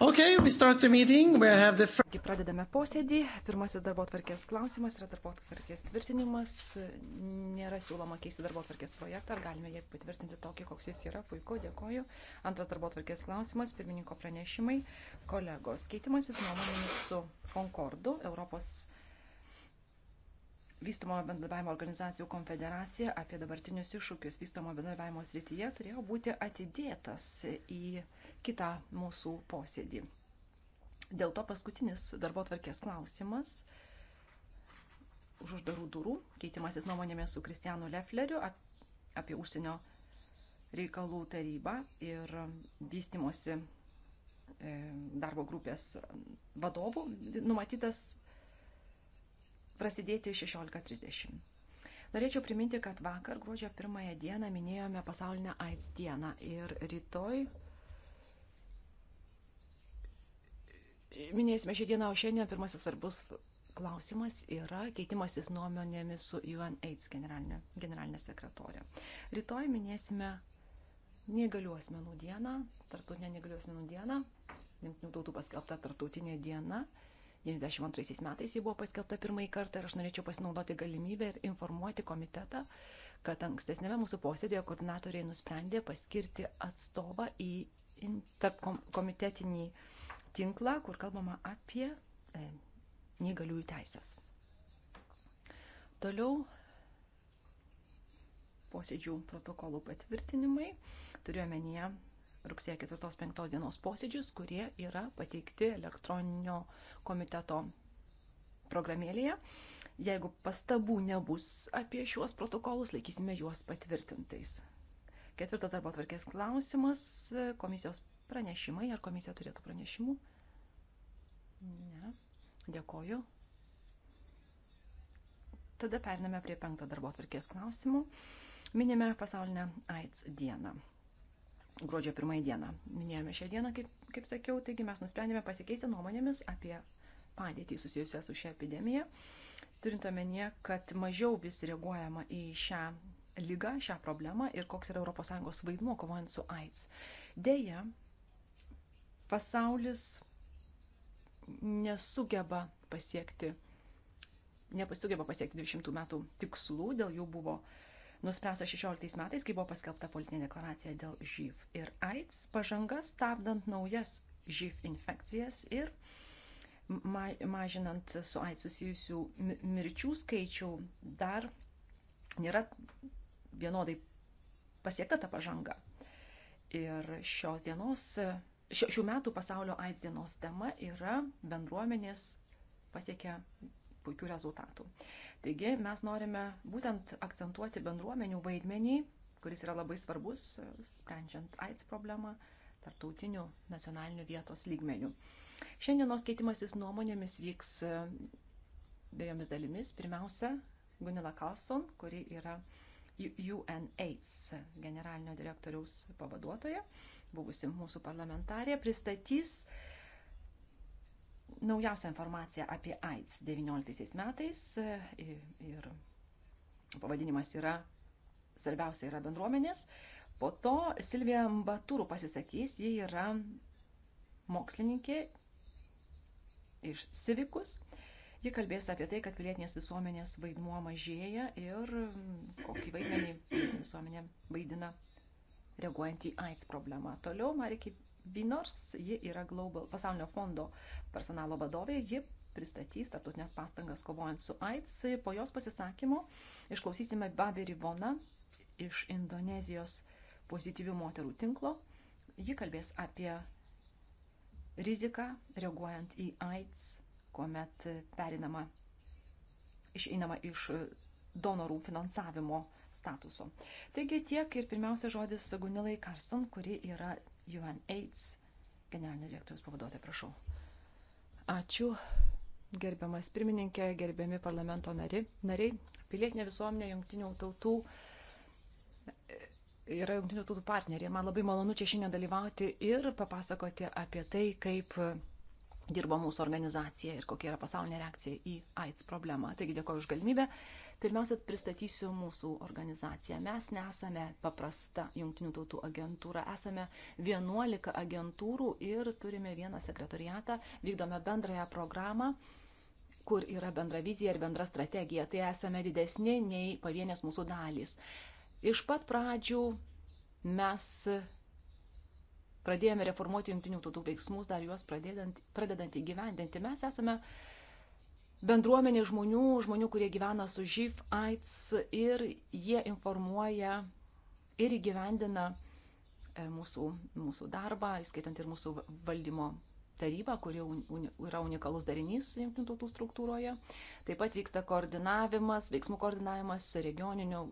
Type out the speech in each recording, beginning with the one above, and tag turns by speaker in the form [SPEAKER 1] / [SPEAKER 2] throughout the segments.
[SPEAKER 1] Okay, we start the meeting. We have the first... Pradedame posėdį. Pirmasis darbo atvarkės klausimas yra darbo atvarkės tvirtinimas. Nėra siūloma keisti darbo atvarkės projektą. Ar galime jį patvirtinti tokį, koks jis yra? Puiku, dėkoju. Antras darbo atvarkės klausimas. Pirmininko pranešimai. Kolegos, keitimasis nuomonėmis su Concordu, Europos vystomojo bendradarbiavimo organizacijų konfederacija apie dabartinius iššūkius vystomojo bendradarbiavimo srityje turėjo būti atidėtas į kitą mūsų posėdį. Dėl to paskutinis darbo tvarkės klausimas už uždarų durų, keitimasis nuomonėmis su Kristijanu Lefleriu apie užsienio reikalų tarybą ir vystimosi e, darbo grupės vadovų numatytas prasidėti 16.30. Norėčiau priminti, kad vakar gruodžio pirmąją dieną minėjome pasaulinę AIDS dieną ir rytoj minėsime šį dieną, o šiandien pirmasis svarbus klausimas yra keitimasis nuomonėmis su UNAIDS generalinė, generalinė sekretorė. Rytoj minėsime negalių asmenų dieną, tarptautinę negalių asmenų dieną, Junktinių tautų paskelbta tarptautinė diena. 92 metais ji buvo paskelbta pirmąjį kartą ir aš norėčiau pasinaudoti galimybę ir informuoti komitetą, kad ankstesnėme mūsų posėdėje koordinatoriai nusprendė paskirti atstovą į tarp komitetinį uh, tinklą, kur kalbama apie e, neįgaliųjų teisės. Toliau posėdžių protokolų patvirtinimai. Turiuomenyje rugsėjo 4-5 dienos posėdžius, kurie yra pateikti elektroninio komiteto programėlėje. Jeigu pastabų nebus apie šiuos protokolus, laikysime juos patvirtintais. Ketvirtas darbo tvarkės klausimas e, - komisijos Pranešimai, ar komisija turėtų pranešimų? Ne. Dėkoju. Tada periname prie penkto darbo atvarkės klausimų. Minime pasaulinę AIDS dieną. Gruodžio pirmąją dieną. Minėjome šią dieną, kaip, kaip sakiau, taigi mes nusprendėme pasikeisti nuomonėmis apie padėtį susijusią su šią epidemiją. Turint omenyje, kad mažiau vis reaguojama į šią lygą, šią problemą ir koks yra ES vaidmuo kovojant su AIDS. Deja, pasaulis nesugeba pasiekti, nepasugeba pasiekti 20 metų tikslų, dėl jų buvo nuspręsta 16 metais, kai buvo paskelbta politinė deklaracija dėl živ ir AIDS, pažanga stabdant naujas živ infekcijas ir mažinant su AIDS susijusių mirčių skaičių dar nėra vienodai pasiekta ta pažanga. Ir šios dienos šių metų pasaulio AIDS dienos tema yra bendruomenės pasiekia puikių rezultatų. Taigi mes norime būtent akcentuoti bendruomenių vaidmenį, kuris yra labai svarbus, sprendžiant AIDS problemą tarptautinių, nacionalinių vietos lygmenių. Šiandienos keitimasis nuomonėmis vyks e, dviejomis dalimis. Pirmiausia, Gunilla Carlson, kuri yra UNAIDS generalinio direktoriaus pavaduotoja. Uh, buvusi mūsų parlamentarė, pristatys naujausią informaciją apie AIDS 19 metais ir pavadinimas yra Svarbiausia yra bendruomenės. Po to Silvija Mbatūrų pasisakys, ji yra mokslininkė iš Civikus. Ji kalbės apie tai, kad pilietinės visuomenės vaidmuo mažėja ir kokį vaidmenį visuomenė vaidina reaguojant į AIDS problemą. Toliau Marikė Vinors, ji yra Global pasaulinio fondo personalo vadovė, ji pristatys tarptautinės pastangas kovojant su AIDS. Po jos pasisakymo išklausysime Baberi Vona iš Indonezijos pozityvių moterų tinklo. Ji kalbės apie riziką reaguojant į AIDS, kuomet perinama, išeinama iš donorų finansavimo statuso. Taigi tiek ir pirmiausia žodis Gunilai Karson, kuri yra UNAIDS generalinio direktoriaus pavaduotė, prašau. Ačiū, gerbiamas pirmininkė, gerbiami parlamento nari, nariai, pilietinė visuomenė, jungtinių tautų yra jungtinių tautų partneriai. Man labai malonu čia šiandien dalyvauti ir papasakoti apie tai, kaip dirba mūsų organizacija ir kokia yra pasaulinė reakcija į AIDS problemą. Taigi dėkoju už galimybę Pirmiausia, pristatysiu mūsų organizaciją. Mes nesame paprasta jungtinių tautų agentūra, esame 11 agentūrų ir turime vieną sekretoriatą, vykdome bendrąją programą kur yra bendra vizija ir bendra strategija. Tai esame didesni nei pavienės mūsų dalys. Iš pat pradžių mes pradėjome reformuoti jungtinių tautų veiksmus, dar juos pradedant, pradedant įgyvendinti. Mes esame uh, bendruomenė žmonių, žmonių, kurie gyvena su živ, AIDS ir jie informuoja ir įgyvendina e, mūsų, mūsų darbą, įskaitant ir mūsų valdymo tarybą, kuri yra unikalus darinys jungtinių tautų struktūroje. Taip pat vyksta koordinavimas, veiksmų koordinavimas regioninių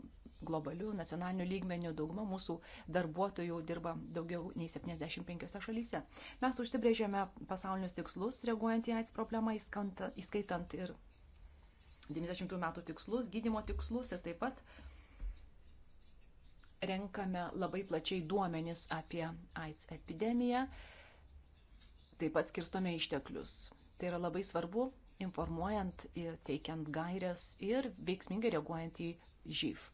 [SPEAKER 1] globaliu, nacionaliniu lygmeniu. Dauguma mūsų darbuotojų dirba daugiau nei 75 šalyse. Mes užsibrėžėme pasaulinius tikslus, reaguojant į AIDS problemą, įskaitant ir 90 metų tikslus, gydimo tikslus ir taip pat renkame labai plačiai duomenis apie AIDS epidemiją, taip pat skirstome išteklius. Tai yra labai svarbu informuojant ir teikiant gairias ir veiksmingai reaguojant į živ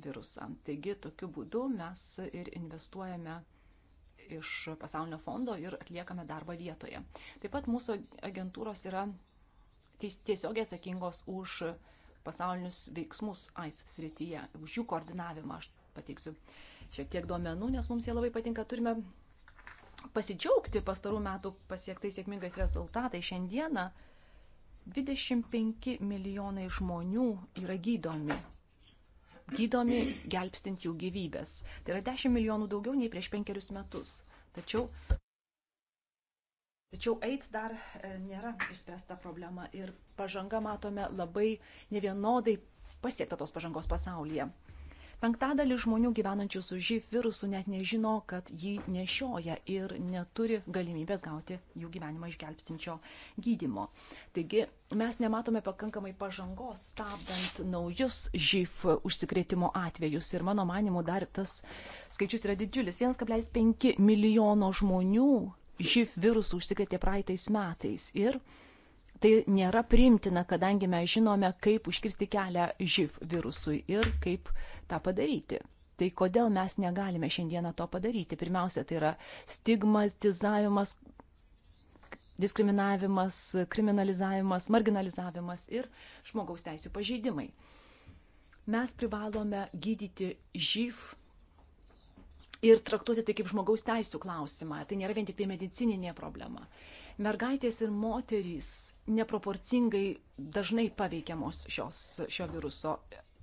[SPEAKER 1] virusą. Taigi tokiu būdu mes ir investuojame iš pasaulio fondo ir atliekame darbą vietoje. Taip pat mūsų agentūros yra tiesiogiai atsakingos už pasaulinius veiksmus AIDS srityje, už jų koordinavimą. Aš pateiksiu šiek tiek duomenų, nes mums jie labai patinka. Turime pasidžiaugti pastarų metų pasiektais sėkmingais rezultatais. Šiandieną 25 milijonai žmonių yra gydomi gydomi, gelbstint jų gyvybės. Tai yra 10 milijonų daugiau nei prieš penkerius metus. Tačiau, tačiau AIDS dar e, nėra išspręsta problema ir pažanga matome labai nevienodai pasiekta tos pažangos pasaulyje. Penktadalis žmonių gyvenančių su živ virusu net nežino, kad jį nešioja ir neturi galimybės gauti jų gyvenimą išgelbstinčio gydimo. Taigi mes nematome pakankamai pažangos stabdant naujus živ užsikrėtimo atvejus ir mano manimu dar tas skaičius yra didžiulis. 1,5 milijono žmonių živ virusų užsikrėtė praeitais metais ir Tai nėra primtina, kadangi mes žinome, kaip užkirsti kelią živ virusui ir kaip tą padaryti. Tai kodėl mes negalime šiandieną to padaryti? Pirmiausia, tai yra stigmatizavimas, diskriminavimas, kriminalizavimas, marginalizavimas ir žmogaus teisų pažeidimai. Mes privalome gydyti živ ir traktuoti tai kaip žmogaus teisų klausimą. Tai nėra vien tik tai medicininė problema mergaitės ir moterys neproporcingai dažnai paveikiamos šios, šio viruso.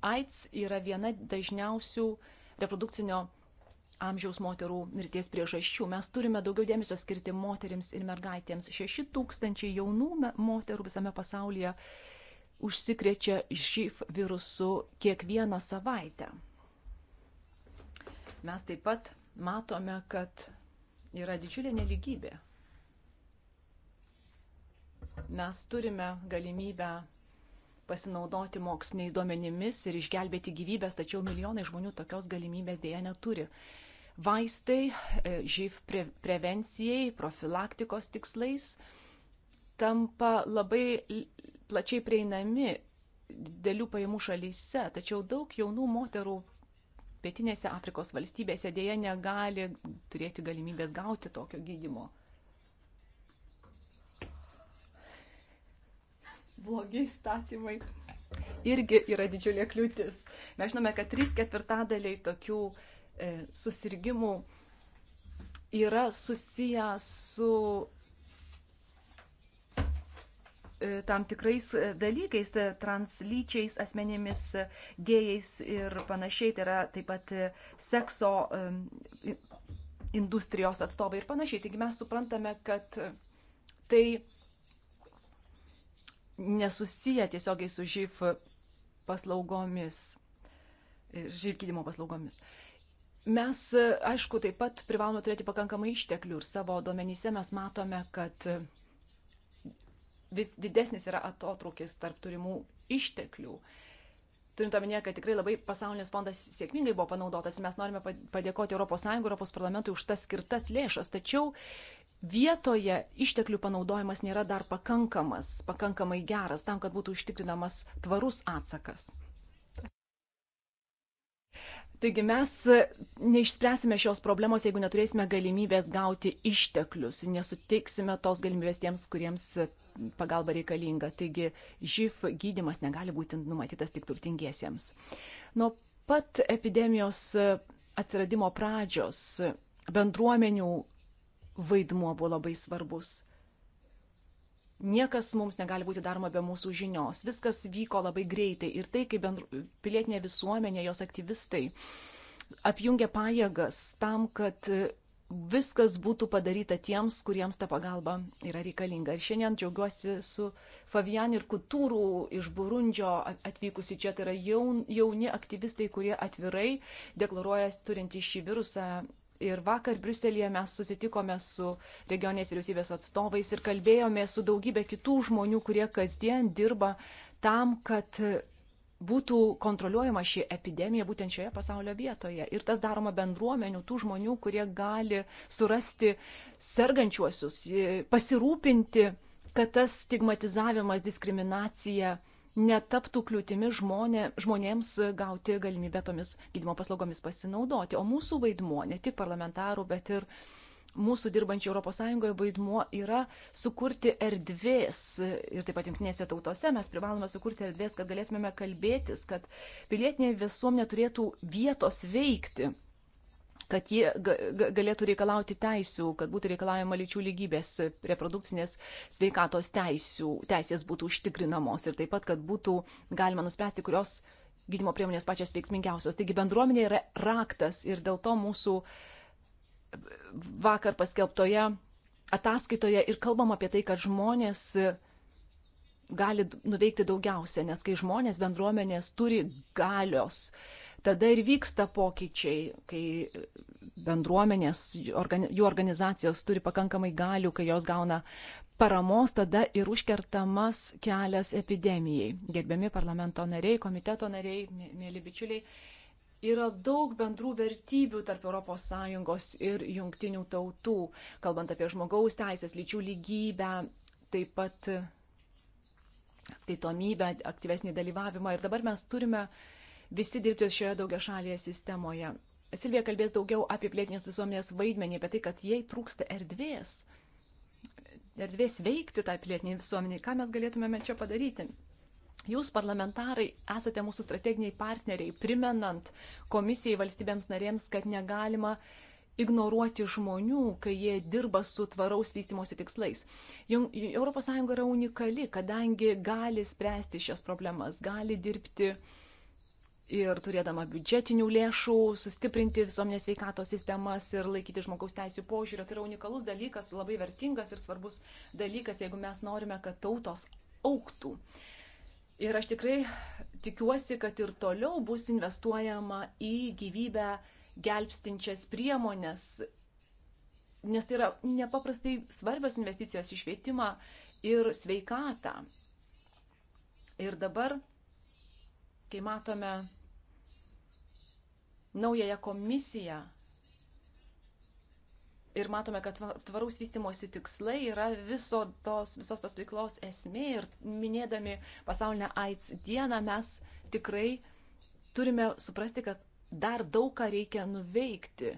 [SPEAKER 1] AIDS yra viena dažniausių reprodukcinio amžiaus moterų mirties priežasčių. Mes turime daugiau dėmesio skirti moterims ir mergaitėms. 6 tūkstančiai jaunų moterų visame pasaulyje užsikrečia živ virusu kiekvieną savaitę. Mes taip pat matome, kad yra didžiulė neligybė mes turime galimybę pasinaudoti moksliniais duomenimis ir išgelbėti gyvybės, tačiau milijonai žmonių tokios galimybės dėja neturi. Vaistai e, živ pre prevencijai, profilaktikos tikslais tampa labai plačiai prieinami dėlių pajamų šalyse, tačiau daug jaunų moterų pietinėse Afrikos valstybėse dėja negali turėti galimybės gauti tokio gydimo. blogi įstatymai irgi yra didžiulė kliūtis. Mes žinome, kad 3 ketvirtadaliai tokių e, susirgymų yra susiję su e, tam tikrais e, dalykais, tai translyčiais asmenėmis, e, gėjais ir panašiai, tai yra taip pat sekso e, industrijos atstovai ir panašiai. Taigi mes suprantame, kad tai nesusiję tiesiogiai su živ paslaugomis, živ gydimo paslaugomis. Mes, aišku, taip pat privalome turėti pakankamai išteklių ir savo duomenyse mes matome, kad vis didesnis yra atotrukis tarp turimų išteklių. Turint omenyje, kad tikrai labai pasaulinis fondas sėkmingai buvo panaudotas, mes norime padėkoti ES, ES parlamentui už tas skirtas lėšas, tačiau uh, vietoje išteklių panaudojimas nėra dar pakankamas, pakankamai geras tam, kad būtų užtikrinamas tvarus atsakas. Taigi mes neišspręsime šios problemos, jeigu neturėsime galimybės gauti išteklius, nesuteiksime tos galimybės tiems, kuriems pagalba reikalinga. Taigi živ gydimas negali būti numatytas tik turtingiesiems. Nuo pat epidemijos atsiradimo pradžios bendruomenių vaidmuo buvo labai svarbus. Niekas mums negali būti daroma be mūsų žinios. Viskas vyko labai greitai ir tai, kaip bendru, pilietinė visuomenė, jos aktyvistai apjungė pajėgas tam, kad viskas būtų padaryta tiems, kuriems ta pagalba yra reikalinga. Ir šiandien džiaugiuosi su Favian ir Kutūrų iš Burundžio atvykusi čia. Tai yra jaun, jauni aktyvistai, kurie atvirai deklaruoja turinti šį virusą Ir vakar Briuselėje mes susitikome su regionės vyriausybės atstovais ir kalbėjome su daugybė kitų žmonių, kurie kasdien dirba tam, kad būtų kontroliuojama ši epidemija būtent šioje pasaulio vietoje. Ir tas daroma bendruomenių, tų žmonių, kurie gali surasti sergančiuosius, pasirūpinti, kad tas stigmatizavimas, diskriminacija, uh, netaptų kliūtimi žmonė, žmonėms gauti galimybę tomis gydymo paslaugomis pasinaudoti. O mūsų vaidmuo, ne tik parlamentarų, bet ir mūsų dirbančių ES vaidmuo yra sukurti erdvės ir taip pat jungtinėse tautose mes privalome sukurti erdvės, kad galėtumėme kalbėtis, kad pilietinė visuomenė turėtų vietos veikti kad jie galėtų reikalauti teisių, kad būtų reikalavima lyčių lygybės, reprodukcinės sveikatos teisių, teisės būtų užtikrinamos ir taip pat, kad būtų galima nuspręsti, kurios gydimo priemonės pačios veiksmingiausios. Taigi bendruomenė yra raktas ir dėl to mūsų vakar paskelbtoje ataskaitoje ir kalbam apie tai, kad žmonės gali nuveikti daugiausia, nes kai žmonės bendruomenės turi galios, uh, tada ir vyksta pokyčiai, kai bendruomenės, jų organizacijos turi pakankamai galių, kai jos gauna paramos, tada ir užkertamas kelias epidemijai. Gerbiami parlamento nariai, komiteto nariai, mėly bičiuliai, yra daug bendrų vertybių tarp ES ir jungtinių tautų, kalbant apie žmogaus teisės, lyčių lygybę, taip pat atskaitomybę, aktyvesnį dalyvavimą. Ir dabar mes turime uh, visi dirbti šioje daugia šalėje sistemoje. Silvija kalbės daugiau apie plėtinės visuomenės vaidmenį, apie tai, kad jai trūksta erdvės, erdvės veikti tą tai plėtinį visuomenį, ką mes galėtumėme čia padaryti. Jūs, parlamentarai, esate mūsų strateginiai partneriai, primenant komisijai valstybėms narėms, kad negalima ignoruoti žmonių, kai jie dirba su tvaraus vystimosi tikslais. ES yra unikali, kadangi gali spręsti šias problemas, gali dirbti uh, ir turėdama biudžetinių lėšų sustiprinti visuomenės veikatos sistemas ir laikyti žmogaus teisų požiūrio. Tai yra unikalus dalykas, labai vertingas ir svarbus dalykas, jeigu mes norime, kad tautos auktų. Ir aš tikrai tikiuosi, kad ir toliau bus investuojama į gyvybę gelbstinčias priemonės, nes tai yra nepaprastai svarbios investicijos į švietimą ir sveikatą. Ir dabar kai matome naująją komisiją ir matome, kad tvaraus vystimosi tikslai yra viso tos, visos tos veiklos esmė ir minėdami pasaulinę AIDS dieną mes tikrai turime suprasti, kad dar daug ką reikia nuveikti.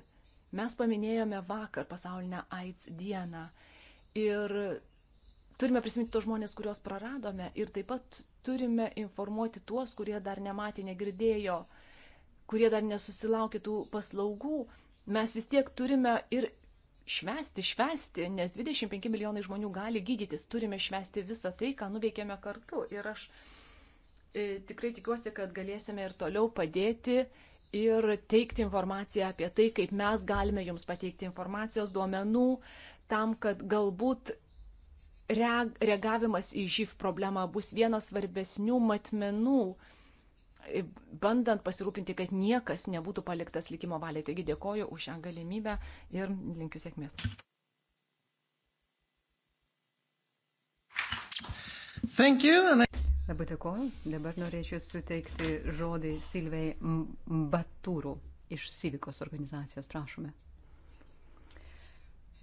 [SPEAKER 1] Mes paminėjome vakar pasaulinę AIDS dieną ir turime prisiminti tos žmonės, kuriuos praradome ir taip pat turime informuoti tuos, kurie dar nematė, negirdėjo, kurie dar nesusilaukė tų paslaugų. Mes vis tiek turime ir švesti, švesti, nes 25 milijonai žmonių gali gydytis, turime švesti visą tai, ką nuveikėme kartu. Ir aš e, tikrai tikiuosi, kad galėsime ir toliau padėti ir teikti informaciją apie tai, kaip mes galime jums pateikti informacijos duomenų tam, kad galbūt reagavimas į živ problemą bus vienas svarbesnių matmenų, bandant pasirūpinti, kad niekas nebūtų paliktas likimo valiai. Taigi dėkoju už šią galimybę ir linkiu sėkmės.
[SPEAKER 2] I...
[SPEAKER 3] Labai dėkoju. Dabar norėčiau suteikti žodį Silvei Batūrų iš Sivikos organizacijos. Prašome.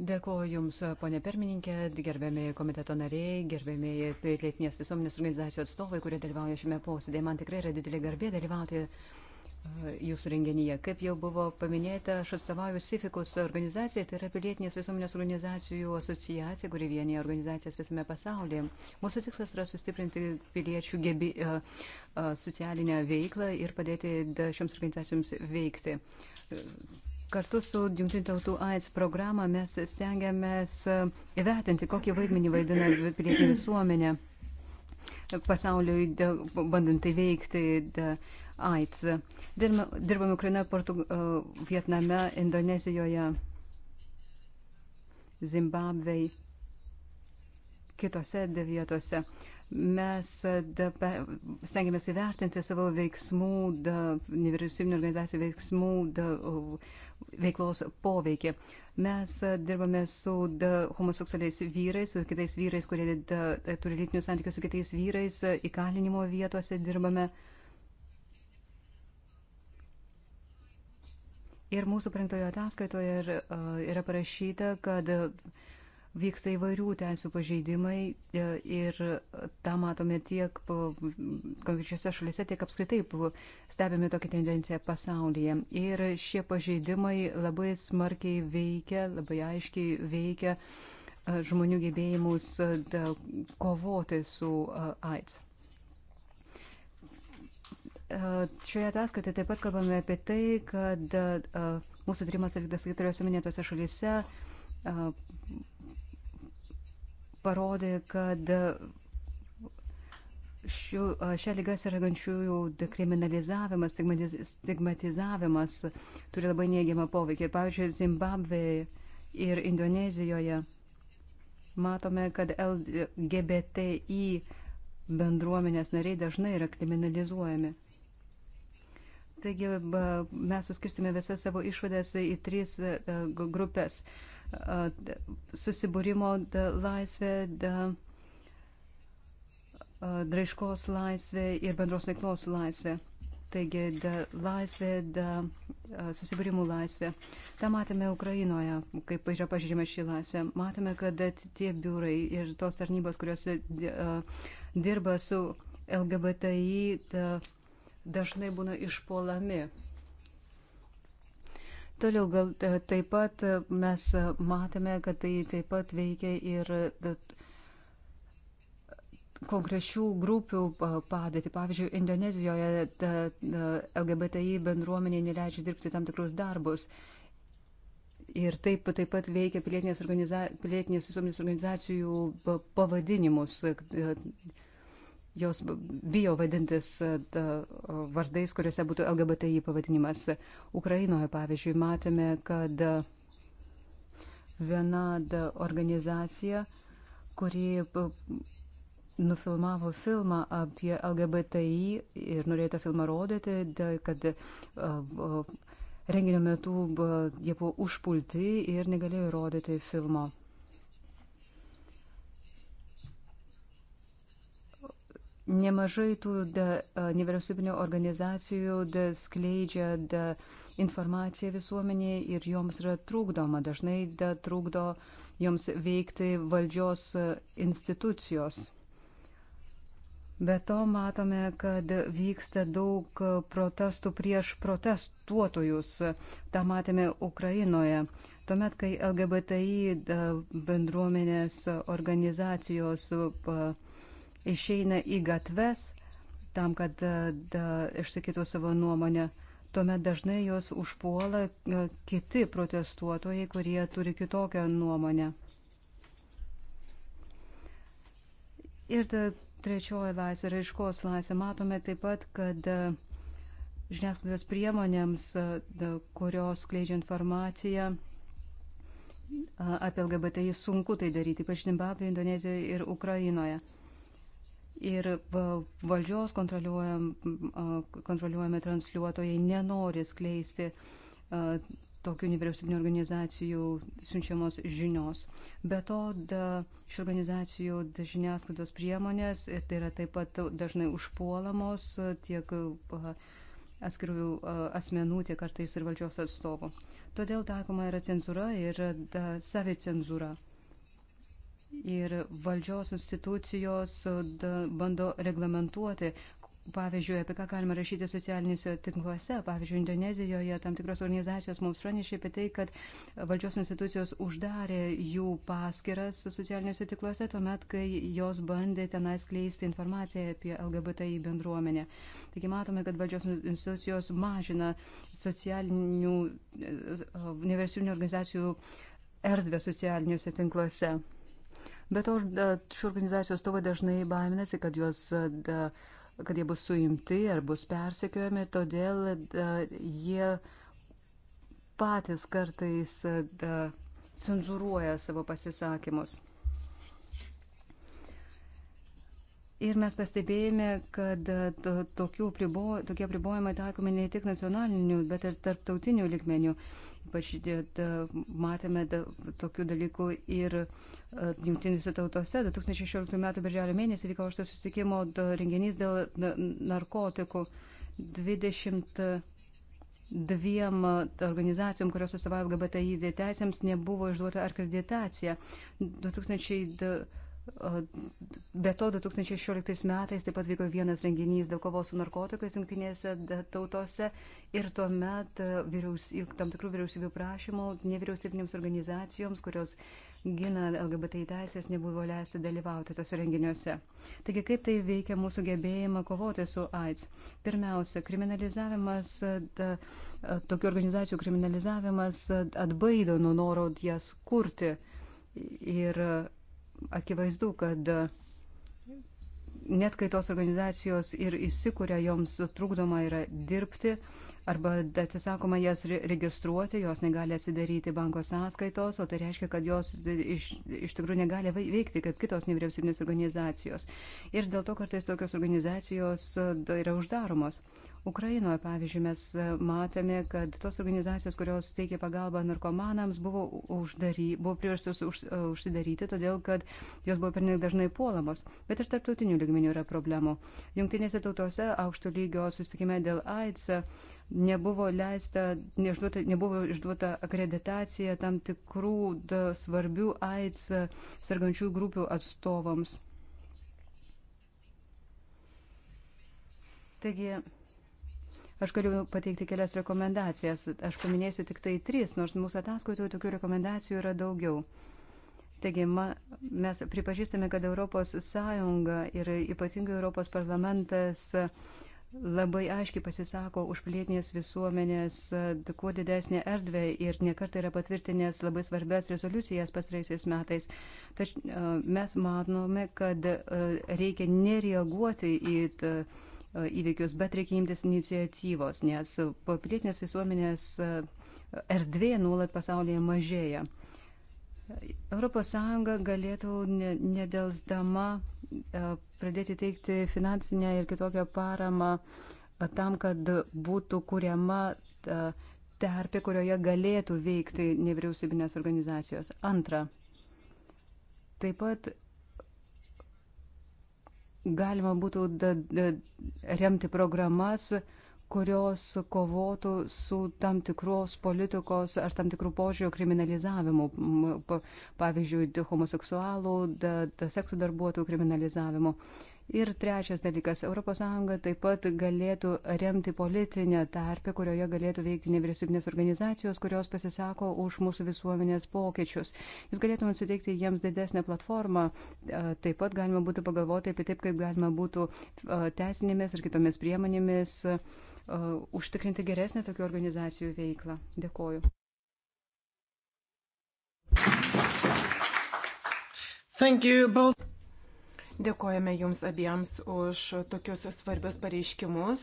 [SPEAKER 3] Dėkuoju Jums, ponė pirmininkė, gerbėmiai komiteto nariai, gerbėmiai pilietinės visuomenės organizacijų atstovai, kurie dalyvauja šiame posėdėje. Man tikrai yra didelė garbė dalyvauti e, Jūsų renginyje. Kaip jau buvo paminėta, aš atstovauju Sifikus organizacijai, tai yra pilietinės visuomenės organizacijų asociacija, kuri vienyje organizacijas visame pasaulyje. Mūsų tikslas yra sustiprinti piliečių gebi, e, e, socialinę veiklą ir padėti šioms organizacijoms veikti Kartu su Junktinių tautų AIDS programą mes stengiamės įvertinti, kokį vaidmenį vaidina pilietinė visuomenė pasauliui, bandant įveikti AIDS. Dirbame Ukraina, Portug... Vietname, Indonezijoje, Zimbabvei, kitose vietose mes stengiamės įvertinti savo veiksmų, nevyriausybinio organizacijų veiksmų da, veiklos poveikį. Mes e, dirbame su homoseksualiais vyrais, su kitais vyrais, kurie da, e, turi lytinius santykius su kitais vyrais, e, įkalinimo vietose dirbame. Ir mūsų printojo ataskaitoje yra parašyta, kad uh, vyksta įvairių teisų pažeidimai e, ir tą matome tiek konkrečiose šalise, tiek apskritai stebime tokią tendenciją pasaulyje. Ir šie pažeidimai labai smarkiai veikia, labai aiškiai veikia e, žmonių gebėjimus e, kovoti su AIDS. Šioje ataskaitoje taip pat kalbame apie tai, kad mūsų tyrimas atliktas keturiose minėtose šalyse parodė, kad šių, šią lygą sergančiųjų dekriminalizavimas, stigmatizavimas turi labai neigiamą poveikį. Pavyzdžiui, Zimbabvėje ir Indonezijoje matome, kad LGBTI bendruomenės nariai dažnai yra kriminalizuojami. Taigi mes suskirstėme visas savo išvadas į tris e, grupės. Uh, susibūrimo laisvė, draiškos laisvė ir bendros veiklos laisvė. Taigi da, laisvė, da, susibūrimų laisvė. Ta matėme Ukrainoje, kaip yra pažiūrima šį laisvę. Matėme, kad tie biurai ir tos tarnybos, kurios dirba su LGBTI, da, dažnai būna išpuolami. Toliau gal taip pat e, mes e, matome, kad tai taip pat veikia ir e, konkrečių grupių padėtį. Pavyzdžiui, Indonezijoje ta, LGBTI bendruomenė neleidžia dirbti tam tikrus darbus. Ir taip taip pat veikia pilietinės, organiza... pilietinės visuomenės organizacijų pavadinimus. Kad, jos bijo vadintis e, vardais, kuriuose būtų LGBTI pavadinimas. Ukrainoje, pavyzdžiui, matėme, kad viena organizacija, kuri nufilmavo filmą apie LGBTI ir norėjo tą filmą rodyti, kad renginio metu jie buvo užpulti ir negalėjo rodyti filmo. Nemažai tų nevyriausybinio organizacijų da, skleidžia da, informaciją visuomenėje ir joms yra trūkdoma, dažnai da, trūkdo joms veikti valdžios institucijos. Be to matome, kad vyksta daug protestų prieš protestuotojus. Ta matėme Ukrainoje. Tuomet, kai LGBTI bendruomenės organizacijos. Pa, išeina į gatves tam, kad e, da, išsakytų savo nuomonę. Tuomet dažnai jos užpuola e, kiti protestuotojai, kurie turi kitokią nuomonę. Ir ta trečioji laisvė, raiškos laisvė, matome taip pat, kad e, žiniasklaidos priemonėms, kurios skleidžia informaciją apie LGBTI, sunku tai daryti, ypač Zimbabvėje, Indonezijoje ir Ukrainoje ir valdžios kontroliuojami transliuotojai nenori skleisti tokių nevyriausybinio organizacijų siunčiamos žinios. Be to, da, šių organizacijų da, žiniasklaidos priemonės e, tai yra taip pat dažnai užpuolamos tiek atskirų asmenų, tiek kartais ir valdžios atstovų. Todėl taikoma yra cenzūra ir savicenzūra ir valdžios institucijos bando reglamentuoti. Pavyzdžiui, apie ką galima rašyti socialiniuose tinkluose. Pavyzdžiui, Indonezijoje tam tikros organizacijos mums pranešė apie tai, kad valdžios institucijos uždarė jų paskiras socialiniuose tinkluose, tuomet, kai jos bandė tenai skleisti informaciją apie LGBTI bendruomenę. Taigi matome, kad valdžios institucijos mažina socialinių e, e, neversinių organizacijų erdvę socialiniuose tinkluose. Bet to šių organizacijų atstovai dažnai baiminasi, kad, juos, da, kad jie bus suimti ar bus persekiojami, todėl da, jie patys kartais da, cenzuruoja savo pasisakymus. Ir mes pastebėjome, kad pribo, tokie pribojimai taikomi ne tik nacionaliniu, bet ir tarptautiniu likmeniu. Ypač matėme da, tokių dalykų ir jungtinėse tautose. 2016 m. birželio mėnesį vyko aukšto susitikimo renginys dėl narkotikų. 22 organizacijom, kurios atstovauja LGBTI teisėms, nebuvo išduota akreditacija. 2000 Be to, 2016 metais taip pat vyko vienas renginys dėl kovos su narkotikais jungtinėse tautose ir tuomet e, vyriaus, tam tikrų vyriausybių prašymų nevyriausybinėms organizacijoms, kurios gina LGBT teisės, nebuvo leisti dalyvauti tose renginiuose. Taigi, kaip tai veikia mūsų gebėjimą kovoti su AIDS? Pirmiausia, kriminalizavimas, e, da, e, tokių organizacijų kriminalizavimas atbaido nuo noro jas kurti. Ir akivaizdu, kad net kai tos organizacijos ir įsikuria, joms trukdoma yra dirbti arba atsisakoma jas registruoti, jos negali atsidaryti banko sąskaitos, o tai reiškia, kad jos iš, iš tikrųjų negali veikti kaip kitos nevyriausybinės organizacijos. Ir dėl to kartais tokios organizacijos yra uždaromos. Ukrainoje, pavyzdžiui, mes e, matėme, kad tos organizacijos, kurios teikia pagalbą narkomanams, buvo, uždary, buvo priverstos už, e, užsidaryti, todėl kad jos buvo pernelik dažnai puolamos. Bet ir tarptautinių lygmenių yra problemų. Jungtinėse tautose aukšto lygio susitikime dėl AIDS nebuvo leista, neišduota, nebuvo išduota akreditacija tam tikrų da, svarbių AIDS sergančių grupių atstovams. Taigi, Aš galiu pateikti kelias rekomendacijas. Aš paminėsiu tik tai tris, nors mūsų ataskaitoje tokių rekomendacijų yra daugiau. Taigi, ma, mes pripažįstame, kad ES ir ypatingai Europos parlamentas labai aiškiai pasisako už pilietinės visuomenės kuo didesnė erdvė ir nekartai yra patvirtinęs labai svarbias rezoliucijas pastaraisiais metais. Tačiau mes manome, kad reikia nereaguoti į. T, įvykius, bet reikia imtis iniciatyvos, nes pilietinės visuomenės e, erdvė nuolat pasaulyje mažėja. ES galėtų nedelsdama e, pradėti teikti finansinę ir kitokią paramą e, tam, kad būtų kuriama terpė, kurioje galėtų veikti nevyriausybinės organizacijos. Antra, taip pat galima būtų da, da, remti programas, kurios kovotų su tam tikros politikos ar tam tikrų požiūrio kriminalizavimu, pavyzdžiui, homoseksualų, da, da, sektų darbuotojų kriminalizavimu. Uh, Ir trečias dalykas, ES taip pat galėtų remti politinę tarpę, kurioje galėtų veikti nevyriausybinės organizacijos, kurios pasisako už mūsų visuomenės pokyčius. Jūs galėtumėte suteikti jiems didesnę platformą, e, taip pat galima būtų pagalvoti apie taip, kaip galima būtų e, teisinėmis ir kitomis priemonėmis e, užtikrinti geresnę tokių organizacijų veiklą. Dėkoju.
[SPEAKER 2] Thank you both. Dėkojame Jums abiems už tokius svarbius pareiškimus.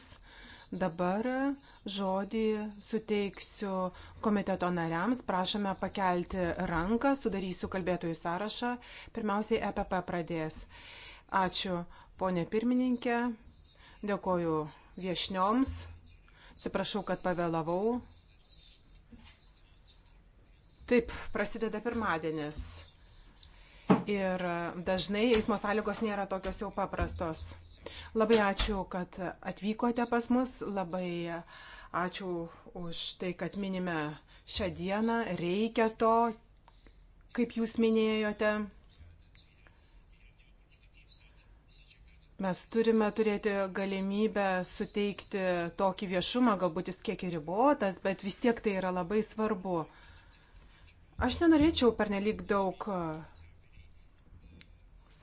[SPEAKER 2] Dabar žodį suteiksiu komiteto nariams. Prašome pakelti ranką, sudarysiu kalbėtojų sąrašą. Pirmiausiai EPP pradės. Ačiū, ponė pirmininkė. Dėkoju viešnioms. Atsiprašau, kad pavėlavau. Taip, prasideda pirmadienis. Ir dažnai eismo sąlygos nėra tokios jau paprastos. Labai ačiū, kad atvykote pas mus, labai ačiū už tai, kad minime šią dieną, reikia to, kaip jūs minėjote. Mes turime turėti galimybę suteikti tokį viešumą, galbūt jis kiek ir ribotas, bet vis tiek tai yra labai svarbu. Aš nenorėčiau pernelyg daug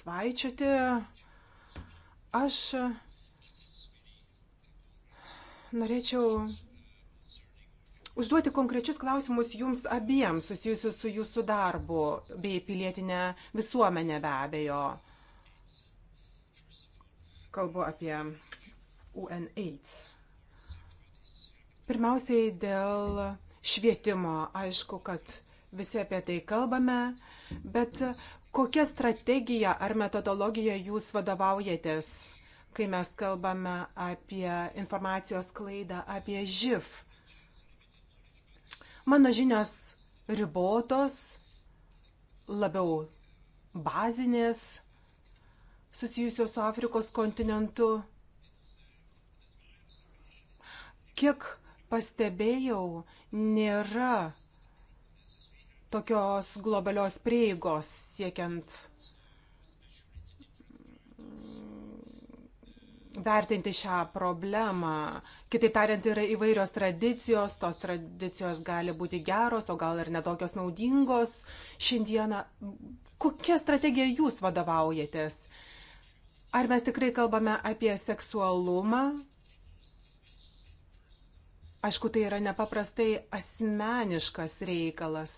[SPEAKER 2] svaičioti. Aš norėčiau užduoti konkrečius klausimus jums abiems susijusius su jūsų darbu bei pilietinė visuomenė be abejo. Kalbu apie UNAIDS. Pirmiausiai dėl švietimo. Aišku, kad visi apie tai kalbame, bet Kokia strategija ar metodologija jūs vadovaujatės, kai mes kalbame apie informacijos klaidą, apie živ? Mano žinios ribotos, labiau bazinės, susijusios su Afrikos kontinentu. Kiek pastebėjau, nėra tokios globalios prieigos siekiant mm, vertinti šią problemą. Kitaip tariant, yra įvairios tradicijos, tos tradicijos gali būti geros, o gal ir netokios naudingos. Šiandieną, kokia strategija jūs vadovaujatės? Ar mes tikrai kalbame apie seksualumą? Aišku, tai yra nepaprastai asmeniškas reikalas.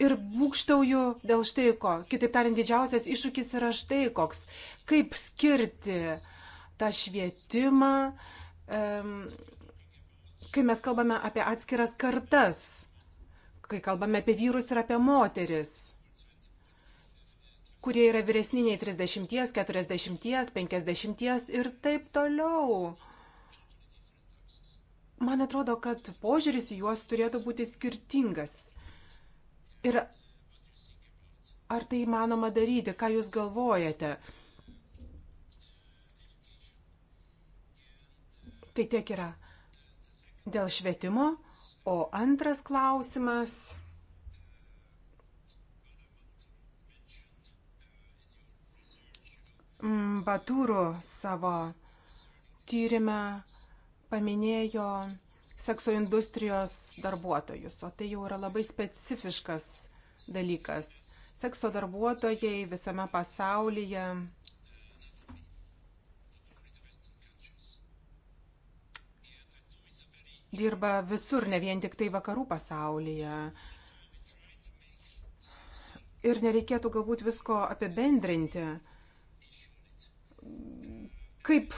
[SPEAKER 2] Ir būkštauju dėl štai ko. Kitaip tariant, didžiausias iššūkis yra štai koks. Kaip skirti tą švietimą, kai mes kalbame apie atskiras kartas, kai kalbame apie vyrus ir apie moteris, kurie yra vyresniniai 30, 40, 50 ir taip toliau. Man atrodo, kad požiūris į juos turėtų būti skirtingas Ir ar tai įmanoma daryti? Ką Jūs galvojate? Tai tiek yra dėl švietimo. O antras klausimas. Mm, Batūrų savo tyrimą paminėjo sekso industrijos darbuotojus, o tai jau yra labai specifiškas dalykas. Sekso darbuotojai visame pasaulyje dirba visur, ne vien tik tai vakarų pasaulyje. Ir nereikėtų galbūt visko apibendrinti. Kaip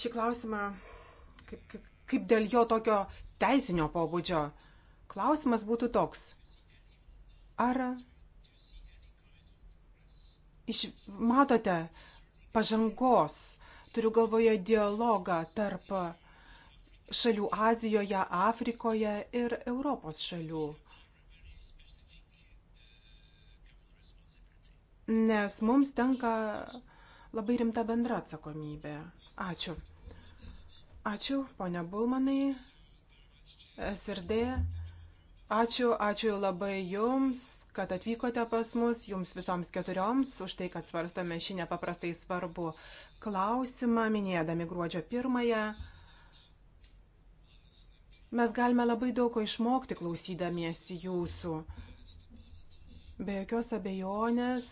[SPEAKER 2] šį klausimą, kaip, kaip, kaip dėl jo tokio teisinio pobūdžio. Klausimas būtų toks. Ar iš, matote pažangos, turiu galvoje dialogą tarp šalių Azijoje, Afrikoje ir Europos šalių? Nes mums tenka labai rimta bendra atsakomybė. Ačiū. Ačiū, ponia Bulmanai, SRD. Ačiū, ačiū labai Jums, kad atvykote pas mus, Jums visoms keturioms, už tai, kad svarstome šį nepaprastai svarbu klausimą, minėdami gruodžio pirmąją. Mes galime labai daug ko išmokti klausydamiesi Jūsų. Be jokios abejonės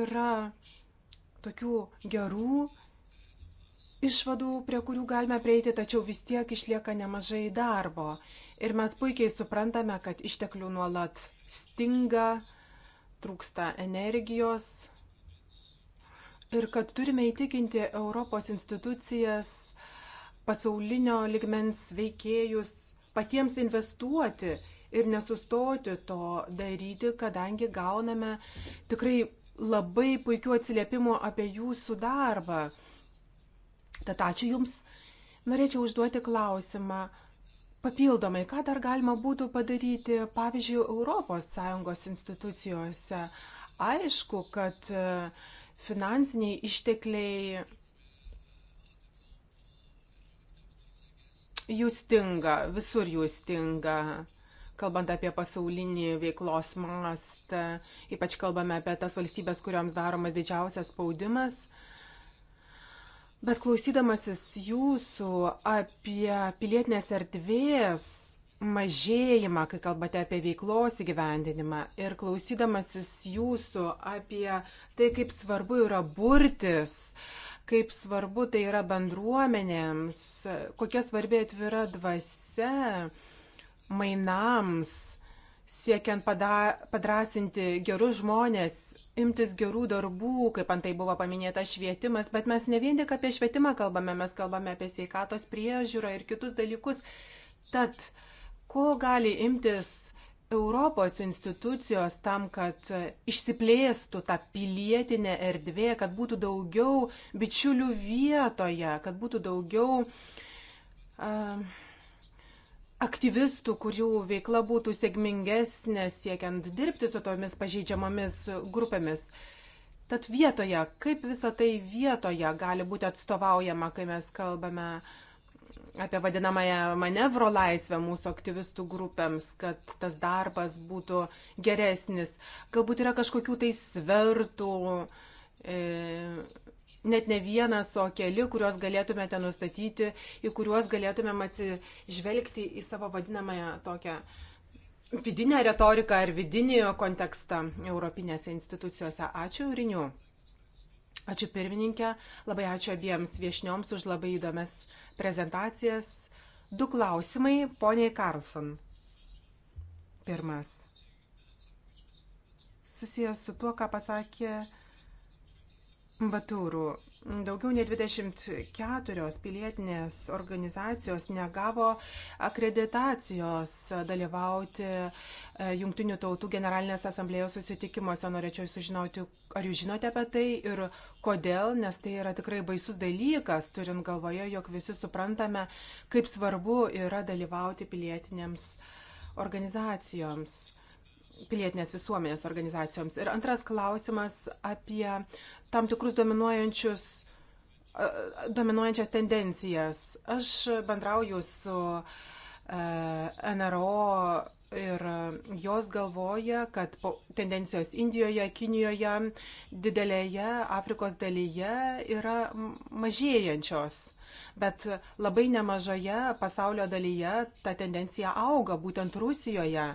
[SPEAKER 2] yra tokių gerų išvadų, prie kurių galime prieiti, tačiau vis tiek išlieka nemažai darbo. Ir mes puikiai suprantame, kad išteklių nuolat stinga, trūksta energijos ir kad turime įtikinti Europos institucijas, pasaulinio ligmens veikėjus, patiems investuoti ir nesustoti to daryti, kadangi gauname tikrai labai puikių atsiliepimų apie jūsų darbą. Tad ačiū Jums. Norėčiau užduoti klausimą. Papildomai, ką dar galima būtų padaryti, pavyzdžiui, ES institucijose? Aišku, kad e, finansiniai ištekliai jų stinga, visur jų stinga. Kalbant apie pasaulinį veiklos mastą, ypač kalbame apie tas valstybės, kuriuoms daromas didžiausias spaudimas. Uh, Bet klausydamasis jūsų apie pilietinės erdvės mažėjimą, kai kalbate apie veiklos įgyvendinimą ir klausydamasis jūsų apie tai, kaip svarbu yra burtis, kaip svarbu tai yra bendruomenėms, kokia svarbi atvira dvasia mainams, siekiant pada, padrasinti gerus žmonės imtis gerų darbų, kaip antai buvo paminėta švietimas, bet mes ne vien tik apie švietimą kalbame, mes kalbame apie sveikatos priežiūrą ir kitus dalykus. Tad ko gali imtis Europos institucijos tam, kad išsiplėstų ta pilietinė erdvė, kad būtų daugiau bičiulių vietoje, kad būtų daugiau uh, aktyvistų, kurių veikla būtų sėkmingesnė siekiant dirbti su tomis pažeidžiamomis grupėmis. Tad vietoje, kaip visa tai vietoje gali būti atstovaujama, kai mes kalbame apie vadinamąją manevro laisvę mūsų aktyvistų grupėms, kad tas darbas būtų geresnis. Galbūt yra kažkokių tai svertų, e, net ne vienas, o keli, kuriuos galėtumėte nustatyti, į kuriuos galėtumėm atsižvelgti į savo vadinamąją tokią vidinę retoriką ar vidinį kontekstą Europinėse institucijose. Ačiū, Riniu. Ačiū pirmininkė, labai ačiū abiems viešnioms už labai įdomias prezentacijas. Du klausimai, poniai Karlson. Pirmas. Susijęs su tuo, ką pasakė Batūrų. Daugiau nei 24 pilietinės organizacijos negavo akreditacijos dalyvauti e, Junktinių tautų generalinės asamblėjos susitikimuose. Norėčiau sužinoti, ar jūs žinote apie tai ir kodėl, nes tai yra tikrai baisus dalykas, turint galvoje, jog visi suprantame, kaip svarbu yra dalyvauti pilietinėms organizacijoms pilietinės visuomenės organizacijoms. Ir antras klausimas apie tam tikrus dominuojančius dominuojančias tendencijas. Aš bendrauju su e, NRO ir jos galvoja, kad tendencijos Indijoje, Kinijoje, didelėje Afrikos dalyje yra mažėjančios, bet labai nemažoje pasaulio dalyje ta tendencija auga, būtent Rusijoje.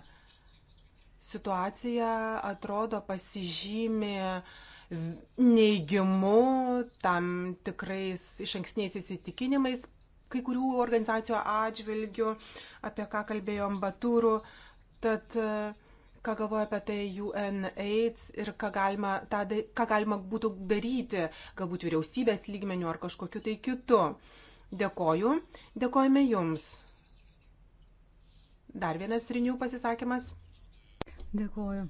[SPEAKER 2] Situacija atrodo pasižymė uh, neigimu, tam tikrais iš ankstiniais įsitikinimais, kai kurių organizacijų atžvilgių, apie ką kalbėjom Batūrų. Tad ką galvoja apie tai UNAIDS ir ką galima, tą, ką galima būtų daryti, galbūt vyriausybės lygmenių ar kažkokiu tai kitu. Dėkoju, dėkojame Jums. Dar vienas rinių pasisakymas.
[SPEAKER 3] Dėkoju.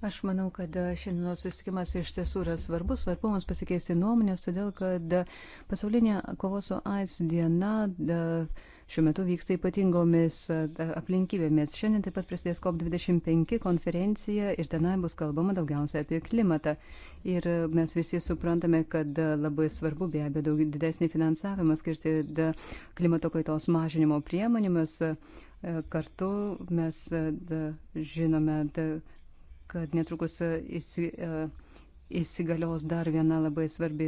[SPEAKER 3] Aš manau, kad e, šiandienos susitikimas iš tiesų yra svarbus, svarbu mums pasikeisti nuomonės, todėl kad e, pasaulinė kovos su AIDS diena e, šiuo metu vyksta ypatingomis aplinkybėmis. Šiandien taip pat prasidės COP25 konferencija ir tenai bus kalbama daugiausia apie klimatą. Ir mes visi suprantame, kad labai svarbu be abejo daug didesnį finansavimą skirti klimato kaitos mažinimo priemonėmis. Kartu mes da, žinome. Da, kad netrukus e, įsi, e, įsigalios dar viena labai svarbi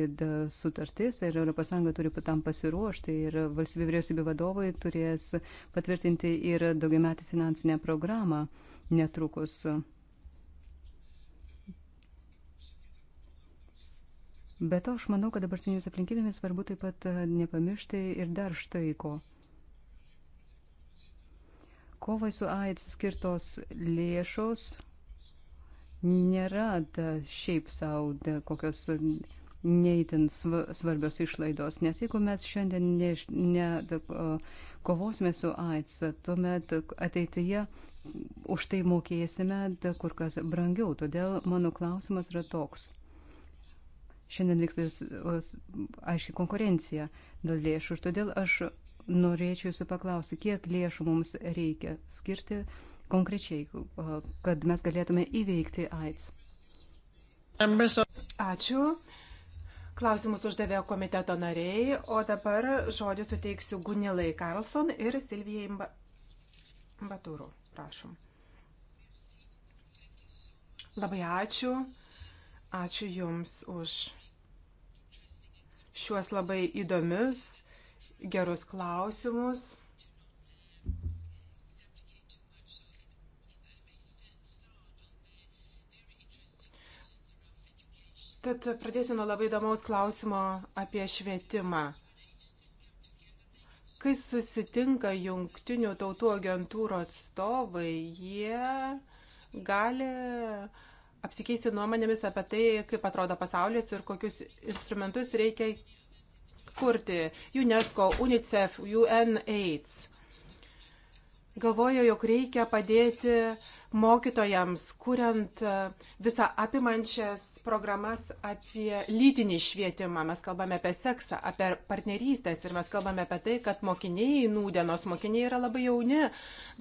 [SPEAKER 3] sutartis ir ES turi tam pasiruošti ir valstybė vyriausybė vadovai turės patvirtinti ir daugiametį finansinę programą netrukus. Bet aš manau, kad dabartinėmis aplinkybėmis svarbu taip pat e, nepamiršti ir dar štai ko. Kovai su AIDS skirtos lėšos nėra da, šiaip savo da, kokios neįtin svarbios išlaidos, nes jeigu mes šiandien ne, ne, da, kovosime su AIDS, tuomet ateityje už tai mokėsime da, kur kas brangiau. Todėl mano klausimas yra toks. Šiandien vyksta aiški konkurencija dėl lėšų ir todėl aš norėčiau jūsų paklausti, kiek lėšų mums reikia skirti uh, konkrečiai, kad mes galėtume įveikti AIDS.
[SPEAKER 2] Ačiū. Klausimus uždavė komiteto nariai, o dabar žodį suteiksiu Gunilai Karlson ir Silvijai Batūrų. Prašom. Labai ačiū. Ačiū Jums už šiuos labai įdomius, gerus klausimus. Tad pradėsiu nuo labai įdomaus klausimo apie švietimą. Kai susitinka jungtinių tautų agentūrų atstovai, jie gali apsikeisti nuomonėmis apie tai, kaip atrodo pasaulis ir kokius instrumentus reikia kurti UNESCO, UNICEF, UNAIDS galvoja, jog reikia padėti mokytojams, kuriant e, visą apimančias programas apie lytinį švietimą. Mes kalbame apie seksą, apie partnerystės ir mes kalbame apie tai, kad mokiniai, nūdienos mokiniai yra labai jauni,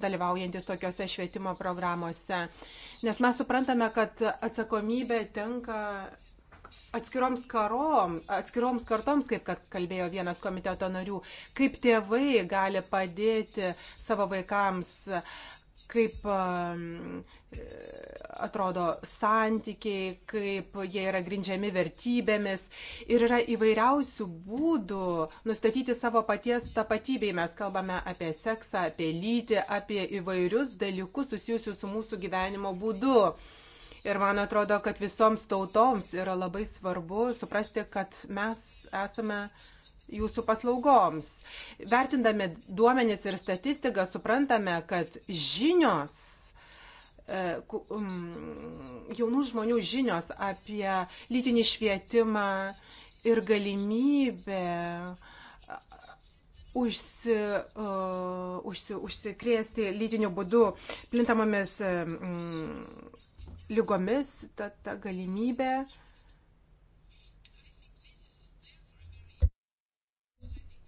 [SPEAKER 2] dalyvaujantis tokiuose švietimo programuose. Nes mes suprantame, kad atsakomybė tenka atskiroms karom, atskiroms kartoms, kaip kad kalbėjo vienas komiteto narių, kaip tėvai gali padėti savo vaikams, kaip um, atrodo santykiai, kaip jie yra grindžiami vertybėmis ir yra įvairiausių būdų nustatyti savo paties tapatybei. Mes kalbame apie seksą, apie lytį, apie įvairius dalykus susijusius su mūsų gyvenimo būdu. Ir man atrodo, kad visoms tautoms yra labai svarbu suprasti, kad mes esame jūsų paslaugoms. Vertindami duomenis ir statistiką suprantame, kad žinios, e, um, jaunų žmonių žinios apie lytinį švietimą ir galimybę e, užsi, uh, užsi, užsikrėsti lytiniu būdu plintamomis um, lygomis, ta, ta galimybė.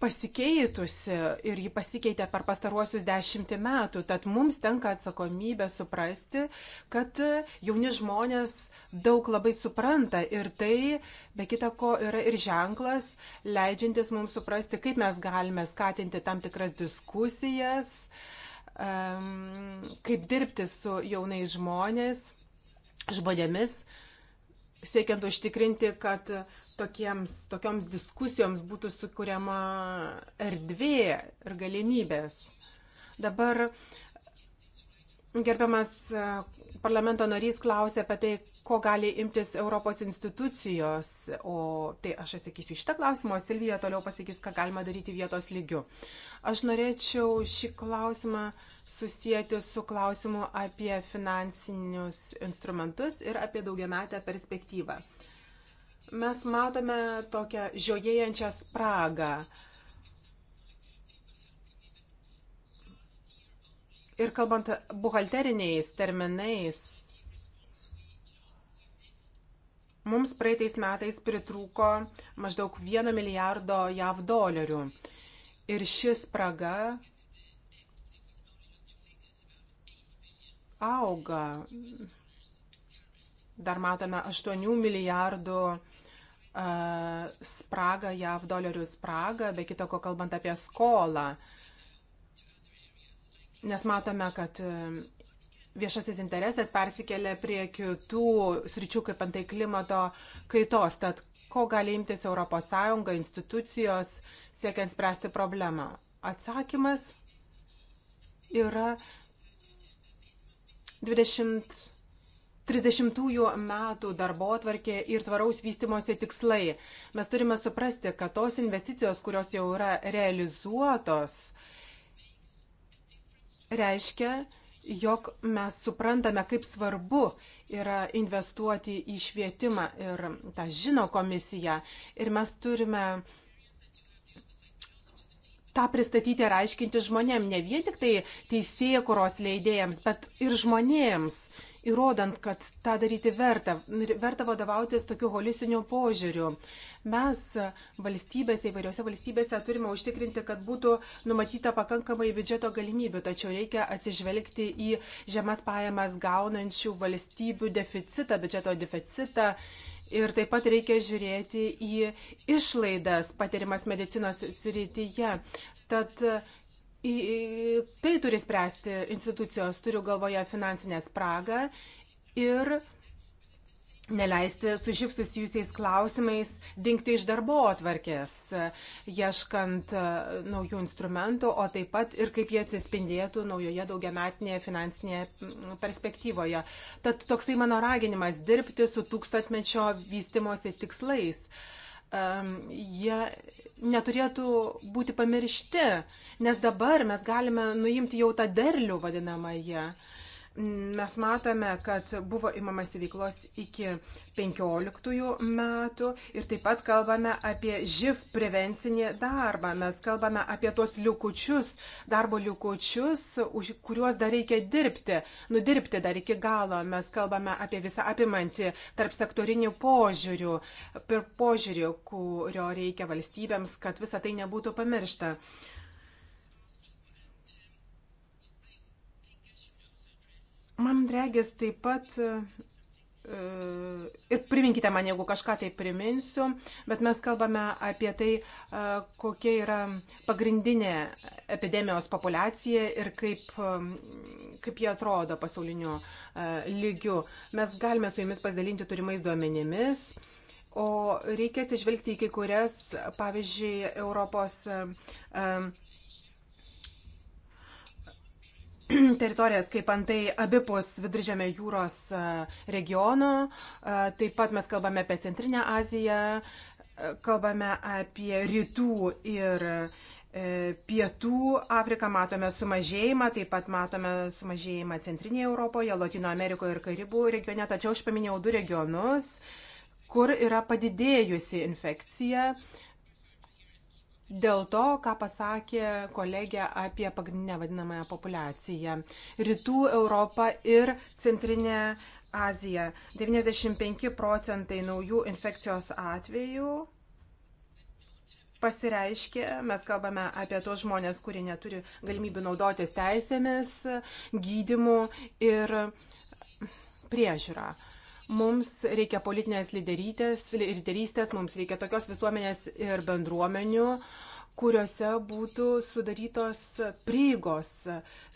[SPEAKER 2] pasikeitusi ir ji pasikeitė per pastaruosius dešimtį metų, tad mums tenka atsakomybė suprasti, kad jauni žmonės daug labai supranta ir tai, be kita ko, yra ir ženklas, leidžiantis mums suprasti, kaip mes galime skatinti tam tikras diskusijas, kaip dirbti su jaunais žmonės žmonėmis, siekiant užtikrinti, kad tokiems, tokioms diskusijoms būtų sukūriama erdvė ir galimybės. Dabar gerbiamas parlamento narys klausė apie tai, ko gali imtis Europos institucijos, o tai aš atsakysiu šitą klausimą, o Silvija toliau pasakys, ką galima daryti vietos lygiu. Aš norėčiau šį klausimą uh, susijęti su klausimu apie finansinius instrumentus ir apie daugiametę perspektyvą. Mes matome tokią žiojėjančią spragą. Ir kalbant buhalteriniais terminais, mums praeitais metais pritrūko maždaug 1 milijardo JAV dolerių. Ir ši spraga auga. Dar matome 8 milijardų e, spragą, JAV dolerių spragą, be kito ko kalbant apie skolą. Nes matome, kad e, viešasis interesas persikelia prie kitų sričių, kaip antai klimato kaitos. Tad ko gali imtis ES institucijos siekiant spręsti problemą? Atsakymas yra 20. 30-ųjų metų darbo atvarkė ir tvaraus vystimosi tikslai. Mes turime suprasti, kad tos investicijos, kurios jau yra realizuotos, reiškia, jog mes suprantame, kaip svarbu yra investuoti į švietimą ir tą žino komisija. Ir mes turime tą pristatyti ir aiškinti žmonėm, ne vien tik tai teisėjų kuros leidėjams, bet ir žmonėms, įrodant, kad tą daryti verta, verta vadovautis tokiu holistiniu požiūriu. Mes valstybėse, įvairiose valstybėse turime užtikrinti, kad būtų numatyta pakankamai biudžeto galimybių, tačiau reikia atsižvelgti į žemas pajamas gaunančių valstybių deficitą, biudžeto deficitą Ir taip pat reikia žiūrėti į išlaidas patirimas medicinos srityje. Tad į, tai turi spręsti institucijos, turiu galvoje finansinę spragą ir neleisti su živ susijusiais klausimais dinkti iš darbo atvarkės, ieškant e, naujų instrumentų, o taip pat ir kaip jie atsispindėtų naujoje daugiametinėje finansinėje perspektyvoje. Tad toksai mano raginimas dirbti su tūkstantmečio vystimosi tikslais. Um, jie neturėtų būti pamiršti, nes dabar mes galime nuimti jau tą derlių vadinamąją. Uh, Mes matome, kad buvo imamas veiklos iki 15 metų ir taip pat kalbame apie živ prevencinį darbą. Mes kalbame apie tuos liukučius, darbo liukučius, už kuriuos dar reikia dirbti, nudirbti dar iki galo. Mes kalbame apie visą apimantį tarp sektorinių požiūrių, požiūrių, kurio reikia valstybėms, kad visa tai nebūtų pamiršta. Man regis taip pat e, ir priminkite man, jeigu kažką tai priminsiu, bet mes kalbame apie tai, e, kokia yra pagrindinė epidemijos populiacija ir kaip, e, kaip jie atrodo pasauliniu lygiu. Mes galime su jumis pasidalinti turimais duomenimis. O reikia atsižvelgti į kai kurias, pavyzdžiui, Europos um, teritorijas, kaip antai abipus Viduržėme jūros regiono. Taip pat mes kalbame apie Centrinę Aziją, kalbame apie rytų ir e, pietų Afriką, matome sumažėjimą, taip pat matome sumažėjimą Centrinėje Europoje, Latino Amerikoje ir Karibų regione, tačiau aš paminėjau du regionus, kur yra padidėjusi infekcija. Uh, dėl to, ką pasakė kolegė apie pagrindinę vadinamąją populaciją. Rytų Europą ir Centrinę Aziją. 95 procentai naujų infekcijos atvejų pasireiškia, mes kalbame apie tos žmonės, kurie neturi galimybių naudotis teisėmis, gydimu ir priežiūra. Uh, Mums reikia politinės lyderystės, mums reikia tokios visuomenės ir bendruomenių, kuriuose būtų sudarytos prieigos,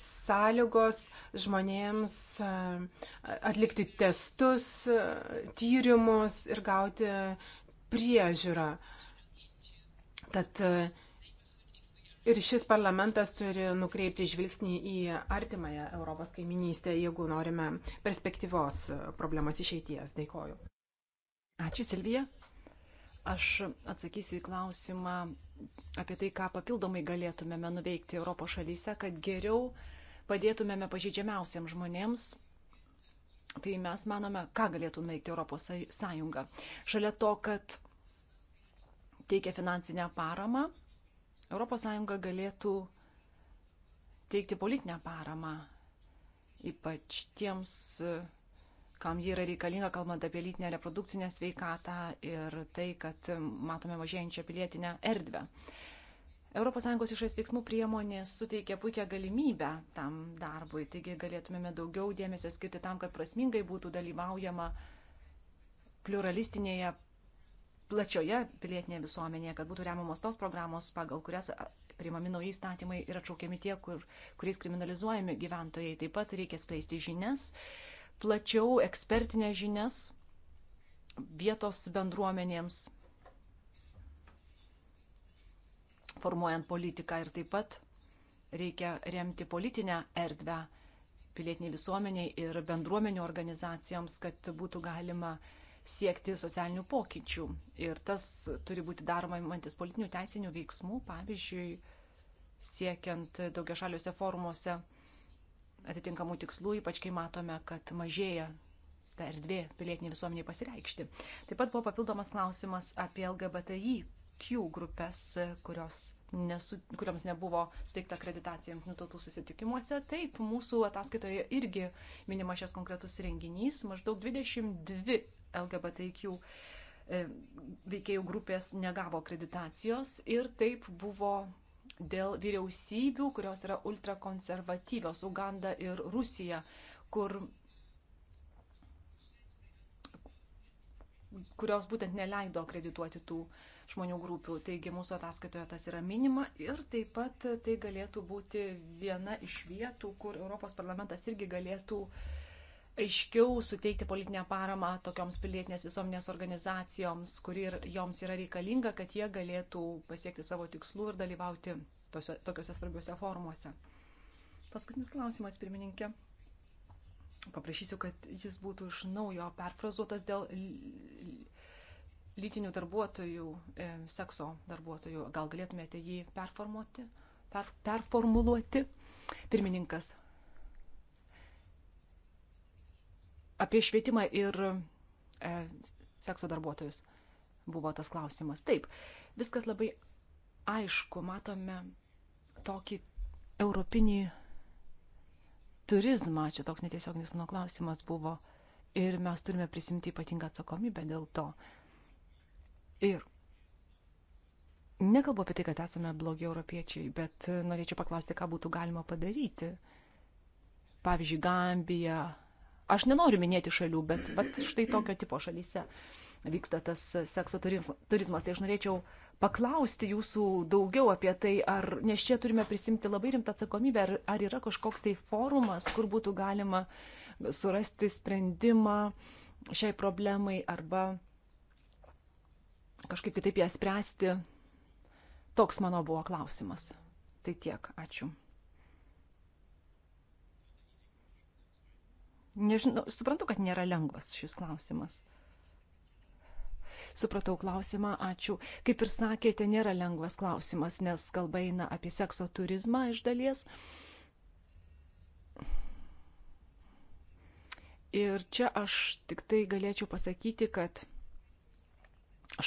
[SPEAKER 2] sąlygos žmonėms atlikti testus, tyrimus ir gauti priežiūrą. Tad Ir šis parlamentas turi nukreipti žvilgsnį į artimąją Europos kaiminystę, jeigu norime perspektyvos problemos išeities. Dėkoju.
[SPEAKER 1] Ačiū, Silvija. Aš atsakysiu į klausimą apie tai, ką papildomai galėtumėme nuveikti Europos šalyse, kad geriau padėtumėme pažydžiamiausiam žmonėms. Tai mes manome, ką galėtų nuveikti Europos Sąjunga. Šalia to, kad teikia finansinę paramą ES galėtų teikti politinę paramą, ypač tiems, kam ji yra reikalinga, kalbant apie lytinę reprodukcinę sveikatą ir tai, kad matome mažėjančią pilietinę erdvę. ES išorės veiksmų priemonės suteikia puikią galimybę tam darbui, taigi galėtumėme daugiau dėmesio skirti tam, kad prasmingai būtų dalyvaujama pluralistinėje plačioje pilietinėje visuomenėje, kad būtų remiamos tos programos, pagal kurias priimami nauji įstatymai ir atšaukiami tie, kur, kuriais kriminalizuojami gyventojai. Taip pat reikia skleisti žinias, plačiau ekspertinės žinias vietos bendruomenėms, formuojant politiką ir taip pat reikia remti politinę erdvę pilietiniai visuomeniai ir bendruomenių organizacijoms, kad būtų galima uh, siekti socialinių pokyčių. Ir tas turi būti daroma imantis politinių teisinių veiksmų, pavyzdžiui, siekiant daugia šaliuose formuose atitinkamų tikslų, ypač kai matome, kad mažėja ta erdvė pilietiniai visuomeniai pasireikšti. Taip pat buvo papildomas klausimas apie LGBTIQ grupės, kurios nesu, kuriams nebuvo suteikta akreditacija jungtinių tautų susitikimuose. Taip, mūsų ataskaitoje irgi minima šias konkretus renginys. Maždaug 22 LGBTQ e, veikėjų grupės negavo akreditacijos ir taip buvo dėl vyriausybių, kurios yra ultrakonservatyvios - Uganda ir Rusija, kur kurios būtent neleido akredituoti tų žmonių grupių. Taigi mūsų ataskaitoje tas yra minima ir taip pat tai galėtų būti viena iš vietų, kur Europos parlamentas irgi galėtų uh, aiškiau suteikti politinę paramą tokioms pilietinės visuomenės organizacijoms, kuri ir joms yra reikalinga, kad jie galėtų pasiekti savo tikslų ir dalyvauti tose, tokiuose svarbiuose formuose. Paskutinis klausimas, pirmininkė. Paprašysiu, kad jis būtų iš naujo perfrazuotas dėl lytinių darbuotojų, e, sekso darbuotojų. Gal galėtumėte jį performuoti, per, performuluoti? Pirmininkas, apie švietimą ir e, sekso darbuotojus buvo tas klausimas. Taip, viskas labai aišku, matome tokį europinį turizmą, čia toks netiesioginis mano klausimas buvo, ir mes turime prisimti ypatingą atsakomybę dėl to. Ir nekalbu apie tai, kad esame blogi europiečiai, bet norėčiau paklausti, ką būtų galima padaryti. Pavyzdžiui, Gambija, Aš nenoriu minėti šalių, bet vat, štai tokio tipo šalyse vyksta tas sekso turizmas. Tai aš norėčiau paklausti jūsų daugiau apie tai, ar, nes čia turime prisimti labai rimtą atsakomybę, ar, ar yra kažkoks tai forumas, kur būtų galima surasti sprendimą šiai problemai arba kažkaip kitaip ją spręsti. Toks mano buvo klausimas. Tai tiek, ačiū. Nežinau, nu, suprantu, kad nėra lengvas šis klausimas. Supratau klausimą, ačiū. Kaip ir sakėte, nėra lengvas klausimas, nes kalba eina apie sekso turizmą iš dalies. Ir čia aš tik tai galėčiau pasakyti, kad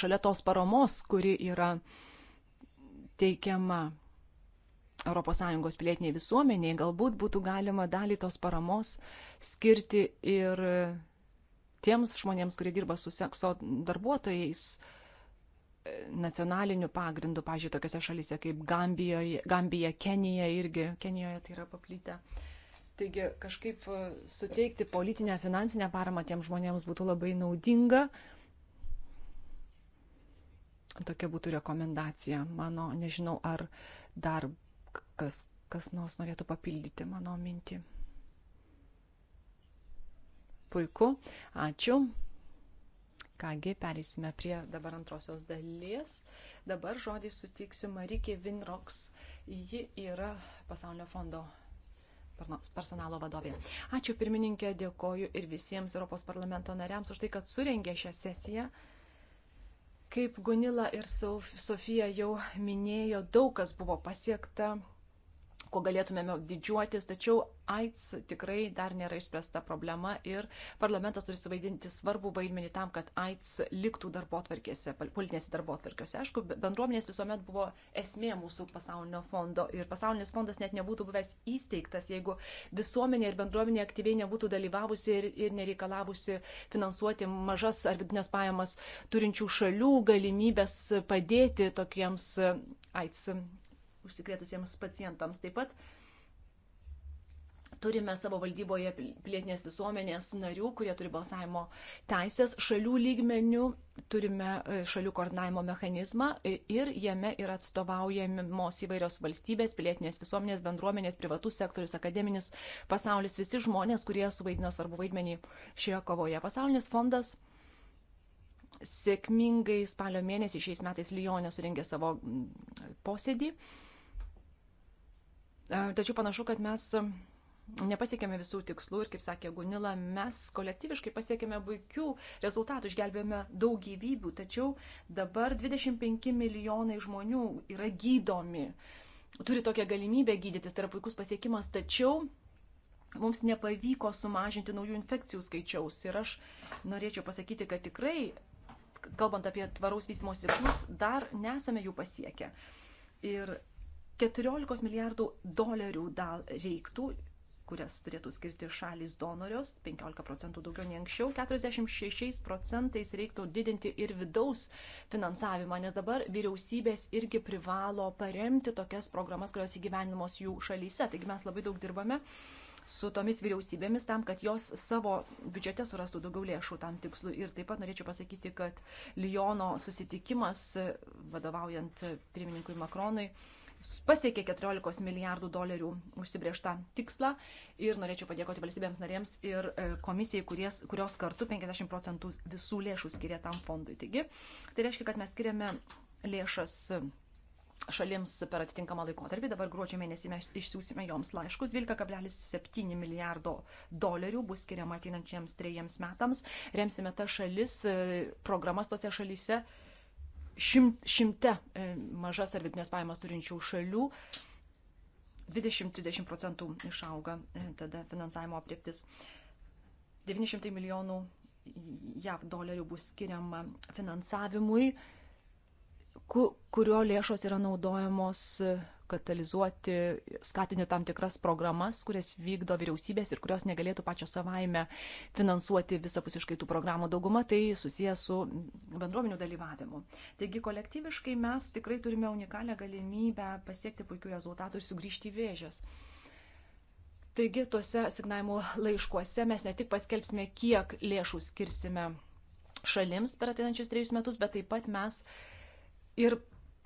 [SPEAKER 1] šalia tos paramos, kuri yra teikiama ES pilietiniai visuomeniai, galbūt būtų galima dalį tos paramos skirti ir tiems žmonėms, kurie dirba su sekso darbuotojais e, nacionaliniu pagrindu, pažiūrėjau, tokiose šalise kaip Gambijoje, Gambija, Kenija irgi, Kenijoje tai yra paplytę. Taigi kažkaip e, suteikti politinę, finansinę paramą tiems žmonėms būtų labai naudinga. Tokia būtų rekomendacija mano, nežinau, ar dar kas, kas nors norėtų papildyti mano mintį. Puiku, ačiū. Kągi, perėsime prie dabar antrosios dalies. Dabar žodį sutiksiu Marikė Vinroks. Ji yra pasaulio fondo personalo vadovė. Ačiū pirmininkė, dėkoju ir visiems Europos parlamento nariams už tai, kad surengė šią sesiją. Kaip Gunila ir Sofija jau minėjo, daug kas buvo pasiekta ko galėtumėme didžiuotis, tačiau AIDS tikrai dar nėra išspręsta problema ir parlamentas turi suvaidinti svarbų vaidmenį tam, kad AIDS liktų darbo atvarkėse, politinėse darbo atvarkėse. Aišku, bendruomenės visuomet buvo esmė mūsų pasaulinio fondo ir pasaulinis fondas net nebūtų buvęs įsteigtas, jeigu visuomenė ir bendruomenė aktyviai nebūtų dalyvavusi ir, ir nereikalavusi finansuoti mažas ar vidinės pajamas turinčių šalių galimybės padėti tokiems AIDS užsikrėtusiems pacientams. Taip pat turime savo valdyboje pilietinės visuomenės narių, kurie turi balsavimo teisės šalių lygmenių, turime e, šalių koordinavimo mechanizmą e, ir jame yra atstovaujamos įvairios valstybės, pilietinės visuomenės, bendruomenės, privatus sektorius, akademinis pasaulis, visi žmonės, kurie suvaidina svarbu vaidmenį šioje kovoje. Pasaulinis fondas sėkmingai spalio mėnesį šiais metais Lyonė suringė savo posėdį. Tačiau panašu, kad mes nepasiekėme visų tikslų ir, kaip sakė Gunila, mes kolektyviškai pasiekėme puikių rezultatų, išgelbėjome daug gyvybių, tačiau dabar 25 milijonai žmonių yra gydomi, turi tokią galimybę gydytis, tai yra puikus pasiekimas, tačiau mums nepavyko sumažinti naujų infekcijų skaičiaus. Ir aš norėčiau pasakyti, kad tikrai, kalbant apie tvaraus vystimo tikslus, dar nesame jų pasiekę. Ir 14 milijardų dolerių dal reiktų, kurias turėtų skirti šalis donorios, 15 procentų daugiau nei anksčiau, 46 procentais reiktų didinti ir vidaus finansavimą, nes dabar vyriausybės irgi privalo paremti tokias programas, kurios įgyvenimos jų šalyse. Taigi mes labai daug dirbame su tomis vyriausybėmis tam, kad jos savo biudžete surastų daugiau lėšų tam tikslui. Ir taip pat norėčiau pasakyti, kad Lyono susitikimas, vadovaujant pirmininkui Makronui, pasiekė 14 milijardų dolerių užsibriežtą tikslą ir norėčiau padėkoti valstybėms narėms ir e, komisijai, kuries, kurios kartu 50 procentų visų lėšų skiria tam fondui. Taigi, tai reiškia, kad mes skiriame lėšas šalims per atitinkamą laikotarpį. Dabar gruodžio mėnesį mes išsiųsime joms laiškus. 12,7 milijardo dolerių bus skiriama ateinančiams trejiems metams. Remsime tas šalis, e, programas tose šalyse šim, šimte e, mažas ar vidinės pajamas turinčių šalių 20-30 procentų išauga e, tada finansavimo apriptis. 900 milijonų JAV dolerių bus skiriama finansavimui, kurio lėšos yra naudojamos katalizuoti, skatinti tam tikras programas, kurias vykdo vyriausybės ir kurios negalėtų pačio savaime finansuoti visapusiškai tų programų. Dauguma tai susijęs su bendruomenių dalyvavimu. Taigi kolektyviškai mes tikrai turime unikalią galimybę pasiekti puikių rezultatų ir sugrįžti į vėžės. Taigi tuose signavimo laiškuose mes ne tik paskelbsime, kiek lėšų skirsime šalims per ateinančius trejus metus, bet taip pat mes ir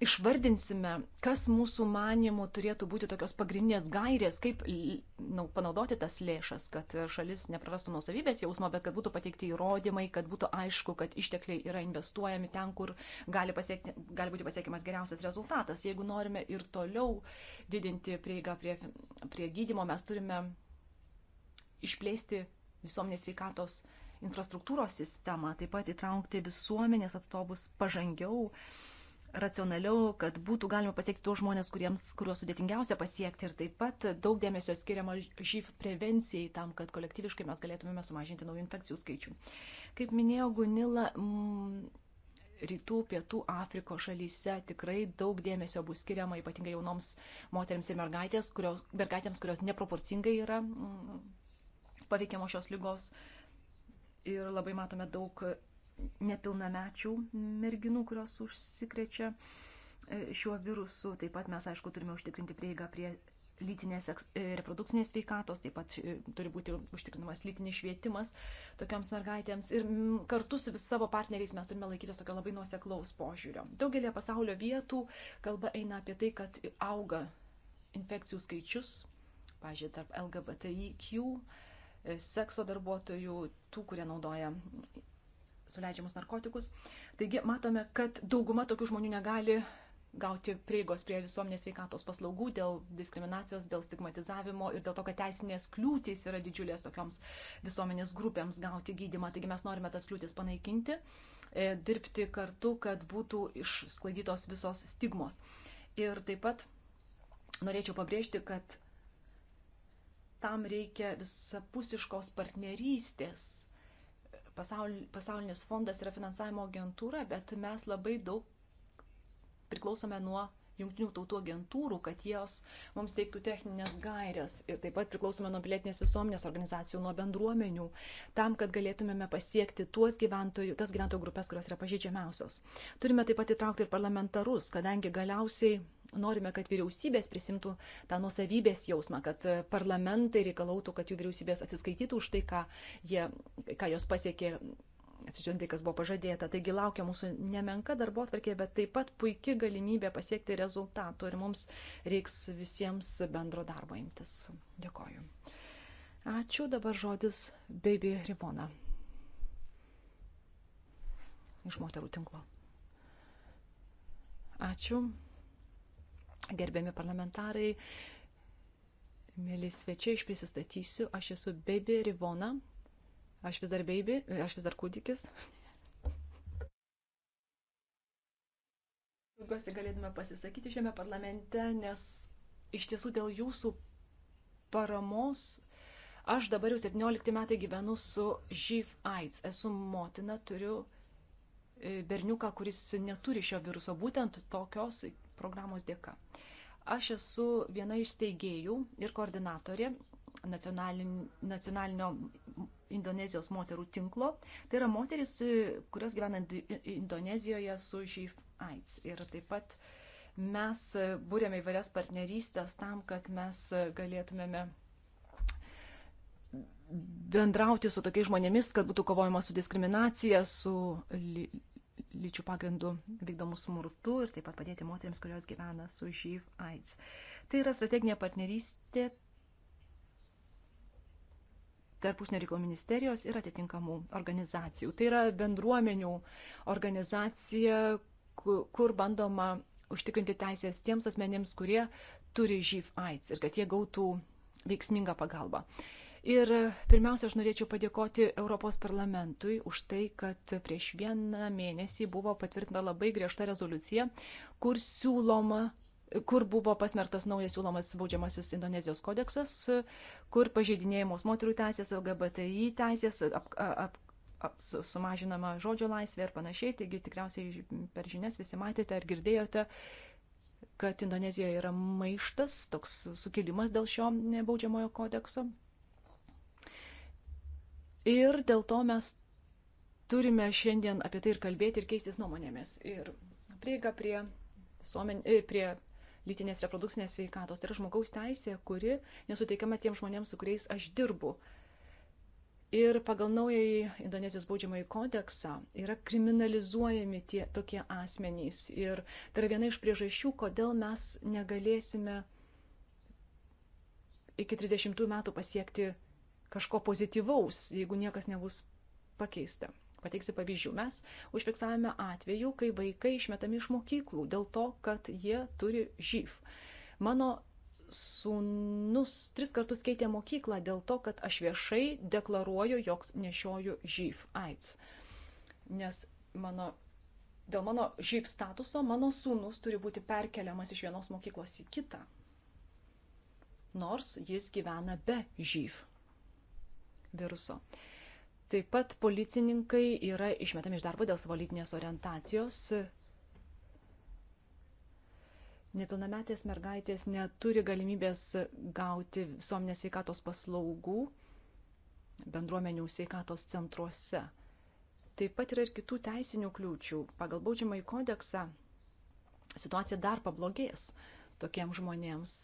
[SPEAKER 1] išvardinsime, kas mūsų manimų turėtų būti tokios pagrindinės gairės, kaip na, nu, panaudoti tas lėšas, kad šalis neprarastų nuosavybės jausmo, bet kad būtų pateikti įrodymai, kad būtų aišku, kad ištekliai yra investuojami ten, kur gali, pasiekti, gali būti pasiekiamas geriausias rezultatas. Jeigu norime ir toliau didinti prieigą prie, prie gydimo, mes turime išplėsti visuomenės veikatos infrastruktūros sistemą, taip pat įtraukti visuomenės atstovus pažangiau racionaliau, kad būtų galima pasiekti tuos žmonės, kuriems, kuriuos sudėtingiausia pasiekti. Ir taip pat daug dėmesio skiriama živ prevencijai tam, kad kolektyviškai mes galėtumėme sumažinti naujų infekcijų skaičių. Kaip minėjo Gunila, m, rytų, pietų Afrikos šalyse tikrai daug dėmesio bus skiriama ypatingai jaunoms moteriams ir mergaitėms, kurios, mergaitėms, kurios neproporcingai yra m, paveikiamo šios lygos. Ir labai matome daug nepilnamečių merginų, kurios užsikrečia e, šiuo virusu. Taip pat mes, aišku, turime užtikrinti prieigą prie lytinės e, reprodukcinės sveikatos, taip pat e, turi būti užtikrinamas lytinis švietimas tokiams mergaitėms. Ir kartu su vis savo partneriais mes turime laikytis tokio labai nuoseklaus požiūrio. Daugelį pasaulio vietų kalba eina apie tai, kad auga infekcijų skaičius, pažiūrėjau, tarp LGBTIQ, sekso darbuotojų, tų, kurie naudoja suleidžiamus narkotikus. Taigi matome, kad dauguma tokių žmonių negali gauti prieigos prie visuomenės veikatos paslaugų dėl diskriminacijos, dėl stigmatizavimo ir dėl to, kad teisinės kliūtys yra didžiulės tokioms visuomenės grupėms gauti gydimą. Taigi mes norime tas kliūtis panaikinti, e, dirbti kartu, kad būtų išsklaidytos visos stigmos. Ir taip pat norėčiau pabrėžti, kad tam reikia visapusiškos partnerystės Pasaul, pasaulinis fondas yra finansavimo agentūra, bet mes labai daug priklausome nuo jungtinių tautų agentūrų, kad jos mums teiktų techninės gairias ir taip pat priklausome nuo pilietinės visuomenės organizacijų, nuo bendruomenių, tam, kad galėtumėme pasiekti tuos gyventojų, tas gyventojų grupės, kurios yra pažeidžiamiausios. Turime taip pat įtraukti ir parlamentarus, kadangi galiausiai norime, kad vyriausybės prisimtų tą nusavybės jausmą, kad parlamentai reikalautų, kad jų vyriausybės atsiskaitytų už tai, ką, jie, ką jos pasiekė atsižiūrint tai, kas buvo pažadėta. Taigi laukia mūsų nemenka darbo atvarkė, bet taip pat puikia galimybė pasiekti rezultatų ir mums reiks visiems bendro darbo imtis. Dėkoju. Ačiū, dabar žodis Baby Ribona iš moterų tinklo. Ačiū, gerbiami parlamentarai, mėly svečiai, aš prisistatysiu, aš esu Baby Ribona Aš vis dar baby, aš vis dar kūdikis. Džiaugiuosi galėdame pasisakyti šiame parlamente, nes iš tiesų dėl jūsų paramos aš dabar jau 17 metai gyvenu su živ AIDS. Esu motina, turiu e, berniuką, kuris neturi šio viruso, būtent tokios programos dėka. Aš esu viena iš steigėjų ir koordinatorė nacionalinio Indonezijos moterų tinklo. Tai yra moteris, e, kurios gyvena Indonezijoje su živ AIDS. Ir taip pat mes e, būrėme įvairias partnerystės tam, kad mes e, galėtumėme bendrauti su tokiais žmonėmis, kad būtų kovojama su diskriminacija, su ly lyčių pagrindų vykdomų smurtų ir taip pat padėti moteriams, kurios gyvena su živ AIDS. Tai yra strateginė partnerystė tarp užsienio reikalų ministerijos ir atitinkamų organizacijų. Tai yra bendruomenių organizacija, kur bandoma užtikrinti teisės tiems asmenėms, kurie turi živ AIDS ir kad jie gautų veiksmingą pagalbą. Ir pirmiausia, aš norėčiau padėkoti Europos parlamentui už tai, kad prieš vieną mėnesį buvo patvirtinta labai griežta rezoliucija, kur siūloma kur buvo pasmerktas naujas siūlomas baudžiamasis Indonezijos kodeksas, kur pažeidinėjamos moterų teisės, LGBTI teisės, ap, ap, ap, sumažinama žodžio laisvė ir panašiai. Taigi tikriausiai per žinias visi matėte ar girdėjote, kad Indonezijoje yra maištas, toks sukilimas dėl šio baudžiamojo kodekso. Ir dėl to mes turime šiandien apie tai ir kalbėti ir keistis nuomonėmis. Ir prieiga prie visuomenė, e, prie lytinės reprodukcinės sveikatos. Tai yra žmogaus teisė, kuri nesuteikiama tiem žmonėms, su kuriais aš dirbu. Ir pagal naująjį Indonezijos baudžiamąjį kodeksą yra kriminalizuojami tie tokie asmenys. Ir tai yra viena iš priežasčių, kodėl mes negalėsime iki 30 metų pasiekti kažko pozityvaus, jeigu niekas nebus pakeista. Pateiksiu pavyzdžių. Mes užfiksavome atvejų, kai vaikai išmetami iš mokyklų dėl to, kad jie turi žyv. Mano sūnus tris kartus keitė mokyklą dėl to, kad aš viešai deklaruoju, jog nešioju žyv AIDS. Nes mano, dėl mano žyv statuso mano sūnus turi būti perkeliamas iš vienos mokyklos į kitą. Nors jis gyvena be žyv viruso. Uh, Taip pat policininkai yra išmetami iš darbo dėl savo lytinės orientacijos. Nepilnametės mergaitės neturi galimybės gauti visuomenės sveikatos paslaugų bendruomenių sveikatos centruose. Taip pat yra ir kitų teisinių kliūčių. Pagal baudžiamąjį kodeksą situacija dar pablogės tokiems žmonėms.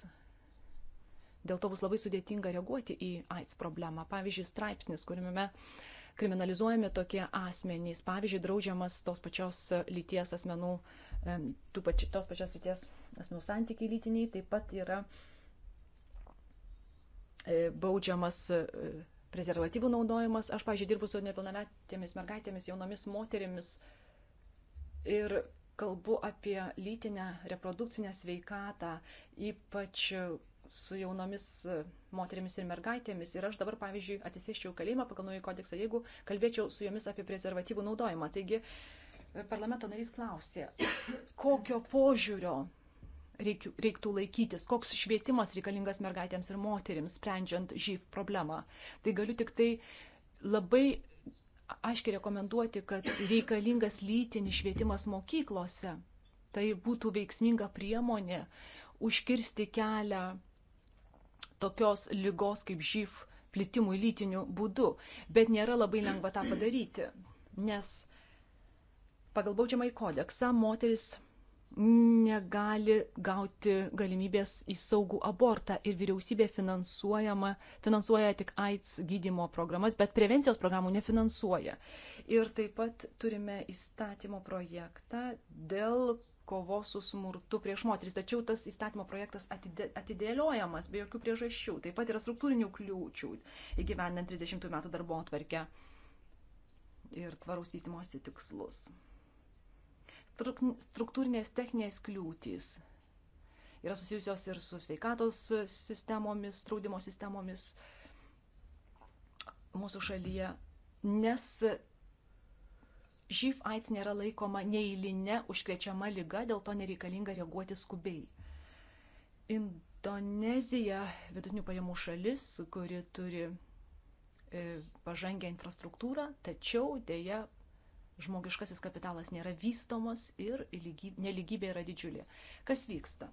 [SPEAKER 1] Dėl to bus labai sudėtinga reaguoti į AIDS problemą. Pavyzdžiui, straipsnis, kuriame kriminalizuojami tokie asmenys. Pavyzdžiui, draudžiamas tos pačios lyties asmenų, pači, tos pačios lyties asmenų santykiai lytiniai, taip pat yra e, baudžiamas e, prezervatyvų naudojimas. Aš, pavyzdžiui, dirbu su nepilnametėmis mergaitėmis, jaunomis moterimis ir kalbu apie lytinę reprodukcinę sveikatą, ypač su jaunomis e, moterimis ir mergaitėmis. Ir aš dabar, pavyzdžiui, atsisėščiau kalėjimą pagal naują kodeksą, jeigu kalbėčiau su jomis apie prezervatyvų naudojimą. Taigi, e, parlamento narys klausė, kokio požiūrio reiktų laikytis, koks švietimas reikalingas mergaitėms ir moterims, sprendžiant žyv problemą. Tai galiu tik tai labai aiškiai rekomenduoti, kad reikalingas lytinis švietimas mokyklose. Tai būtų veiksminga priemonė užkirsti kelią tokios lygos kaip žyv plitimui lytiniu būdu, bet nėra labai lengva tą padaryti, nes pagal baudžiamąjį kodeksą moteris negali gauti galimybės į saugų abortą ir vyriausybė finansuoja tik AIDS gydimo programas, bet prevencijos programų nefinansuoja. Ir taip pat turime įstatymo projektą dėl kovos su smurtu prieš moteris. Tačiau tas įstatymo projektas atidėliojamas be jokių priežasčių. Taip pat yra struktūrinių kliūčių įgyvendant 30 metų darbo atvarkę ir tvaraus vystimosi tikslus. Struktūrinės techninės kliūtys yra susijusios ir su sveikatos sistemomis, draudimo sistemomis mūsų šalyje, nes živ aids nėra laikoma neįlinė užkrečiama lyga, dėl to nereikalinga reaguoti skubiai. Indonezija, vidutinių pajamų šalis, kuri turi e, pažangę infrastruktūrą, tačiau dėja žmogiškasis kapitalas nėra vystomas ir neligybė yra didžiulė. Kas vyksta?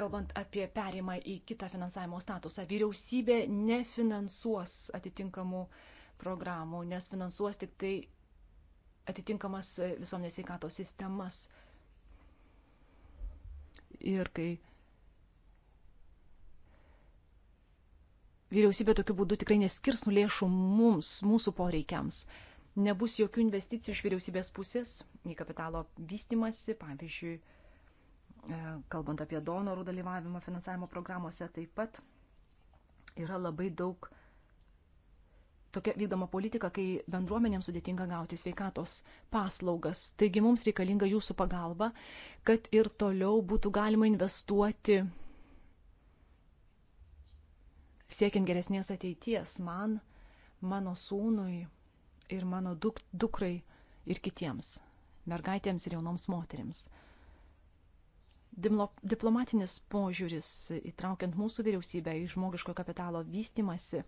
[SPEAKER 1] Kalbant apie perimą į kitą finansavimo statusą, vyriausybė nefinansuos atitinkamų uh, programų, nes finansuos tik tai atitinkamas visuomenės sveikatos sistemas. Ir kai vyriausybė tokiu būdu tikrai neskirs lėšų mums, mūsų poreikiams. Nebus jokių investicijų iš vyriausybės pusės į kapitalo vystimasi, pavyzdžiui, e, kalbant apie donorų dalyvavimą finansavimo programuose taip pat yra labai daug tokia vykdoma politika, kai bendruomenėms sudėtinga gauti sveikatos paslaugas. Taigi mums reikalinga jūsų pagalba, kad ir toliau būtų galima investuoti siekiant geresnės ateities man, mano sūnui ir mano duk dukrai ir kitiems mergaitėms ir jaunoms moteriams. Dimlo, diplomatinis požiūris įtraukiant mūsų vyriausybę į žmogiško kapitalo vystimasi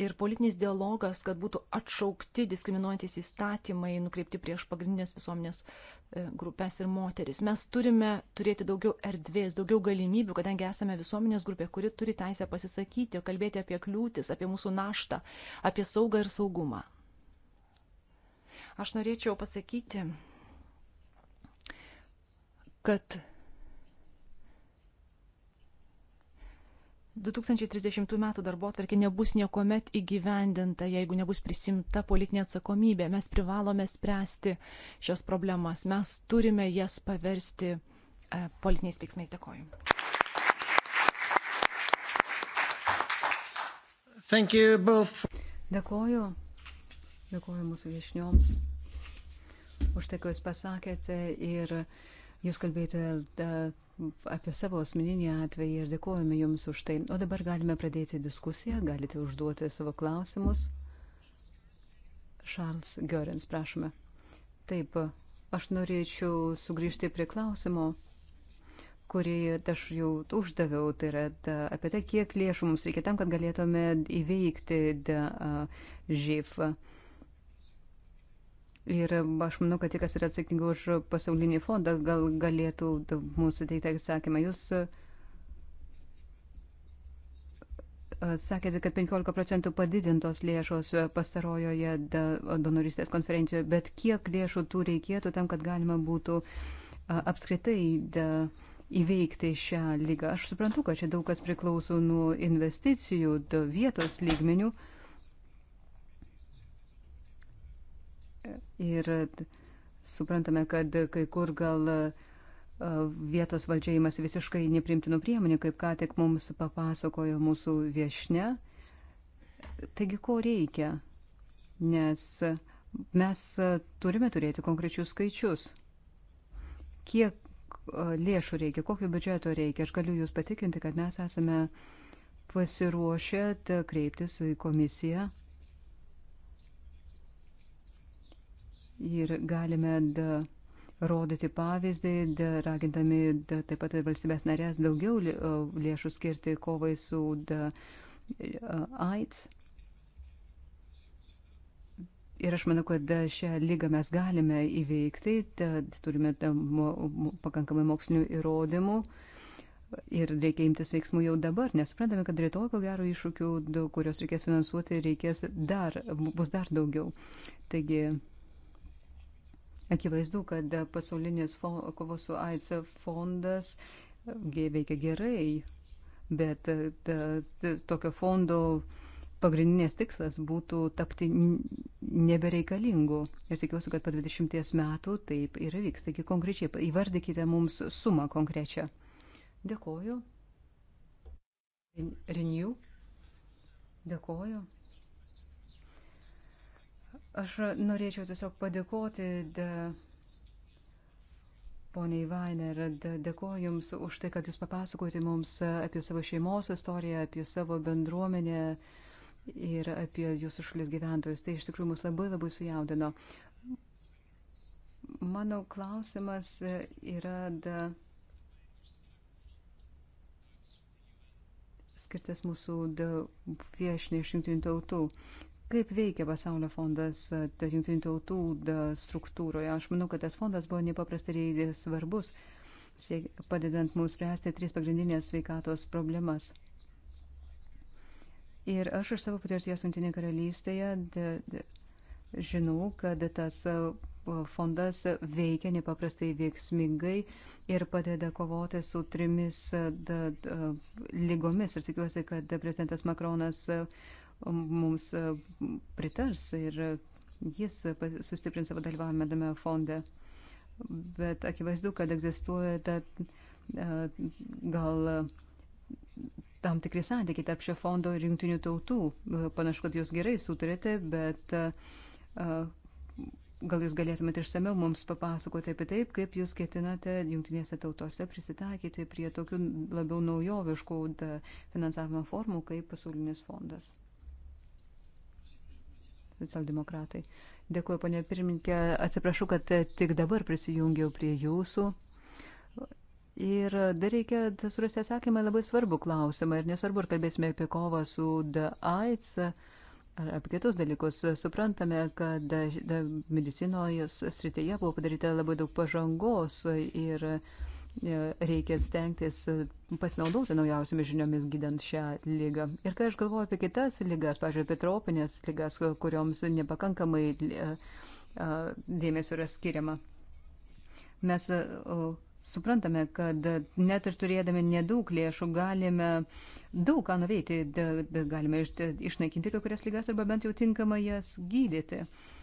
[SPEAKER 1] ir politinis dialogas, kad būtų atšaukti diskriminuojantis įstatymai nukreipti prieš pagrindinės visuomenės e, grupės ir moteris. Mes turime turėti daugiau erdvės, daugiau galimybių, kadangi esame visuomenės grupė, kuri turi teisę pasisakyti, kalbėti apie kliūtis, apie mūsų naštą, apie saugą ir saugumą. Aš norėčiau pasakyti, kad 2030 metų darbo atverkė nebus niekuomet įgyvendinta, jeigu nebus prisimta politinė atsakomybė. Mes privalome spręsti šias problemas. Mes turime jas paversti e, politiniais veiksmais. Dėkoju. Dėkoju.
[SPEAKER 3] Dėkoju mūsų viešnioms už tai, ką jūs pasakėte. Ir... Jūs kalbėjote e, apie savo asmeninį atvejį ir dėkojame Jums už tai. O dabar galime pradėti diskusiją, galite užduoti savo klausimus. Šarls Görens, prašome. Taip, aš norėčiau sugrįžti prie klausimo kurį aš jau uždaviau, tai yra ta, e, apie tai, kiek lėšų mums reikia tam, kad galėtume įveikti da, a, e, živ. A, Ir aš manau, kad tie, kas yra atsakingi už pasaulinį fondą, gal galėtų mūsų teikti atsakymą. Jūs e, sakėte, kad 15 procentų padidintos lėšos e, pastarojoje donoristės konferencijoje, bet kiek lėšų tų reikėtų tam, kad galima būtų e, apskritai įveikti šią lygą. Aš suprantu, kad čia daug kas priklauso nuo investicijų vietos lygmenių. Uh, ir suprantame, kad kai kur gal vietos valdžiajimas visiškai neprimtinų priemonių, kaip ką tik mums papasakojo mūsų viešne. Taigi, ko reikia? Nes mes turime turėti konkrečius skaičius. Kiek lėšų reikia, kokio biudžeto reikia. Aš galiu Jūs patikinti, kad mes esame pasiruošę kreiptis į komisiją ir galime da, rodyti pavyzdį, da, ragindami da, taip pat ir valstybės narės daugiau lėšų skirti kovai su da, e, AIDS. Ir aš manau, kad šią lygą mes galime įveikti, tad turime pakankamai mokslinių įrodymų ir reikia imtis veiksmų jau dabar, nes suprantame, kad rytoj, ko gero, iššūkių, kuriuos reikės finansuoti, reikės dar, bus dar daugiau. Taigi Akivaizdu, kad pasaulinės kovos su AIDS fondas veikia gerai, bet ta, ta, tokio fondo pagrindinės tikslas būtų tapti nebereikalingu. Ir tikiuosi, kad po 20 metų taip ir vyks. Taigi konkrečiai įvardykite mums sumą konkrečią. Dėkoju. Renew. Dėkoju. Aš norėčiau tiesiog padėkoti de... Poniai Vainer, dėkoju Jums už tai, kad Jūs papasakojate mums apie savo šeimos istoriją, apie savo bendruomenę ir apie Jūsų šalies gyventojus. Tai iš tikrųjų mus labai labai sujaudino. Mano klausimas yra da, skirtas mūsų viešinė iš jungtinių tautų kaip veikia pasaulio fondas e, jungtinių tautų struktūroje. Aš manau, kad tas fondas buvo nepaprastai svarbus, padedant mums spręsti tris pagrindinės sveikatos problemas. Ir aš iš savo patirties Jungtinėje karalystėje de, de, žinau, kad tas e, fondas veikia nepaprastai veiksmingai ir padeda kovoti su trimis e, da, da, lygomis. Ir tikiuosi, kad prezidentas Makronas. Da, mums e, pritars ir jis sustiprins savo dalyvavimą tame fonde. Bet akivaizdu, kad egzistuoja ta, e, gal tam tikri santykiai tarp šio fondo ir jungtinių tautų. E, panašu, kad jūs gerai sutarėte, bet gal jūs galėtumėte išsameu mums papasakoti apie taip, kaip jūs ketinate jungtinėse tautose prisitaikyti prie tokių labiau naujoviškų finansavimo formų kaip pasaulinis fondas socialdemokratai. Dėkuoju, ponė pirmininkė, atsiprašau, kad tik dabar prisijungiau prie jūsų. Ir dar reikia surasti atsakymą labai svarbu klausimą. Ir nesvarbu, ar kalbėsime apie kovą su AIDS ar apie kitus dalykus. Suprantame, kad medicinoje srityje buvo padaryta labai daug pažangos ir E, reikia stengtis e, pasinaudoti naujausiamis žiniomis gydant šią lygą. Ir kai aš galvoju apie kitas lygas, pažiūrėjau, apie tropinės lygas, kurioms nepakankamai e, dėmesio yra skiriama, mes suprantame, kad net ir turėdami nedaug lėšų galime daug ką nuveikti, galime išnaikinti kai kurias lygas arba bent jau tinkamai jas gydyti. Uh,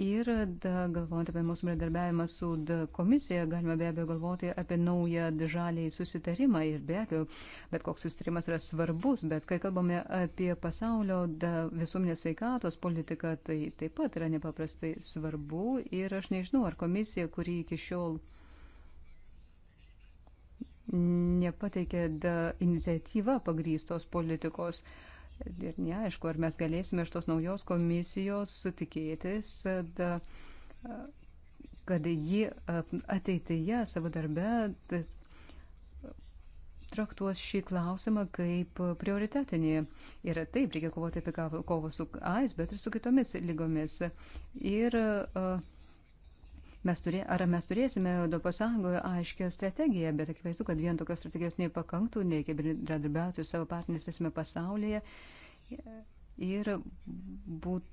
[SPEAKER 3] Ir da, galvojant apie mūsų bendradarbiavimą su da, komisija, galima be abejo galvoti apie naują žaliai susitarimą ir be abejo, bet koks susitarimas yra svarbus, bet kai kalbame apie pasaulio da, visuomenės veikatos politiką, tai taip pat yra nepaprastai svarbu ir aš nežinau, ar komisija, kuri iki šiol nepateikė iniciatyva pagrystos politikos, uh, Ir neaišku, ar mes galėsime iš tos naujos komisijos sutikėtis, kad ji ateityje savo darbe traktuos šį klausimą kaip prioritetinį. Ir taip, reikia kovoti apie kovą su AIDS, bet ir su kitomis lygomis. Ir uh, Mes turė, ar mes turėsime Europos Sąjungoje aiškę strategiją, bet akivaizdu, kad vien tokios strategijos nepakantų, reikia bendradarbiauti su savo partneriais visame pasaulyje. Ir būt,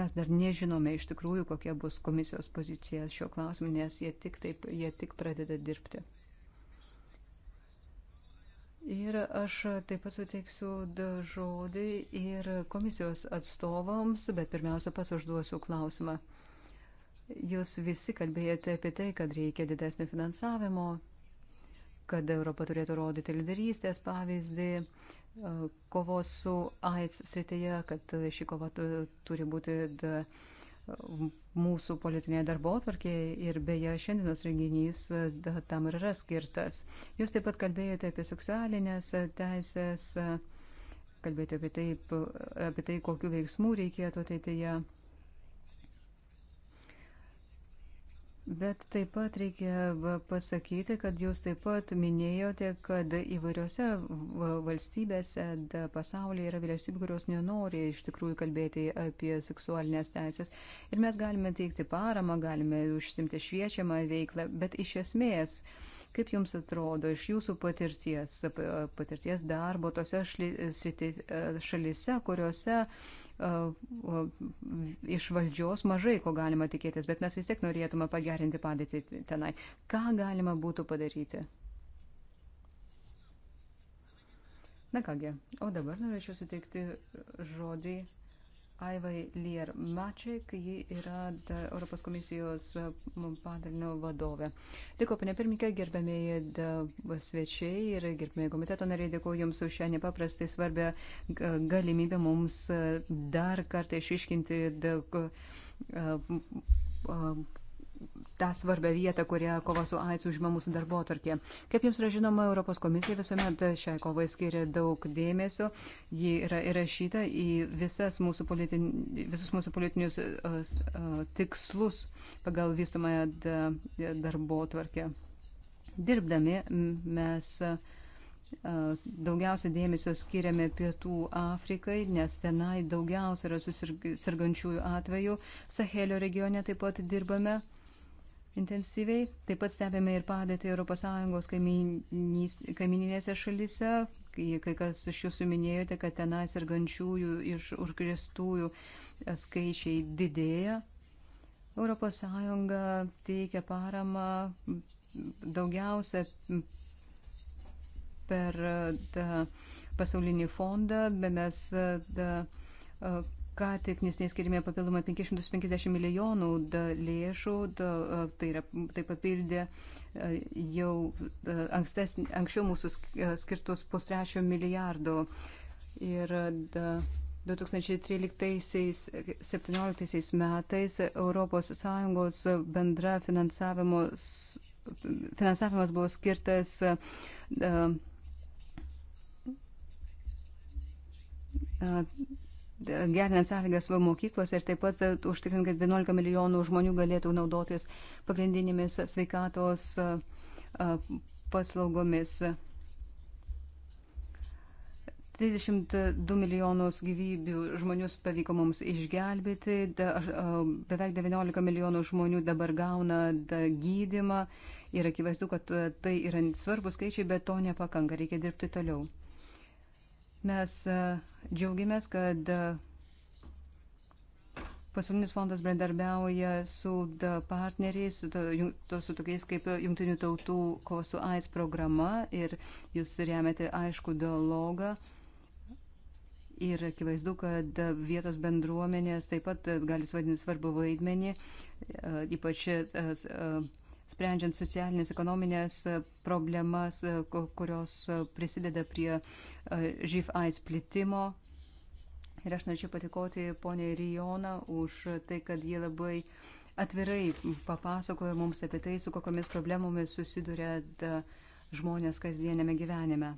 [SPEAKER 3] mes dar nežinome iš tikrųjų, kokia bus komisijos pozicija šiuo klausimu, nes jie tik, taip, jie tik pradeda dirbti. Ir aš taip pat suteiksiu žodį ir komisijos atstovams, bet pirmiausia pasužduosiu klausimą. Jūs visi kalbėjote apie tai, kad reikia didesnio finansavimo, kad Europa turėtų rodyti lyderystės pavyzdį, e, kovos su AIDS srityje, kad ši kova turi būti mūsų politinėje darbo atvarkėje ir beje šiandienos renginys e, tam ir yra skirtas. Jūs taip pat kalbėjote apie seksualinės teisės, e, kalbėjote apie, taip, apie tai, kokiu veiksmu reikėtų ateityje. Tai Bet taip pat reikia pasakyti, kad jūs taip pat minėjote, kad įvairiose valstybėse pasaulyje yra vyriausybė, kurios nenori iš tikrųjų kalbėti apie seksualinės teisės. Ir mes galime teikti paramą, galime užsimti šviečiamą veiklą, bet iš esmės, kaip jums atrodo iš jūsų patirties, patirties darbo tose šalyse, kuriuose E, iš valdžios mažai ko galima tikėtis, bet mes vis tiek norėtume pagerinti padėtį tenai. Ką galima būtų padaryti? Na kągi, o dabar norėčiau suteikti žodį Aivai Lier Maček, ji yra Europos komisijos padalinio vadovė. Dėkuoju, panė pirmininkė, gerbėmėjai svečiai ir gerbėmėjai komiteto nariai, dėkuoju Jums už šią nepaprastai svarbę galimybę mums dar kartą išiškinti tą svarbę vietą, kurią kova su AIDS užima mūsų darbo atvarkė. Kaip jums yra žinoma, Europos komisija visuomet šiai kovai skiria daug dėmesio. Ji yra įrašyta į visas mūsų politin, visus mūsų politinius uh, uh, tikslus pagal vystomąją darbo atvarkę. Dirbdami mes. Uh, Daugiausia dėmesio skiriame Pietų Afrikai, nes tenai daugiausia yra susirgančiųjų atvejų. Sahelio regione taip pat dirbame intensyviai. Taip pat stebėme ir padėtį ES kaimininėse šalise. Kai kas iš jūsų minėjote, kad tenais ir gančiųjų iš užkrėstųjų skaičiai didėja. ES teikia paramą daugiausia per tą pasaulinį fondą, bet mes da, ką tik nesnės skirime papildomą 550 milijonų lėšų, tai, yra, tai papildė jau ankstes, anksčiau mūsų skirtus pustrečio milijardo. Ir da, 2013-2017 metais ES bendra finansavimo, finansavimas buvo skirtas da, da, gerinant sąlygas mokyklose ir taip pat užtikrint, kad 11 milijonų žmonių galėtų naudotis pagrindinėmis sveikatos paslaugomis. 32 milijonus gyvybių žmonius pavyko mums išgelbėti, beveik 19 milijonų žmonių dabar gauna gydimą ir akivaizdu, kad tai yra svarbus skaičiai, bet to nepakanka, reikia dirbti toliau. Mes e, džiaugiamės, kad e, pasaulinis fondas bendarbiauja su e, partneriais, su, to, su tokiais kaip Junktinių tautų kosų AIDS programa ir jūs remiate aišku dialogą. Ir akivaizdu, kad vietos bendruomenės taip pat gali suvaidinti svarbu vaidmenį, ypač. Uh, uh, sprendžiant socialinės, ekonominės e, problemas, e, kurios e, prisideda prie živ AIDS plitimo. Ir aš norėčiau patikoti poniai Rijona už tai, kad jie labai atvirai papasakojo mums apie tai, su kokiamis problemomis susiduria žmonės kasdienėme gyvenime.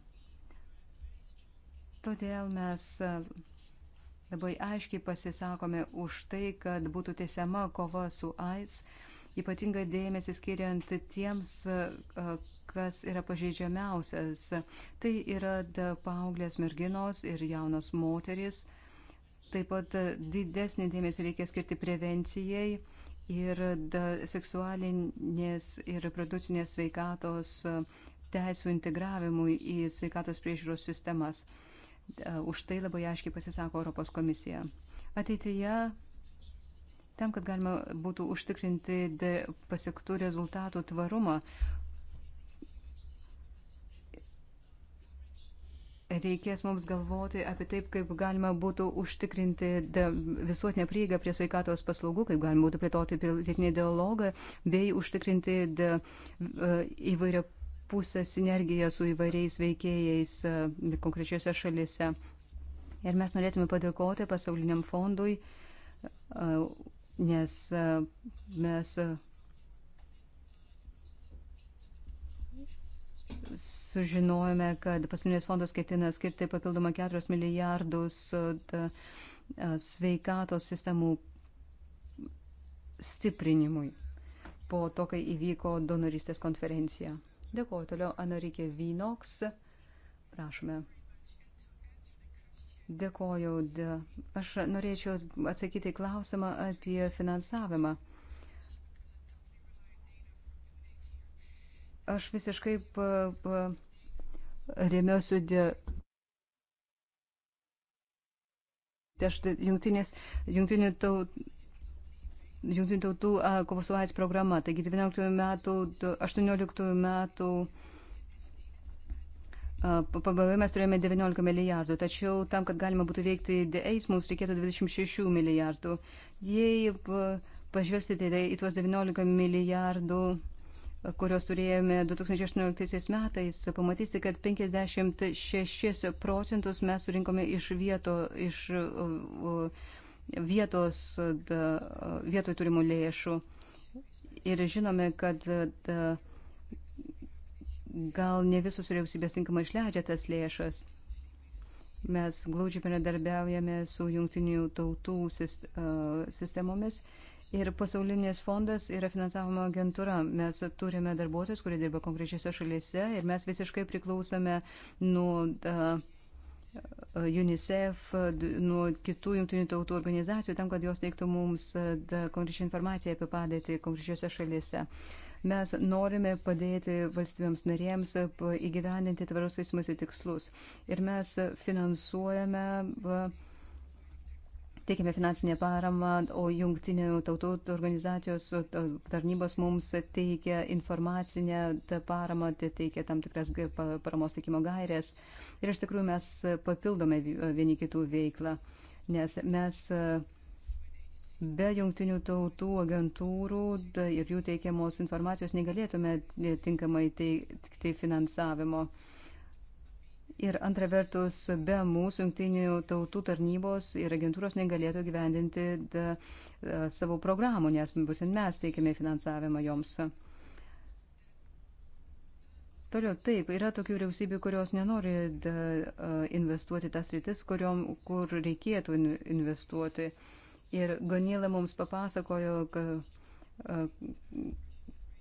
[SPEAKER 3] Todėl mes labai aiškiai pasisakome už tai, kad būtų tiesiama kova su AIDS ypatingą dėmesį skiriant tiems, kas yra pažeidžiamiausias. Tai yra paauglės merginos ir jaunos moteris. Taip pat didesnį dėmesį reikia skirti prevencijai ir seksualinės ir reproducinės sveikatos teisų integravimui į sveikatos priežiūros sistemas. Už tai labai aiškiai pasisako Europos komisija. Ateityje tam, kad galima būtų užtikrinti pasiektų rezultatų tvarumą. Reikės mums galvoti apie taip, kaip galima būtų užtikrinti visuotinę prieigą prie sveikatos paslaugų, kaip galima būtų plėtoti pilietinį dialogą, bei užtikrinti įvairią pusę sinergiją su įvairiais veikėjais e, konkrečiose šalise. Ir mes norėtume padėkoti pasauliniam fondui e, nes e, mes e, sužinojome, kad pasaulinis fondas ketina skirti papildomą 4 milijardus e, sveikatos sistemų stiprinimui po to, kai įvyko donoristės konferencija. Dėkuoju toliau Anarikė Vynoks. Prašome. Dėkoju. Aš norėčiau atsakyti klausimą apie finansavimą. Aš visiškai remiuosi jungtinės, jungtinių tautų. Junktinių tautų kovos su AIDS programa, taigi 19 metų, 18 metų Pabaigoje mes turėjome 19 milijardų, tačiau tam, kad galima būtų veikti DEIS, mums reikėtų 26 milijardų. Jei pažvelgsite į tai, tuos 19 milijardų, kuriuos turėjome 2018 metais, pamatysite, kad 56 procentus mes surinkome iš, vieto, iš vietos, vietoj turimų lėšų. Ir žinome, kad da, gal ne visos vyriausybės tinkamai išleidžia tas lėšas. Mes glaudžiai bendradarbiaujame su jungtinių tautų sistemomis ir pasaulinės fondas yra finansavimo agentūra. Mes turime darbuotojus, kurie dirba konkrečiose šalyse ir mes visiškai priklausome nuo UNICEF, nuo kitų jungtinių tautų organizacijų tam, kad jos teiktų mums konkrečią informaciją apie padėtį konkrečiose šalyse. Uh, Mes norime padėti valstybėms narėms įgyvendinti tvaros vystimosi tikslus. Ir mes finansuojame. Teikime finansinę paramą, o jungtinių tautų organizacijos tarnybos mums teikia informacinę paramą, tai teikia tam tikras paramos teikimo gairės. Ir iš tikrųjų mes papildome vieni kitų veiklą, nes mes uh, Be jungtinių tautų agentūrų da, ir jų teikiamos informacijos negalėtume tinkamai teikti finansavimo. Ir antra vertus, be mūsų jungtinių tautų tarnybos ir agentūros negalėtų gyvendinti da, da, savo programų, nes būtent mes teikiame finansavimą joms. Toliau, taip, yra tokių vyriausybių, kurios nenori da, investuoti tas rytis, kuriom, kur reikėtų investuoti. Uh, Ir Ganila mums papasakojo, kad,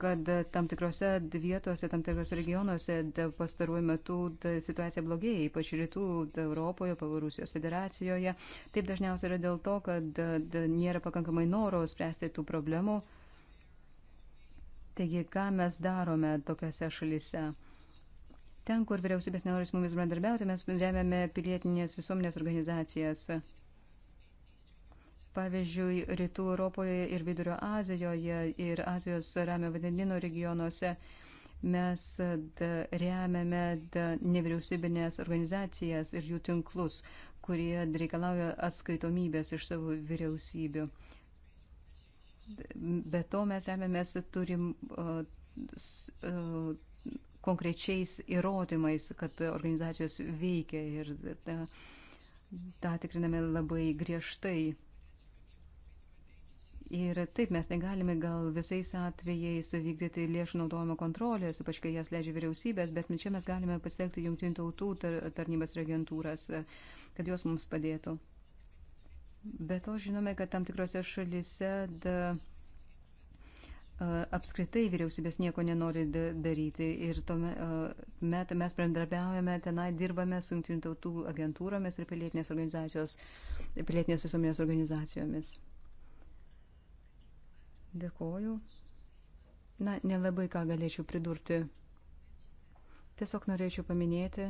[SPEAKER 3] kad tam tikrose vietose, tam tikrose regionuose pastaruoju metu situacija blogėja, ypač rytų Europoje, Rusijos federacijoje. Taip dažniausiai yra dėl to, kad nėra pakankamai noro spręsti tų problemų. Taigi, ką mes darome tokiuose šalise? Ten, kur vyriausybės nenori su mumis bendradarbiauti, mes remiame pilietinės visuomenės organizacijas. Pavyzdžiui, Rytų Europoje ir Vidurio Azijoje ir Azijos ramio vandenino regionuose mes remiame nevyriausybinės organizacijas ir jų tinklus, kurie reikalauja atskaitomybės iš savo vyriausybių. Be to mes remiamės turim uh, uh, konkrečiais įrodymais, kad organizacijos veikia ir tą tikriname labai griežtai. Ir taip mes negalime gal visais atvejais vykdyti lėšų naudojimo kontrolės, ypač kai jas leidžia vyriausybės, bet nu, čia mes galime pasitelkti jungtinių tautų tar tarnybas ir agentūras, kad jos mums padėtų. Be to žinome, kad tam tikrose šalise da, apskritai vyriausybės nieko nenori daryti ir tuomet mes bendrabiaujame, tenai dirbame su jungtinių tautų agentūromis ir pilietinės organizacijos, pilietinės visuomenės organizacijomis. Dėkoju. Na, nelabai ką galėčiau pridurti. Tiesiog norėčiau paminėti,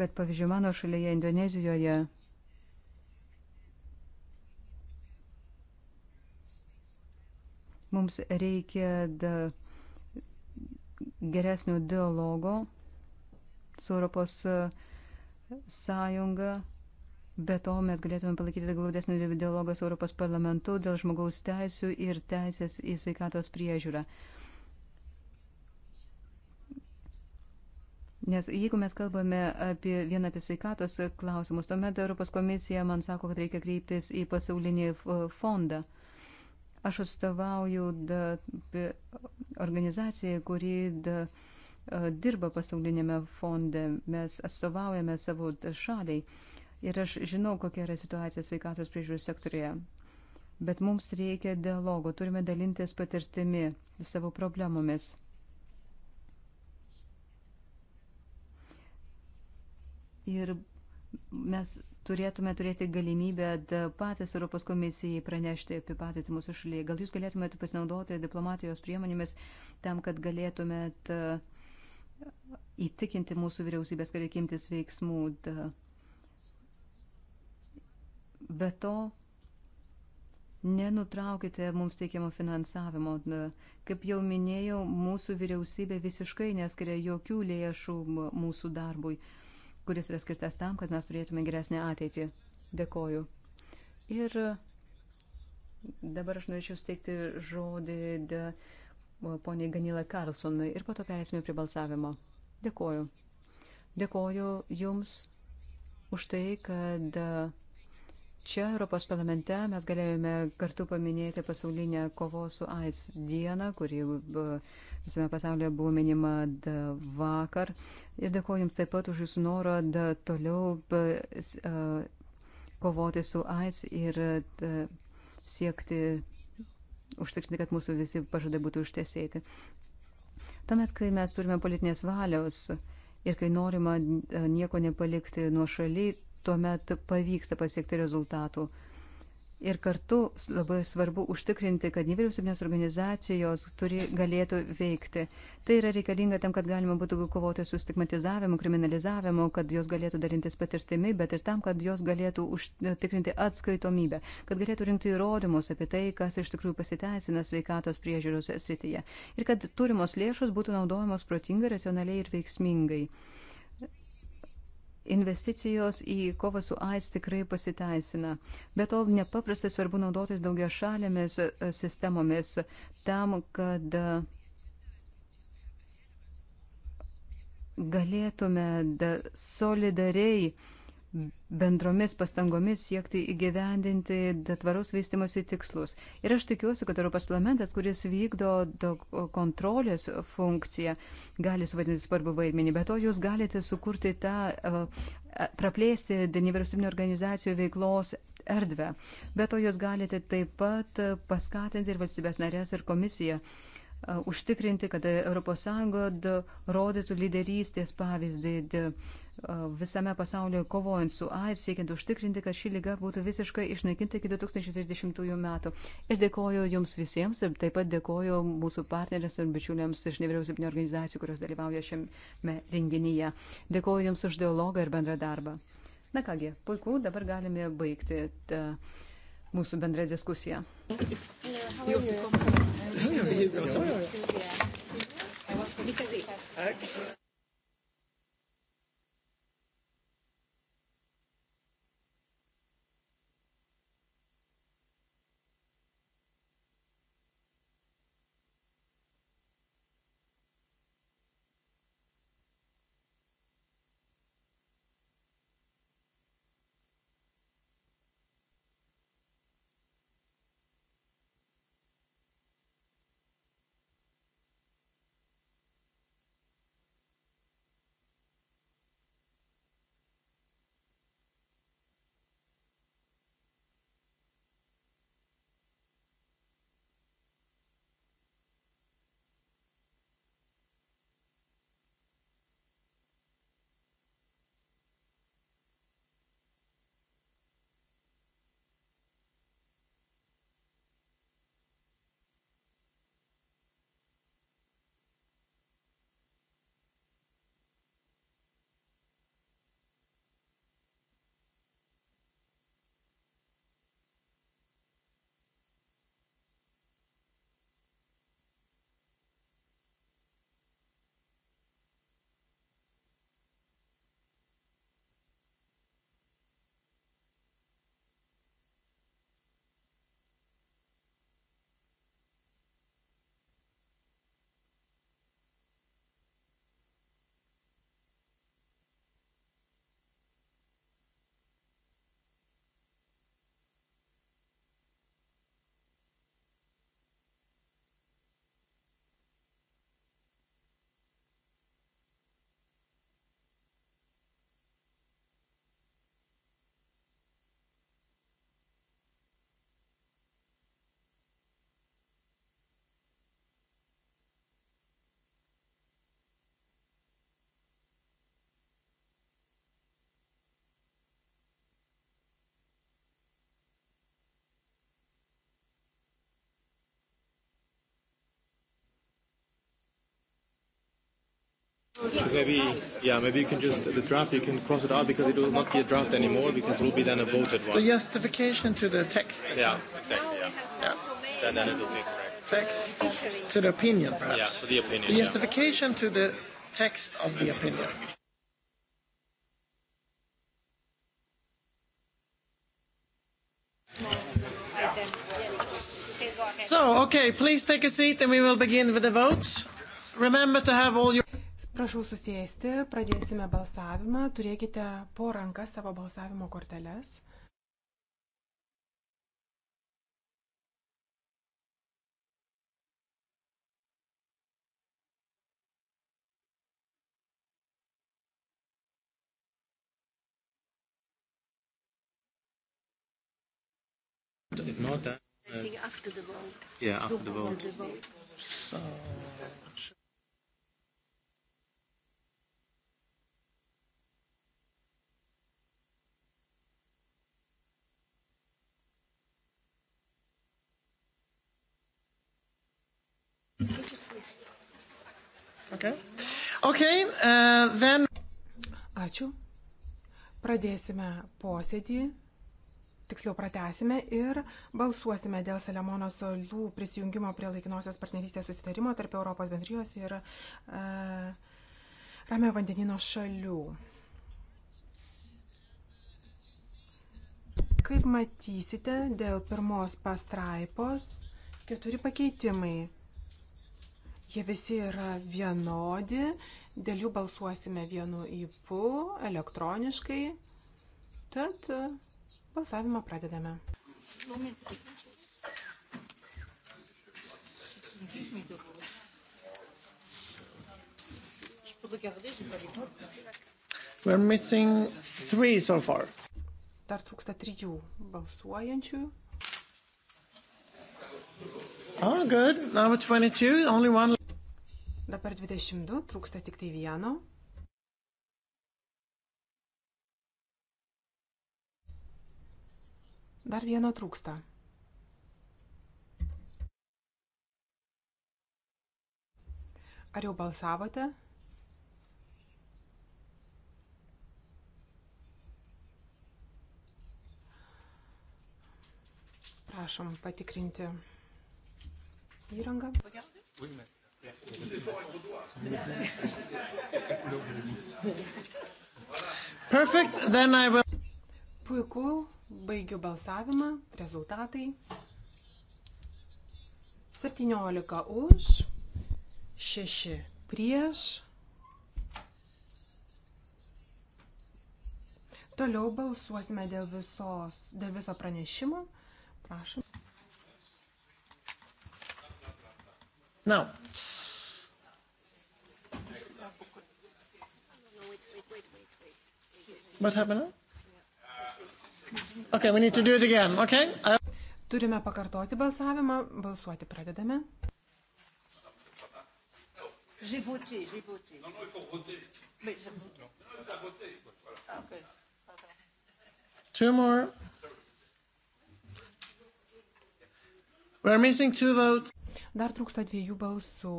[SPEAKER 3] kad pavyzdžiui mano šalyje Indonezijoje mums reikia geresnio dialogo su Europos e, sąjunga. Be to, mes galėtume palaikyti glaudesnį dialogą su Europos parlamentu dėl žmogaus teisų ir teisės į sveikatos priežiūrą. Nes jeigu mes kalbame apie vieną apie sveikatos klausimus, tuomet Europos komisija man sako, kad reikia kreiptis į pasaulinį e, fondą. Aš atstovauju organizacijai, kuri da, E, dirba pasaulinėme fonde, mes atstovaujame savo šaliai ir aš žinau, kokia yra situacija sveikatos priežiūros sektorėje. Bet mums reikia dialogo, turime dalintis patirtimi savo problemomis. Ir mes turėtume turėti galimybę patys Europos komisijai pranešti apie patirtį mūsų šalyje. Gal jūs galėtumėte pasinaudoti diplomatijos priemonėmis tam, kad galėtumėte uh, įtikinti mūsų vyriausybės, kad reikia imtis veiksmų. Be to, nenutraukite mums teikiamo finansavimo. Kaip jau minėjau, mūsų vyriausybė visiškai neskiria jokių lėšų mūsų darbui, kuris yra skirtas tam, kad mes turėtume geresnę ateitį. Dėkoju. Ir dabar aš norėčiau steigti žodį. De, poniai Ganila Karlsonai ir po to perėsime prie balsavimo. Dėkoju. Dėkoju Jums už tai, kad čia Europos parlamente mes galėjome kartu paminėti pasaulinę kovos su AIDS dieną, kuri e, visame pasaulyje buvo minima vakar. Ir dėkoju Jums taip pat už Jūsų norą toliau e, e, kovoti su AIDS ir siekti užtikrinti, kad mūsų visi pažadai būtų ištesėti. Tuomet, kai mes turime politinės valios ir kai norima e, nieko nepalikti nuo šaly, tuomet pavyksta pasiekti rezultatų. Ir kartu labai svarbu užtikrinti, kad nevyriausybinės organizacijos turi, galėtų veikti. Tai yra reikalinga tam, kad galima būtų kovoti su stigmatizavimu, kriminalizavimu, kad jos galėtų dalintis patirtimi, bet ir tam, kad jos galėtų užtikrinti atskaitomybę, kad galėtų rinkti įrodymus apie tai, kas iš tikrųjų pasiteisina sveikatos priežiūros srityje. Ir kad turimos lėšos būtų naudojamos protingai, racionaliai ir veiksmingai investicijos į kovą su AIDS tikrai pasiteisina. Be to, nepaprastai svarbu naudotis daugia šalėmis e, sistemomis tam, kad e, galėtume solidariai bendromis pastangomis siekti įgyvendinti tvaraus vystimosi tikslus. Ir aš tikiuosi, kad Europos parlamentas, kuris vykdo kontrolės funkciją, gali suvaidinti svarbu vaidmenį. Be to, jūs galite sukurti tą, e, praplėsti nevyriausybinio organizacijų veiklos erdvę. Be to, jūs galite taip pat paskatinti ir valstybės narės ir komisiją užtikrinti, kad ES rodytų lyderystės pavyzdį visame pasaulyje kovojant su AIDS, siekiant užtikrinti, kad ši lyga būtų visiškai išnaikinta iki 2030 metų. Aš dėkoju Jums visiems ir taip pat dėkoju mūsų partneriams ir bičiuliams iš nevyriausybinio organizacijų, kurios dalyvauja šiame renginyje. Dėkoju Jums už dialogą ir bendrą darbą. Na kągi, puiku, dabar galime baigti. Ta, uh, mūsų bendrą diskusiją. Okay. Because maybe, yeah, maybe you can just, the draft, you can cross it out because it will not be a draft anymore because it will be then a voted one. The justification to the text. Yeah, exactly, yeah. yeah. Then, then it will be correct. Text to the opinion, perhaps. Yeah, to the opinion. The justification yeah. to the text of the opinion. So, okay,
[SPEAKER 2] please take a seat and we will begin with the votes. Remember to have all your... Prašau susėsti, pradėsime balsavimą. Turėkite po ranką savo balsavimo korteles. If not, uh, I think after the vote. Yeah, after the vote. The vote. So. Okay. Okay, uh, then... Ačiū. Pradėsime posėdį, tiksliau pratesime ir balsuosime dėl Selemono salų prisijungimo prie laikinosios partnerystės susitarimo tarp Europos bendrijos ir uh, Ramio vandenino šalių. Kaip matysite, dėl pirmos pastraipos keturi pakeitimai. Jie visi yra vienodi, dėl jų balsuosime vienu įpu elektroniškai. Tad e, balsavimą pradedame.
[SPEAKER 3] We're missing three so far.
[SPEAKER 2] Dar trūksta trijų balsuojančių. Oh, good. Now 22, only one. Dabar 22, trūksta tik tai vieno. Dar vieno trūksta. Ar jau balsavote? Prašom patikrinti įrangą.
[SPEAKER 1] Pagelbė?
[SPEAKER 2] Perfect, then I will. Puiku, baigiu balsavimą, rezultatai. 17 už, 6 prieš. Toliau balsuosime dėl, visos, dėl viso pranešimo. Prašom. Now, What happened? Okay, we need to do it again. Okay? I... Uh, Turime pakartoti balsavimą. Balsuoti pradedame.
[SPEAKER 3] J'ai voté, j'ai voté. Non, non, il faut voter. Mais j'ai voté. Non, il faut voter. Voilà. Ah, ok. Pardon.
[SPEAKER 2] Two more. We're missing two votes. Dar trūksta dviejų balsų.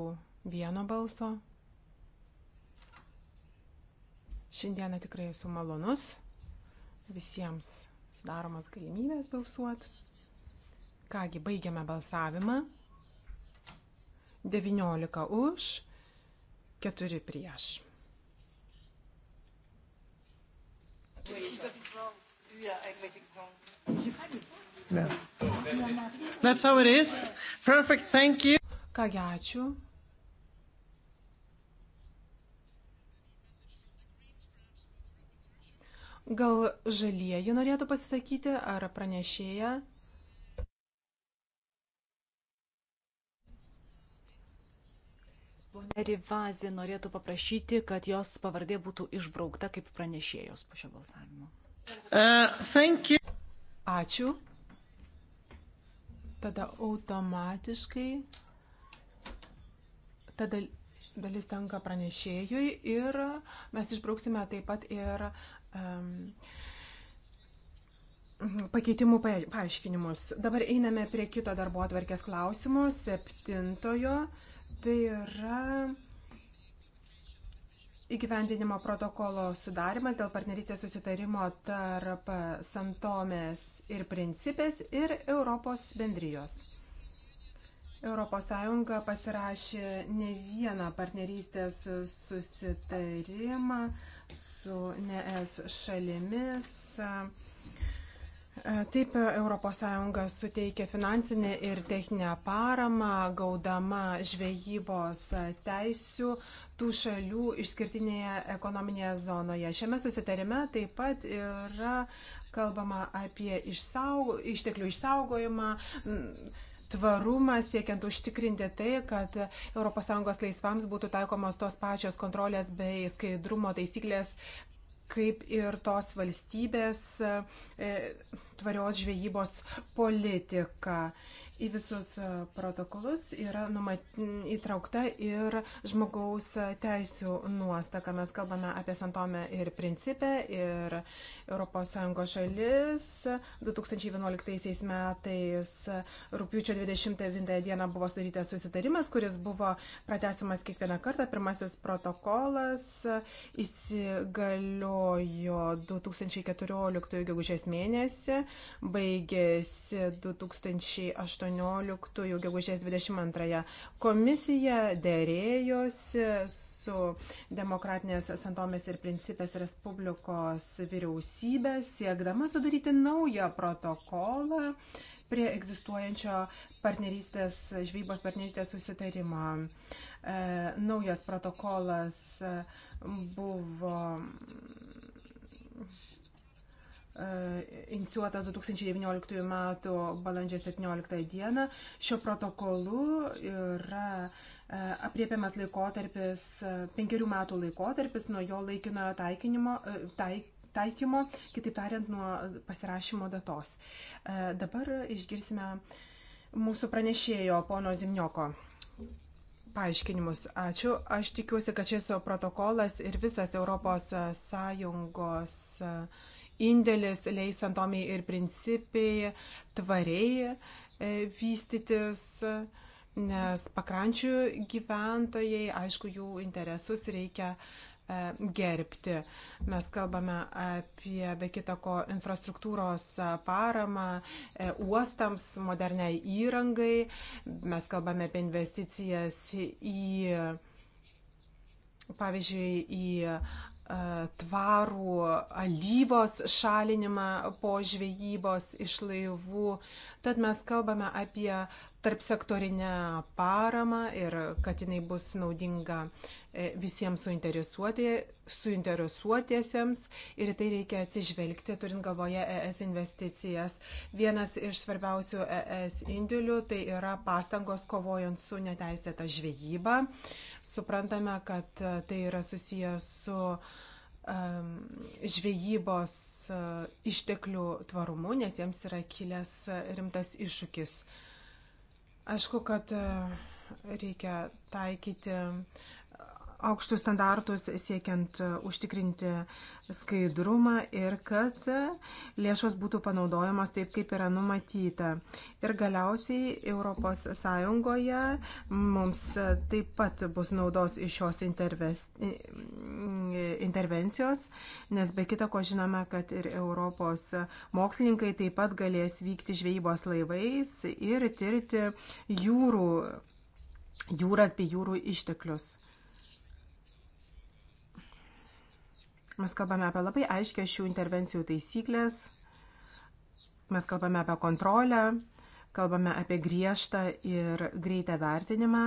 [SPEAKER 2] Vieno balso. Šiandieną tikrai esu malonus, visiems sudaromas galimybės balsuoti. Kągi, baigiame balsavimą. 19 už, 4 prieš. Kągi, ačiū. Gal žalieji norėtų pasisakyti ar pranešėja?
[SPEAKER 1] Pone Rivazė norėtų paprašyti, kad jos pavardė būtų išbraukta kaip pranešėjos po šio balsavimo.
[SPEAKER 2] Uh, Ačiū. Tada automatiškai. Tada dalis tenka pranešėjui ir mes išbrauksime taip pat ir uh, pakeitimų paaiškinimus. Dabar einame prie kito darbo atvarkės klausimo, septintojo. Tai yra įgyvendinimo protokolo sudarimas dėl partnerystės susitarimo tarp Santomės ir Principės ir Europos bendrijos. ES pasirašė ne vieną partnerystės susitarimą su NES šalimis. Taip, ES suteikia finansinę ir techninę paramą, gaudama žvejybos teisių tų šalių išskirtinėje ekonominėje zonoje. Šiame susitarime taip pat yra kalbama apie išsaug, išteklių išsaugojimą, tvarumą, siekiant užtikrinti tai, kad ES laisvams būtų taikomos tos pačios kontrolės bei skaidrumo taisyklės kaip ir tos valstybės e, tvarios žvejybos politika į visus e, protokolus yra numat, įtraukta ir žmogaus e, teisų nuostaka. Mes kalbame apie Santomę ir Principę ir ES šalis. 2011 metais e, rūpiučio 29 dieną buvo sudarytas susitarimas, kuris buvo pratesimas kiekvieną kartą. Pirmasis protokolas įsigaliojo 2014 gegužės mėnesį, baigėsi 2018 2018 gegužės 22. Komisija dėrėjosi su demokratinės santomės ir principės Respublikos vyriausybė, siekdama sudaryti naują protokolą prie egzistuojančio partnerystės, žvejybos partnerystės susitarimo. E, naujas protokolas buvo E, inicijuotas 2019 m. balandžio 17 d. Šio protokolu yra e, apriepiamas laikotarpis, e, penkerių metų laikotarpis nuo jo laikinojo taikinimo, taik, taikymo, kitaip tariant, nuo pasirašymo datos. Dabar išgirsime mūsų pranešėjo pono Zimnioko paaiškinimus. Ačiū. Aš tikiuosi, kad šis protokolas ir visas Europos Sąjungos uh, indėlis leis Antomijai ir principiai tvariai e, vystytis, nes pakrančių gyventojai, aišku, jų interesus reikia e, gerbti. Mes kalbame apie be kitako infrastruktūros paramą e, uostams, moderniai įrangai, mes kalbame apie investicijas į pavyzdžiui, į E, tvarų alyvos šalinimą po žvejybos iš laivų. Tad mes kalbame apie tarp sektorinę paramą ir kad jinai bus naudinga e, visiems suinteresuotiesiems ir tai reikia atsižvelgti, turint galvoje ES investicijas. Vienas iš svarbiausių ES indėlių tai yra pastangos kovojant su neteisėta žvejyba. Suprantame, kad e, tai yra susijęs su um, žvejybos uh, išteklių tvarumu, nes jiems yra kilęs rimtas iššūkis. Uh, Aišku, kad e, reikia taikyti aukštus standartus siekiant e, užtikrinti skaidrumą ir kad e, lėšos būtų panaudojamos taip, kaip yra numatyta. Ir galiausiai ES mums e, taip pat bus naudos iš šios interves, intervencijos, nes be kita ko žinome, kad ir Europos mokslininkai taip pat galės vykti žvejybos laivais ir tirti jūrų, jūras bei jūrų išteklius. Mes kalbame apie labai aiškę šių intervencijų taisyklės, mes kalbame apie kontrolę, kalbame apie griežtą ir greitą vertinimą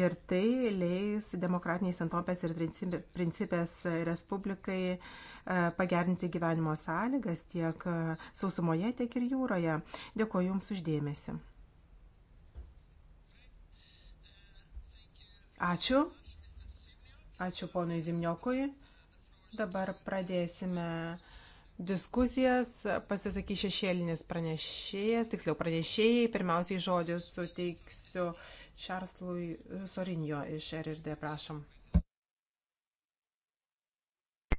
[SPEAKER 2] ir tai leis demokratiniais antopės ir principės Respublikai e, pagerinti gyvenimo sąlygas tiek e, sausumoje, tiek ir jūroje. Dėkuoju Jums uždėmesi. Ačiū. Ačiū ponui Zimniokui. Dabar pradėsime diskusijas. Pasisakys šešėlinis pranešėjas, tiksliau pranešėjai. Pirmiausiai žodį suteiksiu Šarslui Sorinjo iš RRD, prašom.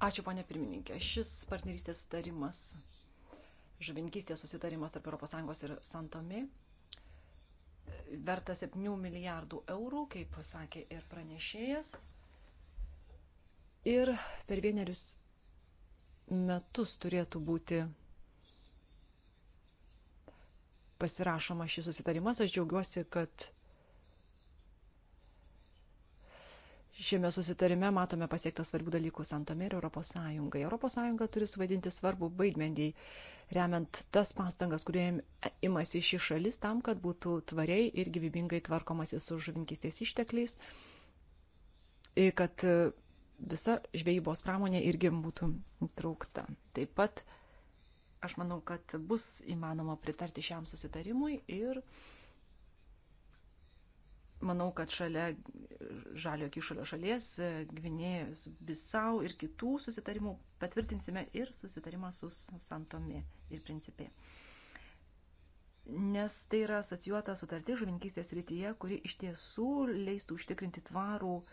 [SPEAKER 1] Ačiū, ponė pirmininkė. Šis partnerystės sutarimas, žuvinkystės susitarimas tarp ES ir Santomi, verta 7 milijardų eurų, kaip pasakė ir pranešėjas ir per vienerius metus turėtų būti pasirašoma šis susitarimas. Aš džiaugiuosi, kad šiame susitarime matome pasiektą svarbių dalykų Santomė ir Europos Sąjungai. Europos Sąjunga turi suvaidinti svarbų vaidmenį, remiant tas pastangas, kuriem imasi šį šalis tam, kad būtų tvariai ir gyvybingai tvarkomasi su žuvinkistės ištekliais, ir kad visa žvejybos pramonė irgi būtų traukta. Taip pat aš manau, kad bus įmanoma pritarti šiam susitarimui ir manau, kad šalia žalio kišulio šalies, Gvinėjos, Bisau ir kitų susitarimų patvirtinsime ir susitarimą su Santomi ir Principė. Nes tai yra asocijuota sutartis žuvinkystės rytyje, kuri iš tiesų leistų užtikrinti tvarų uh,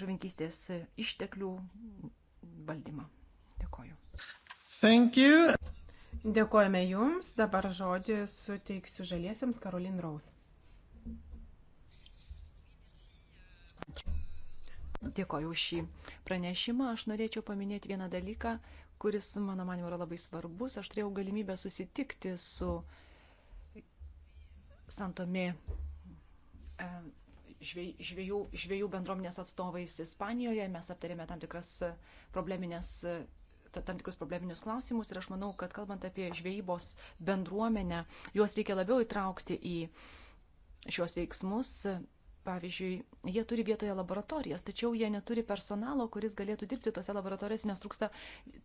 [SPEAKER 1] žuvinkystės išteklių valdymą. Dėkoju.
[SPEAKER 2] Thank you. Dėkojame Jums. Dabar žodį suteiksiu žaliesiams Karolin Raus. Dėkoju už šį pranešimą. Aš
[SPEAKER 1] norėčiau paminėti vieną dalyką, kuris, mano manimu, yra labai svarbus. Aš turėjau galimybę susitikti su Santomė e, žviejų, žviejų bendruomenės atstovais Ispanijoje. Mes aptarėme tam, tikras probleminės, tam tikrus probleminius klausimus ir aš manau, kad kalbant apie žvejybos bendruomenę, juos reikia labiau įtraukti į šiuos veiksmus. Pavyzdžiui, jie turi vietoje laboratorijas, tačiau jie neturi personalo, kuris galėtų dirbti tose laboratorijose, nes trūksta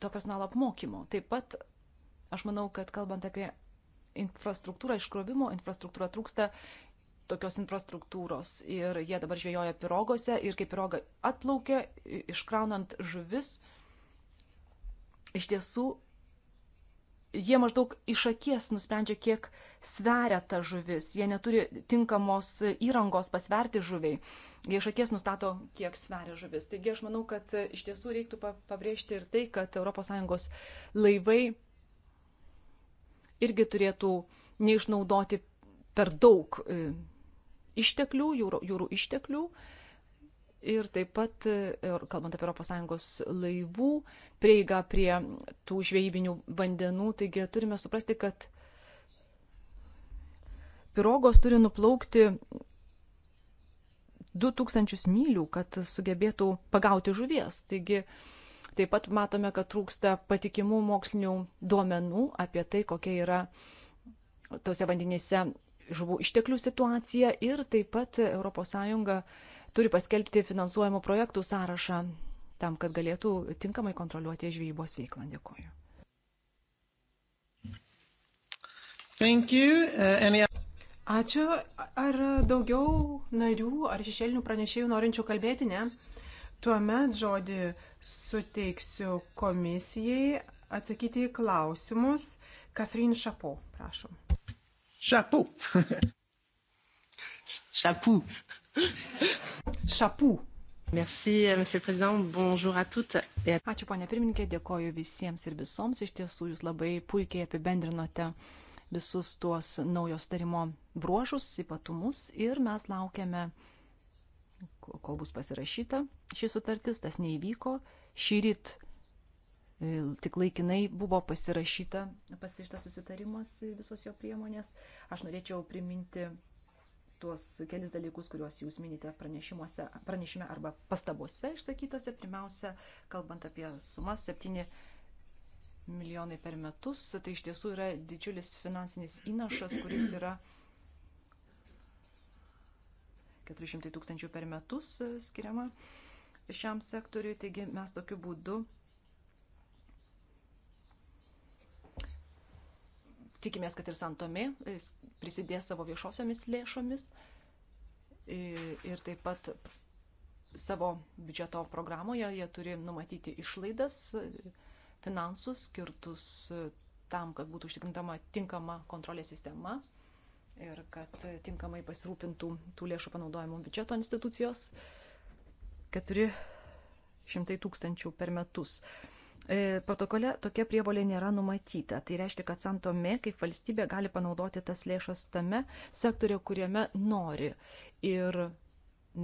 [SPEAKER 1] to personalo apmokymo. Taip pat aš manau, kad kalbant apie infrastruktūrą, iškrovimo infrastruktūrą trūksta tokios infrastruktūros ir jie dabar žvejoja pirogose ir kai piroga atplaukia, iškraunant žuvis, iš tiesų jie maždaug iš akies nusprendžia, kiek sveria ta žuvis. Jie neturi tinkamos įrangos pasverti žuviai. Jie iš akies nustato, kiek sveria žuvis. Taigi aš manau, kad e, iš tiesų reiktų pabrėžti ir tai, kad ES laivai irgi turėtų neišnaudoti per daug e, išteklių, jūrų, jūrų išteklių. Ir taip pat, e, kalbant apie ES laivų, prieiga prie tų žvejybinių vandenų, taigi turime suprasti, kad pirogos turi nuplaukti 2000 mylių, kad sugebėtų pagauti žuvies. Taigi taip pat matome, kad trūksta patikimų mokslinių duomenų apie tai, kokia yra tose vandenyse žuvų išteklių situaciją ir taip pat ES turi paskelbti finansuojamų projektų sąrašą tam, kad galėtų tinkamai kontroliuoti žvejybos veiklą. Dėkuoju.
[SPEAKER 2] Uh, any... Ačiū. Ar daugiau narių ar šešėlinių pranešėjų norinčių kalbėti, ne? Tuomet žodį suteiksiu komisijai atsakyti į klausimus. Katrin Šapau, prašom. Chapeau. Chapeau. Chapeau. Merci, Monsieur le Président. Bonjour à toutes.
[SPEAKER 1] Ačiū, ponė pirmininkė, dėkoju visiems ir visoms. Iš tiesų, jūs labai puikiai apibendrinote visus tuos naujos tarimo bruožus, ypatumus ir mes laukiame, kol bus pasirašyta ši sutartis, tas neįvyko. Šį rytą E, tik laikinai buvo pasirašyta, pasirašytas susitarimas visos jo priemonės. Aš norėčiau priminti tuos kelis dalykus, kuriuos jūs minite pranešime arba pastabose išsakytose. Pirmiausia, kalbant apie sumas 7 milijonai per metus, tai iš tiesų yra didžiulis finansinis įnašas, kuris yra 400 tūkstančių per metus skiriama šiam sektoriui. Taigi mes tokiu būdu tikimės, kad ir Santomi e, prisidės savo viešosiomis lėšomis ir taip pat savo biudžeto programoje jie turi numatyti išlaidas, e, finansus skirtus e, tam, kad būtų užtikrintama tinkama kontrolės sistema ir kad tinkamai pasirūpintų tų lėšų panaudojimo biudžeto institucijos 400 tūkstančių per metus. E, protokole tokia prievolė nėra numatyta. Tai reiškia, kad Santome kaip valstybė gali panaudoti tas lėšas tame sektoriu, kuriame nori. Ir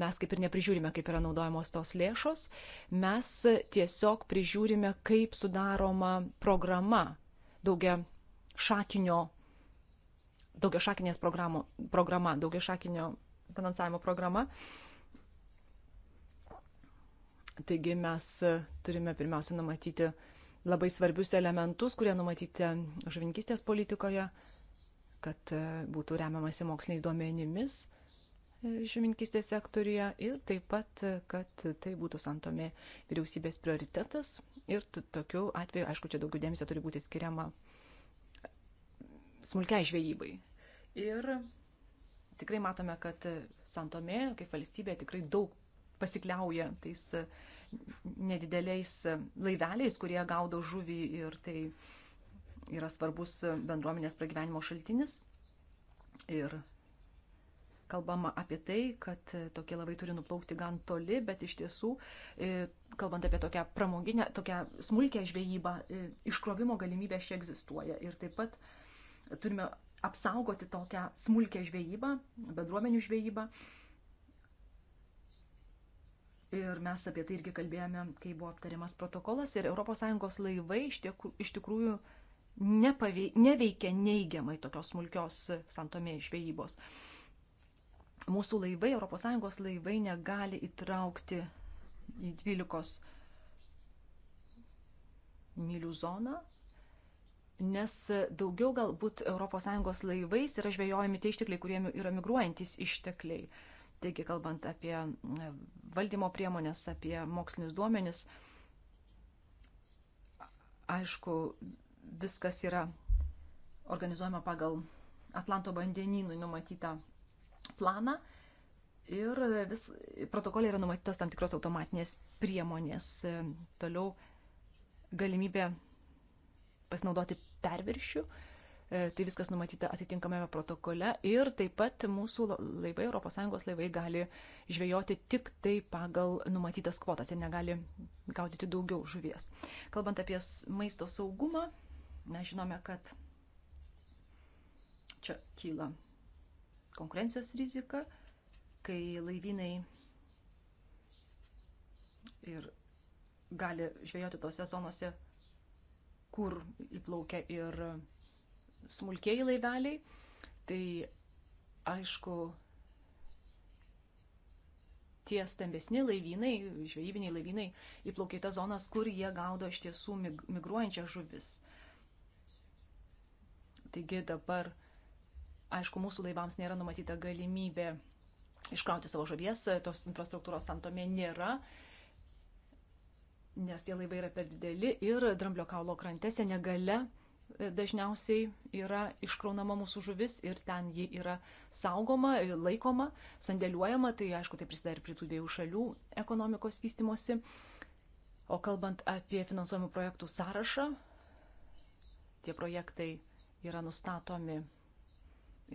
[SPEAKER 1] mes kaip ir neprižiūrime, kaip yra naudojamos tos lėšos, mes tiesiog prižiūrime, kaip sudaroma programa daugia šakinio, daugia šakinės programo, programa, daugia šakinio finansavimo programa. programa Taigi mes e, turime pirmiausia numatyti labai svarbius elementus, kurie numatyti žuvininkystės politikoje, kad e, būtų remiamasi moksliniais duomenimis e, žuvininkystės sektorija ir taip pat, kad tai būtų santomė vyriausybės prioritetas. Ir tokiu atveju, aišku, čia daugiau dėmesio turi būti skiriama smulkiai žvejybai. Ir tikrai matome, kad santomė kaip valstybė tikrai daug pasikliauja tais e, nedideliais e, laiveliais, kurie gaudo žuvį ir tai yra svarbus e, bendruomenės pragyvenimo šaltinis. Ir kalbama apie tai, kad tokie laivai turi nuplaukti gan toli, bet iš tiesų, kalbant apie tokią pramoginę, tokią smulkę žvejybą, iškrovimo galimybė šia egzistuoja. Ir taip pat turime apsaugoti tokią smulkę žvejybą, bendruomenių žvejybą, Ir mes apie tai irgi kalbėjome, kai buvo aptariamas protokolas. Ir ES laivai iš, tiek, iš tikrųjų nepavei, neveikia neigiamai tokios smulkios santomė žvejybos. Mūsų laivai, ES laivai negali įtraukti į 12 mylių zoną, nes daugiau galbūt ES laivais yra žvejojami tie ištekliai, kurie yra migruojantis ištekliai. Uh, Taigi, kalbant apie e, valdymo priemonės, apie mokslinius duomenis, aišku, viskas yra organizuojama pagal Atlanto vandenynui numatytą planą ir vis protokolė yra numatytos tam tikros automatinės priemonės. E, toliau galimybė pasinaudoti perviršių. Uh, E, tai viskas numatyta atitinkamame protokole ir taip pat mūsų laivai, ES laivai gali žvejoti tik tai pagal numatytas kvotas ir negali gaudyti daugiau žuvies. Kalbant apie maisto saugumą, mes žinome, kad čia kyla konkurencijos rizika, kai laivynai ir gali žvejoti tose zonose, kur įplaukia ir smulkėjai laiveliai, tai aišku, tie stambesni laivynai, žvejybiniai laivynai įplaukia į tas zonas, kur jie gaudo iš tiesų migruojančią žuvis. Taigi dabar, aišku, mūsų laivams nėra numatyta galimybė iškrauti savo žuvies, tos infrastruktūros santomė nėra, nes tie laivai yra per dideli ir dramblio kaulo krantėse negale dažniausiai yra iškraunama mūsų žuvis ir ten ji yra saugoma, laikoma, sandėliuojama, tai aišku, tai prisideda ir prie tų dviejų šalių ekonomikos vystimosi. O kalbant apie finansuojamų projektų sąrašą, tie projektai yra nustatomi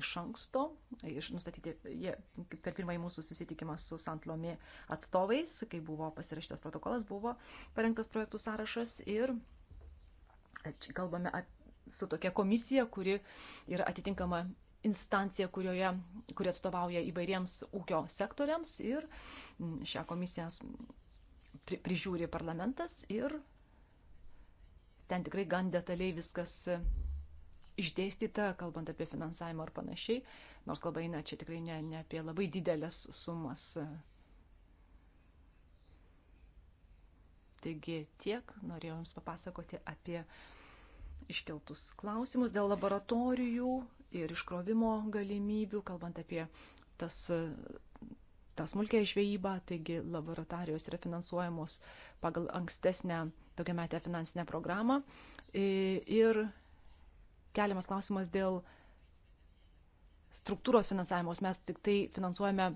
[SPEAKER 1] iš anksto, iš, nustatyti jie per pirmąjį mūsų susitikimą su Santlomi atstovais, kai buvo pasirašytas protokolas, buvo parengtas projektų sąrašas ir kalbame apie su tokia komisija, kuri yra atitinkama instancija, kurioje, kuri atstovauja įvairiems ūkio sektoriams ir šią komisiją pri, prižiūri parlamentas ir ten tikrai gan detaliai viskas išdėstyta, kalbant apie finansavimą ar panašiai, nors kalba eina čia tikrai ne, ne apie labai didelės sumas. Taigi tiek norėjau Jums papasakoti apie iškeltus klausimus dėl laboratorijų ir iškrovimo galimybių, kalbant apie tas, tą smulkę žvejybą, taigi laboratorijos yra finansuojamos pagal ankstesnę daugiametę finansinę programą. Ir keliamas klausimas dėl struktūros finansavimos. Mes tik tai finansuojame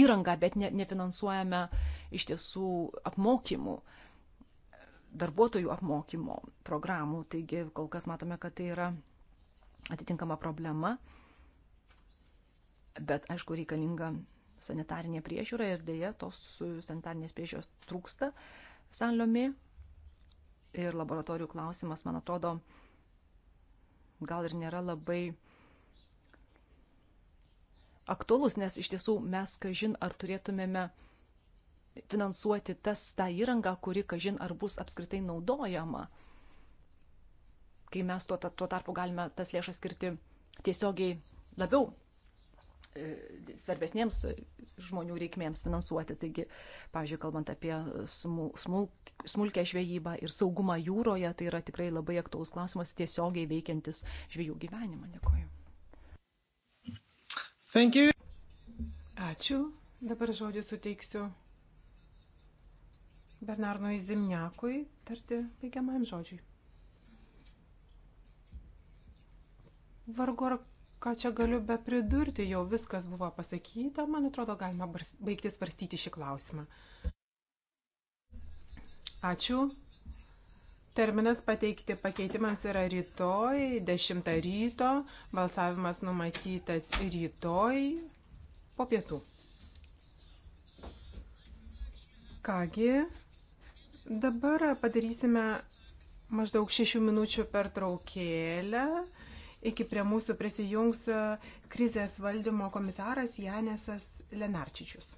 [SPEAKER 1] įrangą, bet ne, nefinansuojame iš tiesų apmokymų. Uh, darbuotojų apmokymo programų. Taigi kol kas matome, kad tai yra atitinkama problema, bet aišku reikalinga sanitarinė priežiūra ir dėja tos sanitarinės priežiūros trūksta Sanliomi. Ir laboratorijų klausimas, man atrodo, gal ir nėra labai aktuolus, nes iš tiesų mes, kažin, ar turėtumėme finansuoti tas tą įrangą, kuri, kažin, ar bus apskritai naudojama, kai mes tuo, tuo tarpu galime tas lėšas skirti tiesiogiai labiau e, svarbesniems žmonių reikmėms finansuoti. Taigi, pavyzdžiui, kalbant apie smulkę žvejybą ir saugumą jūroje, tai yra tikrai labai aktuolus klausimas tiesiogiai veikiantis žvejų gyvenimą. Dėkuoju.
[SPEAKER 2] Ačiū. Dabar žodį suteiksiu Bernarnui Zimniakui tarti baigiamajam žodžiui. Vargu ar ką čia galiu be pridurti, jau viskas buvo pasakyta, man atrodo, galima baigti svarstyti šį klausimą. Ačiū. Terminas pateikti pakeitimams yra rytoj, 10 ryto, balsavimas numatytas rytoj po pietų. Kągi, Dabar padarysime maždaug šešių minučių pertraukėlę. Iki prie mūsų prisijungs krizės valdymo komisaras Janesas Lenarčičius.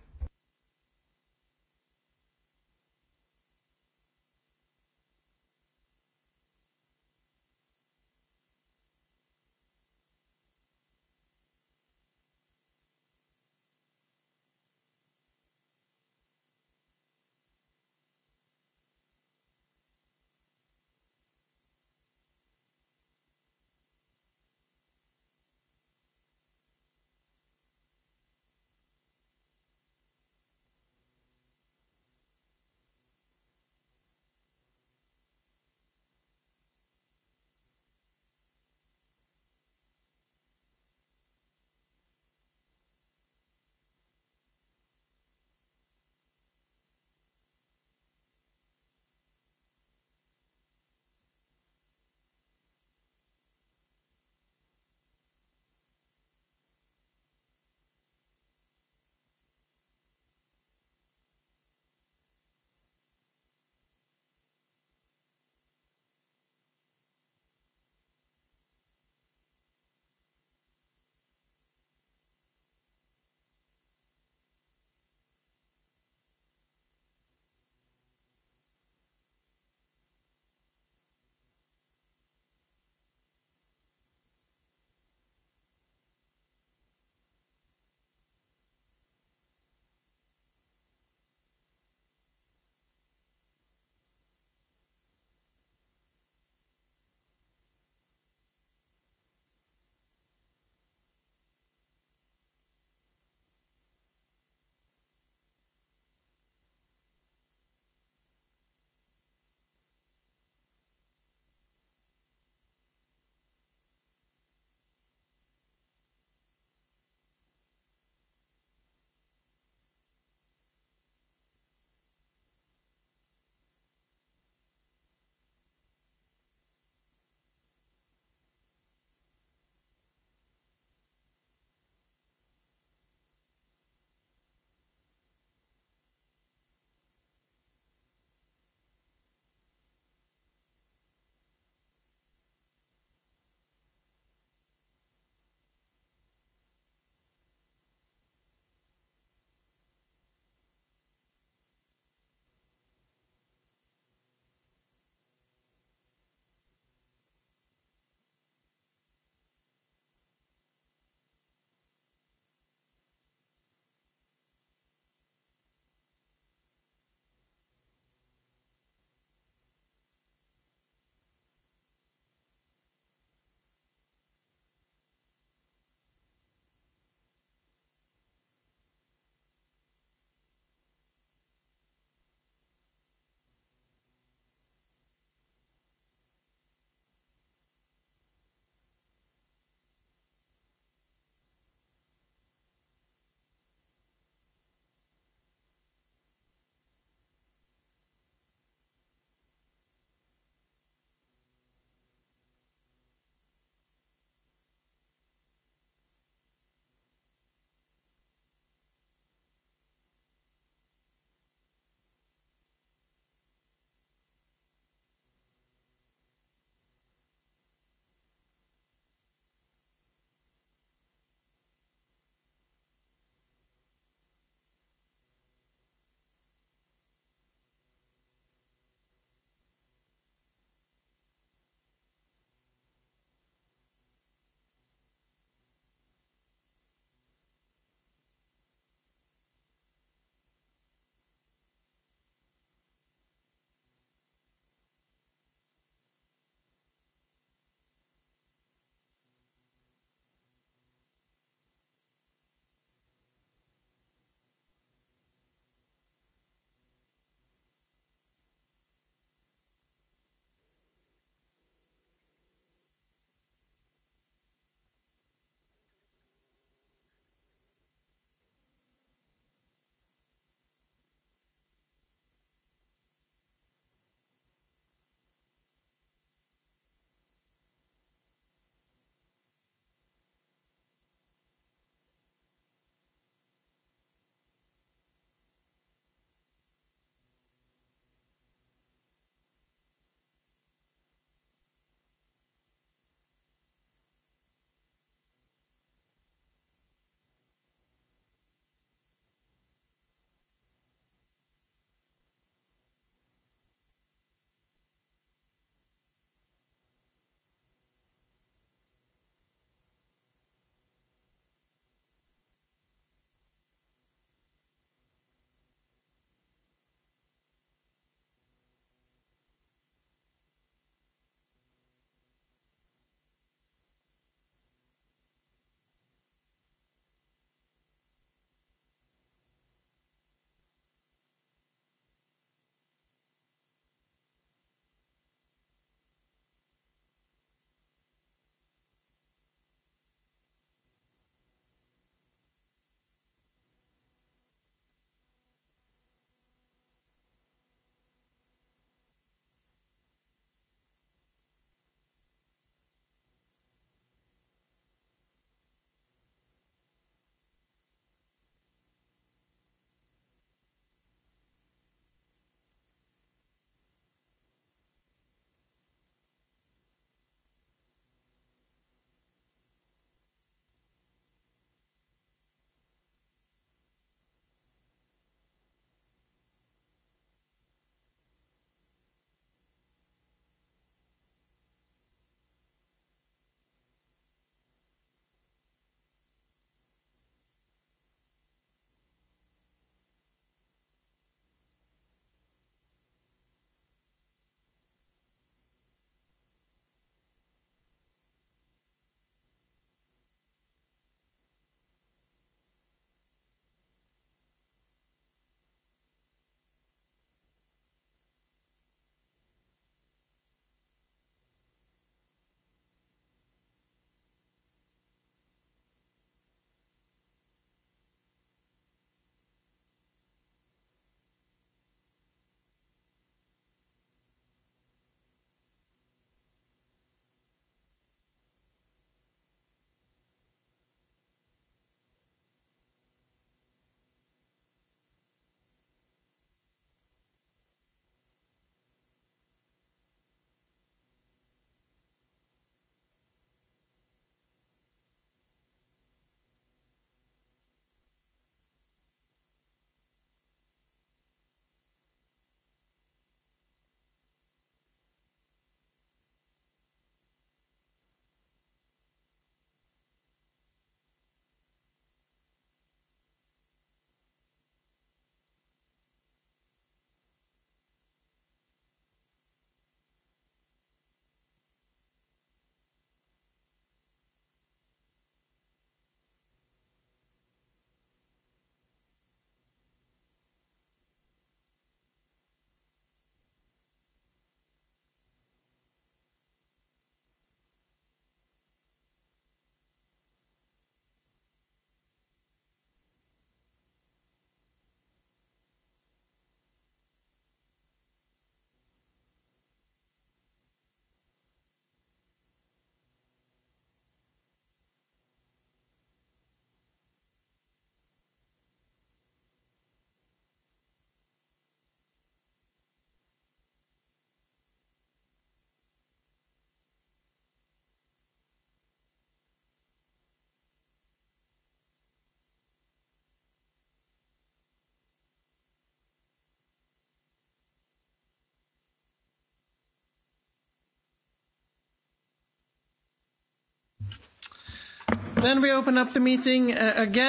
[SPEAKER 2] Uh,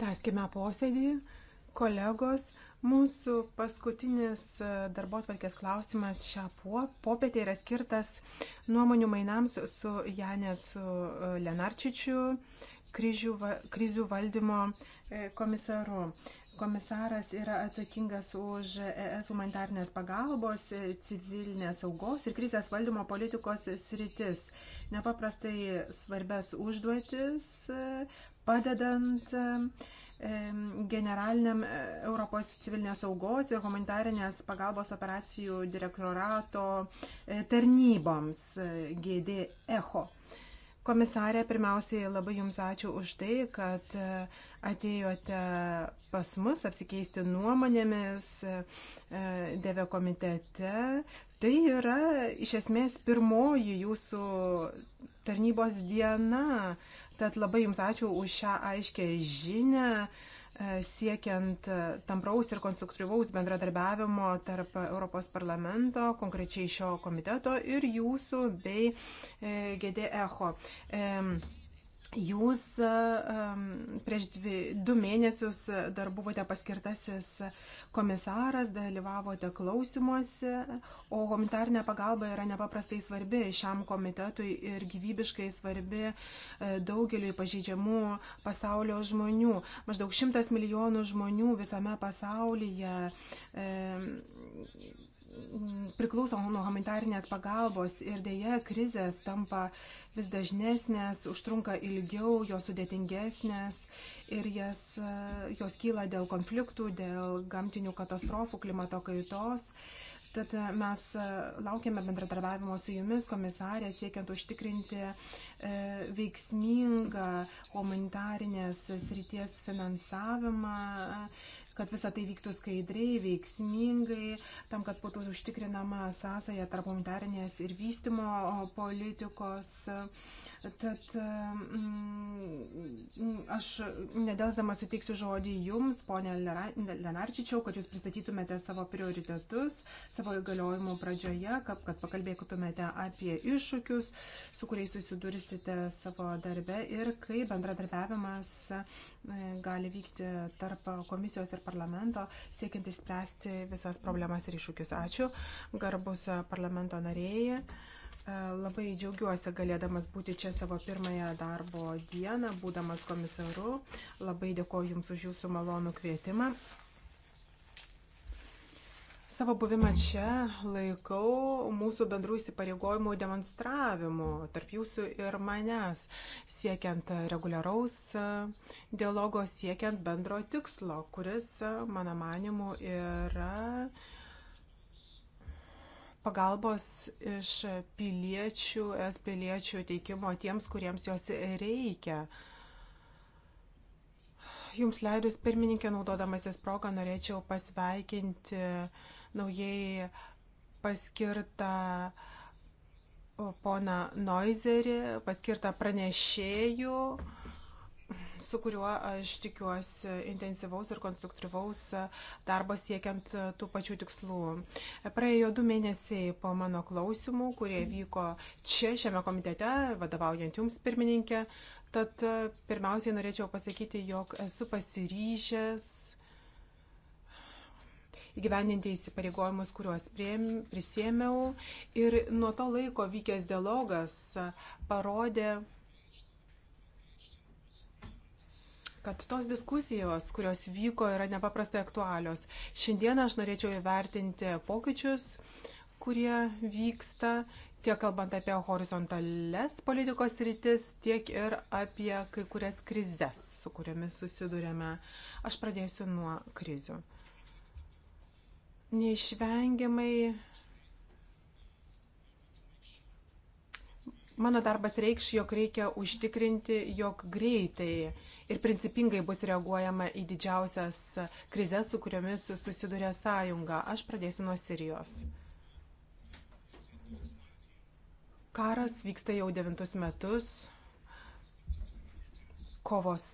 [SPEAKER 2] Tęskime posėdį. Kolegos, mūsų paskutinis uh, darbo atvarkės klausimas šią popietę yra skirtas nuomonių mainams su Janecu uh, Lenarčičiu, krizių valdymo komisaru. Komisaras yra atsakingas už ES humanitarnės pagalbos, civilinės saugos ir krizės valdymo politikos sritis. Nepaprastai svarbias užduotis padedant generaliniam e, Europos civilinės saugos ir humanitarinės pagalbos operacijų direktorato e, tarnyboms GD ECHO. Komisarė, pirmiausiai labai Jums ačiū už tai, kad e, atėjote pas mus apsikeisti nuomonėmis e, Deve komitete. Tai yra iš esmės pirmoji Jūsų tarnybos diena. Tad labai Jums ačiū už šią aiškę žinę. E, siekiant e, tampraus ir konstruktyvaus bendradarbiavimo tarp Europos parlamento, konkrečiai šio komiteto ir jūsų bei e, GDECHO. Jūs e, prieš dvi, du mėnesius e, dar buvote paskirtasis komisaras, dalyvavote klausimuose, o humanitarnė pagalba yra nepaprastai svarbi šiam komitetui ir gyvybiškai svarbi e, daugeliui pažeidžiamų pasaulio žmonių. Maždaug šimtas milijonų žmonių visame pasaulyje. E, priklauso nuo humanitarinės pagalbos ir dėja krizės tampa vis dažnesnės, užtrunka ilgiau, jos sudėtingesnės ir jas, jos kyla dėl konfliktų, dėl gamtinių katastrofų, klimato kaitos. Tad mes laukiame bendradarbiavimo su jumis, komisarė, siekiant užtikrinti e, veiksmingą humanitarinės srities finansavimą kad visa tai vyktų skaidriai, veiksmingai, tam, kad būtų užtikrinama sąsaja tarp humanitarinės ir vystimo politikos. Uh, Tad mm, mm, aš nedelsdama suteiksiu žodį Jums, ponė Lenarčičiau, kad Jūs pristatytumėte savo prioritetus savo įgaliojimų pradžioje, kad, kad pakalbėtumėte apie iššūkius, su kuriais susidursite savo darbe ir kaip bendradarbiavimas e, gali vykti tarp komisijos ir parlamento, siekiant išspręsti visas problemas ir iššūkius. Ačiū, garbus parlamento narėjai. E, labai džiaugiuosi galėdamas būti čia savo pirmąją darbo dieną, būdamas komisaru. Labai dėkoju Jums už Jūsų malonų kvietimą. Savo buvimą čia laikau mūsų bendrų įsipareigojimų demonstravimu tarp Jūsų ir manęs, siekiant reguliaraus dialogo, siekiant bendro tikslo, kuris, mano manimu, yra. Ir pagalbos iš piliečių, es piliečių teikimo tiems, kuriems jos reikia. Jums leidus pirmininkė, naudodamasis progą, norėčiau pasveikinti naujai paskirtą poną Noiserį, paskirtą pranešėjų su kuriuo aš tikiuosi intensyvaus ir konstruktyvaus darbo siekiant tų pačių tikslų. Praėjo du mėnesiai po mano klausimų, kurie vyko čia, šiame komitete, vadovaujant jums pirmininkė. Tad pirmiausiai norėčiau pasakyti, jog esu pasiryžęs įgyvendinti įsipareigojimus, kuriuos prisėmiau. Ir nuo to laiko vykęs dialogas parodė, kad tos diskusijos, kurios vyko, yra nepaprastai aktualios. Šiandieną aš norėčiau įvertinti pokyčius, kurie vyksta tiek kalbant apie horizontales politikos rytis, tiek ir apie kai kurias krizes, su kuriamis susidurėme. Aš pradėsiu nuo krizių. Neišvengiamai mano darbas reikš, jog reikia užtikrinti, jog greitai ir principingai bus reaguojama į didžiausias krizės, su kuriomis susiduria sąjunga. Aš pradėsiu nuo Sirijos. Karas vyksta jau devintus metus. Kovos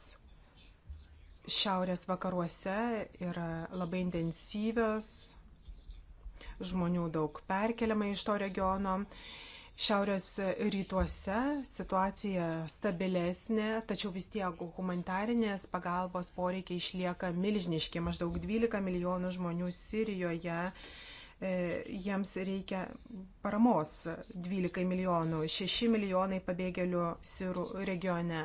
[SPEAKER 2] šiaurės vakaruose yra labai intensyvios, žmonių daug perkeliama iš to regiono Šiaurės rytuose situacija stabilesnė, tačiau vis tiek humanitarinės pagalbos poreikiai išlieka milžiniški. Maždaug 12 milijonų žmonių Sirijoje e, jiems reikia paramos 12 milijonų, 6 milijonai pabėgėlių Sirų regione.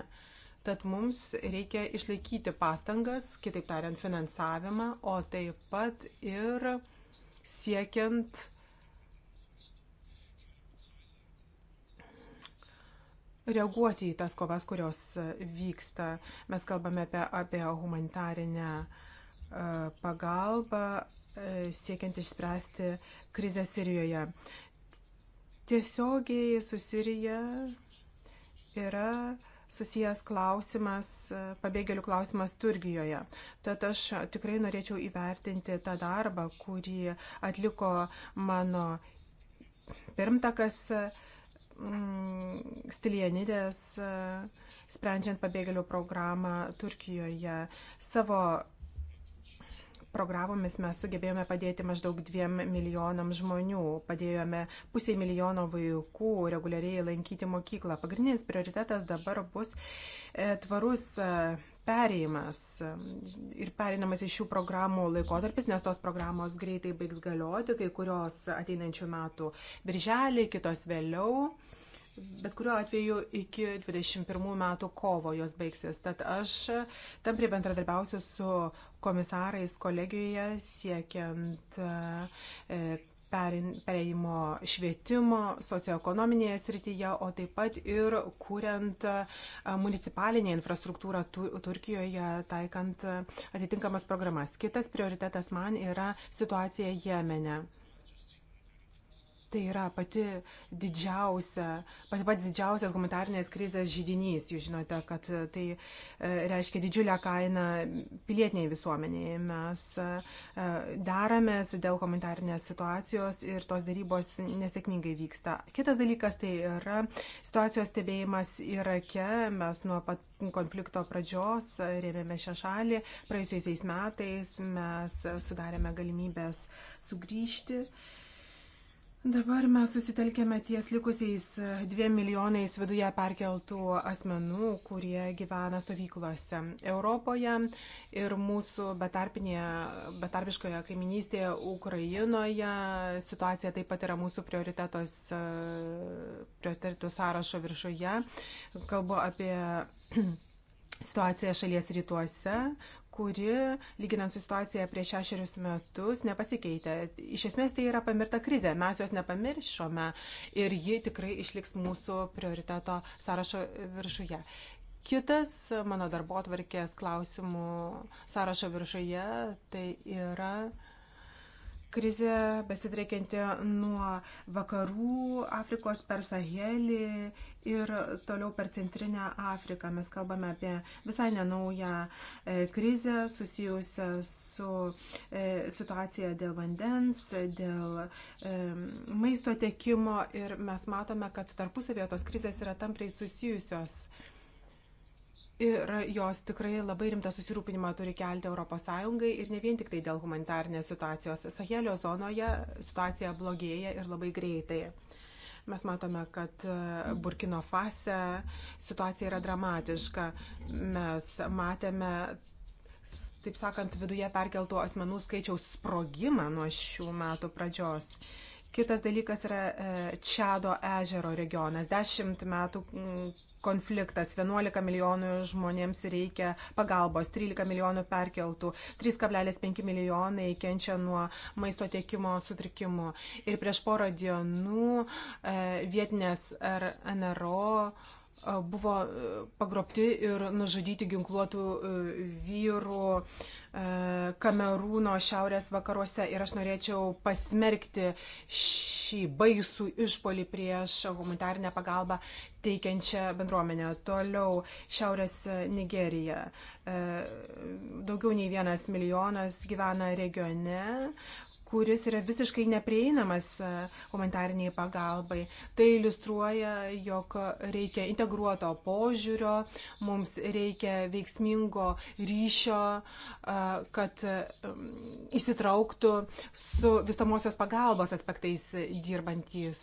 [SPEAKER 2] Tad mums reikia išlaikyti pastangas, kitaip tariant, finansavimą, o taip pat ir siekiant reaguoti į tas kovas, kurios e, vyksta. Mes kalbame apie, apie humanitarinę e, pagalbą e, siekiant išspręsti krizę Sirijoje. Tiesiogiai su Sirija yra susijęs klausimas, pabėgėlių klausimas Turkijoje. Tad aš tikrai norėčiau įvertinti tą darbą, kurį atliko mano pirmtakas. Uh, Mm, stilienidės, e, sprendžiant pabėgėlių programą Turkijoje. Savo programomis mes sugebėjome padėti maždaug dviem milijonam žmonių, padėjome pusiai milijono vaikų reguliariai lankyti mokyklą. Pagrindinis prioritetas dabar bus e, tvarus e, perėjimas ir perinamas iš šių programų laikotarpis, nes tos programos greitai baigs galioti, kai kurios ateinančių metų birželį, kitos vėliau. Bet kuriuo atveju iki 21 metų kovo jos baigsis. Tad aš tam prie bendradarbiausiu su komisarais kolegijoje siekiant, e, perėjimo švietimo, socioekonominėje srityje, o taip pat ir kuriant municipalinę infrastruktūrą Turkijoje, taikant atitinkamas programas. Kitas prioritetas man yra situacija Jemene. Tai yra pati didžiausia, pati pats didžiausias humanitarnės krizės žydinys. Jūs žinote, kad tai e, reiškia didžiulę kainą pilietiniai visuomeniai. Mes e, e, deramės dėl humanitarnės situacijos ir tos darybos nesėkmingai vyksta. Kitas dalykas tai yra situacijos stebėjimas Irake. Mes nuo pat konflikto pradžios rėmėme šią šalį. Praėjusiais metais mes sudarėme galimybės sugrįžti. Uh, Dabar mes susitelkėme ties likusiais eh, dviem milijonais viduje perkeltų asmenų, kurie gyvena stovyklose Europoje ir mūsų betarpiškoje kaiminystėje Ukrainoje. Situacija taip pat yra mūsų eh, prioritetų sąrašo viršuje. Kalbu apie situaciją šalies rytuose, kuri, lyginant su situacija prieš šešerius metus, nepasikeitė. Iš esmės tai yra pamirta krizė, mes jos nepamiršome ir ji tikrai išliks mūsų prioriteto sąrašo viršuje. Kitas mano darbo atvarkės klausimų sąrašo viršuje tai yra krizė besidreikianti nuo vakarų Afrikos per Sahelį ir toliau per Centrinę Afriką. Mes kalbame apie visai nenaują e, krizę susijusią su e, situacija dėl vandens, dėl e, maisto tiekimo ir mes matome, kad tarpusavėje tos krizės yra tampriai susijusios. Ir jos tikrai labai rimtą susirūpinimą turi kelti ES ir ne vien tik tai dėl humanitarnės situacijos. Sahelio zonoje situacija blogėja ir labai greitai. Mes matome, kad e, Burkino fase situacija yra dramatiška. Mes matėme, taip sakant, viduje perkeltų asmenų skaičiaus sprogimą nuo šių metų pradžios. Uh, Kitas dalykas yra e, Čado ežero regionas. Dešimt metų konfliktas, 11 milijonų žmonėms reikia pagalbos, 13 milijonų perkeltų, 3,5 milijonai kenčia nuo maisto tiekimo sutrikimų. Ir prieš porą dienų e, vietinės ar NRO buvo e, pagrobti ir nužudyti ginkluotų e, vyrų e, Kamerūno šiaurės vakaruose. Ir aš norėčiau pasmerkti šį baisų išpolį prieš humanitarinę pagalbą teikiančią bendruomenę. Toliau Šiaurės Nigerija. E, daugiau nei vienas milijonas gyvena regione, kuris yra visiškai neprieinamas e, humanitariniai pagalbai. Tai iliustruoja, jog reikia integruoto požiūrio, mums reikia veiksmingo ryšio, e, kad įsitrauktų su visomosios pagalbos aspektais dirbantys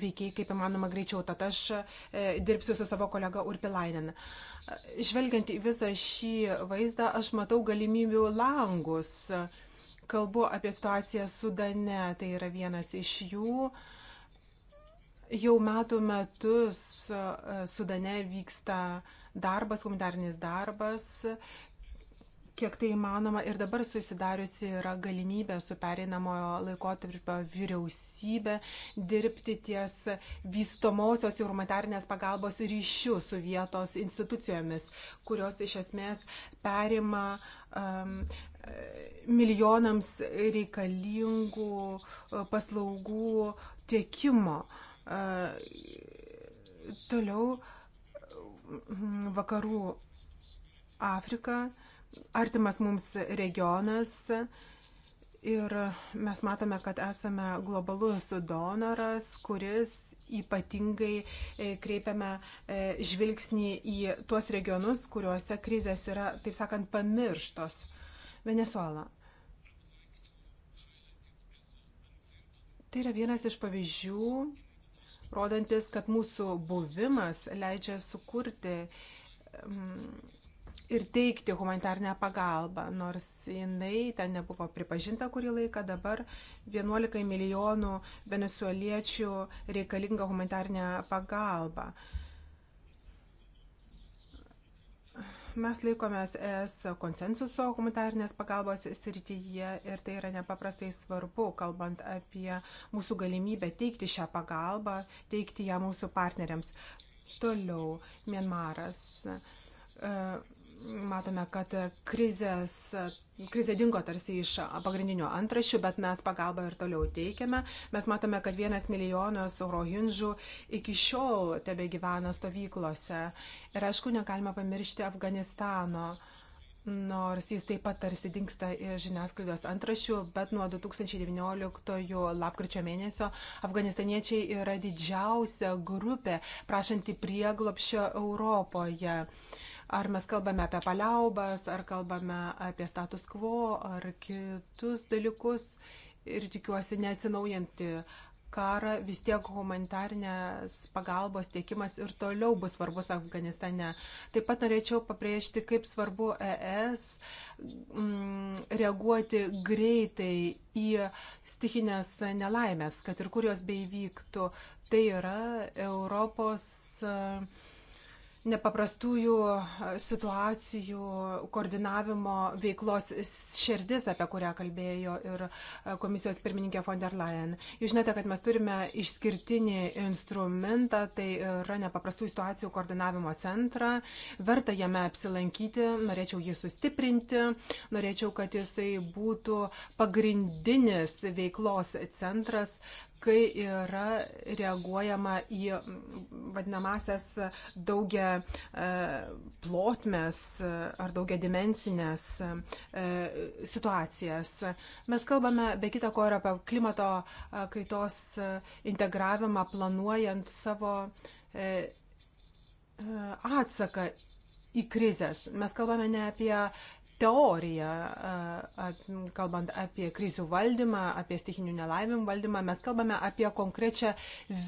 [SPEAKER 2] veikiai, kaip įmanoma greičiau. Tad kad aš e, dirbsiu su savo kolega Urpilainen. Žvelgiant į visą šį vaizdą, aš matau galimybių langus. Kalbu apie situaciją Sudane, tai yra vienas iš jų. Jau metų metus e, Sudane vyksta darbas, humanitarinis darbas, kiek tai įmanoma ir dabar susidariusi yra galimybė su pereinamojo laikotarpio vyriausybė dirbti ties vystomosios ir humanitarnės pagalbos ryšių su vietos institucijomis, kurios iš esmės perima um, milijonams reikalingų uh, paslaugų tiekimo. Uh, toliau uh, vakarų Afrika uh, artimas mums regionas ir mes matome, kad esame globalus donoras, kuris ypatingai e, kreipiame e, žvilgsnį į tuos regionus, kuriuose krizės yra, taip sakant, pamirštos. Venezuela. Tai yra vienas iš pavyzdžių, rodantis, kad mūsų buvimas leidžia sukurti ir teikti humanitarnę pagalbą, nors jinai ten nebuvo pripažinta kurį laiką, dabar 11 milijonų venezueliečių reikalinga humanitarnė pagalba. Mes laikomės ES konsensuso humanitarnės pagalbos srityje ir tai yra nepaprastai svarbu, kalbant apie mūsų galimybę teikti šią pagalbą, teikti ją mūsų partneriams. Toliau, Mienmaras. Uh, e, matome, kad krizės, krizė dingo tarsi iš pagrindinių antrašių, bet mes pagalbą ir toliau teikiame. Mes matome, kad vienas milijonas eurohinžų iki šiol tebe gyvena stovyklose. Ir aišku, negalima pamiršti Afganistano. Nors jis taip pat tarsi dinksta iš žiniasklaidos antrašių, bet nuo 2019 lapkričio mėnesio afganistaniečiai yra didžiausia grupė prašanti prieglopšio Europoje. Uh, Ar mes kalbame apie paliaubas, ar kalbame apie status quo, ar kitus dalykus. Ir tikiuosi neatsinaujanti karą, vis tiek humanitarinės pagalbos tiekimas ir toliau bus svarbus Afganistane. Taip pat norėčiau pabrėžti, kaip svarbu ES m, mm, reaguoti greitai į stikinės nelaimės, kad ir kur jos beivyktų. Tai yra Europos. M, nepaprastųjų situacijų koordinavimo veiklos širdis, apie kurią kalbėjo ir komisijos pirmininkė von der Leyen. Jūs žinote, kad mes turime išskirtinį instrumentą, tai yra nepaprastųjų situacijų koordinavimo centrą. Verta jame apsilankyti, norėčiau jį sustiprinti, norėčiau, kad jisai būtų pagrindinis veiklos centras kai yra reaguojama į vadinamasias daugia E, plotmes e, ar daugia dimensinės e, situacijas. Mes kalbame be kita ko ir apie klimato kaitos integravimą planuojant savo atsaką į krizės. Mes kalbame ne apie teoriją, kalbant apie krizių valdymą, apie stichinių nelaimimų valdymą. Mes kalbame apie konkrečią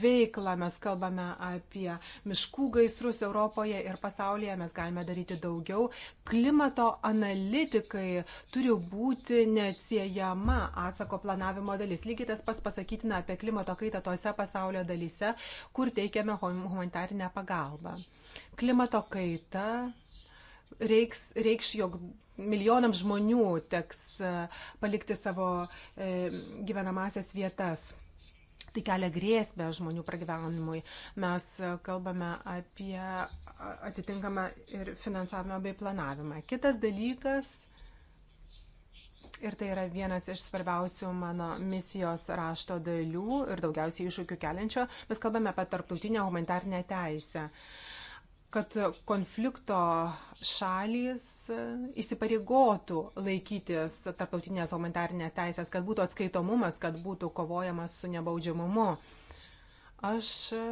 [SPEAKER 2] veiklą, mes kalbame apie miškų gaisrus Europoje ir pasaulyje, mes galime daryti daugiau. Klimato analitikai turi būti neatsiejama atsako planavimo dalis. Lygiai tas pats pasakytina apie klimato kaitą tose pasaulio dalyse, kur teikiame humanitarinę pagalbą. Klimato kaita reiks, reikš, jog milijonams žmonių teks e, palikti savo e, gyvenamasias vietas. Tai kelia grėsmę žmonių pragyvenimui. Mes e, kalbame apie atitinkamą ir finansavimą bei planavimą. Kitas dalykas Ir tai yra vienas iš svarbiausių mano misijos rašto dalių ir daugiausiai iššūkių keliančio. Mes kalbame apie tarptautinę humanitarnę teisę. Uh, kad konflikto šalys e, įsipareigotų laikytis tarptautinės humanitarnės teisės, kad būtų atskaitomumas, kad būtų kovojama su nebaudžiamumu. Aš e,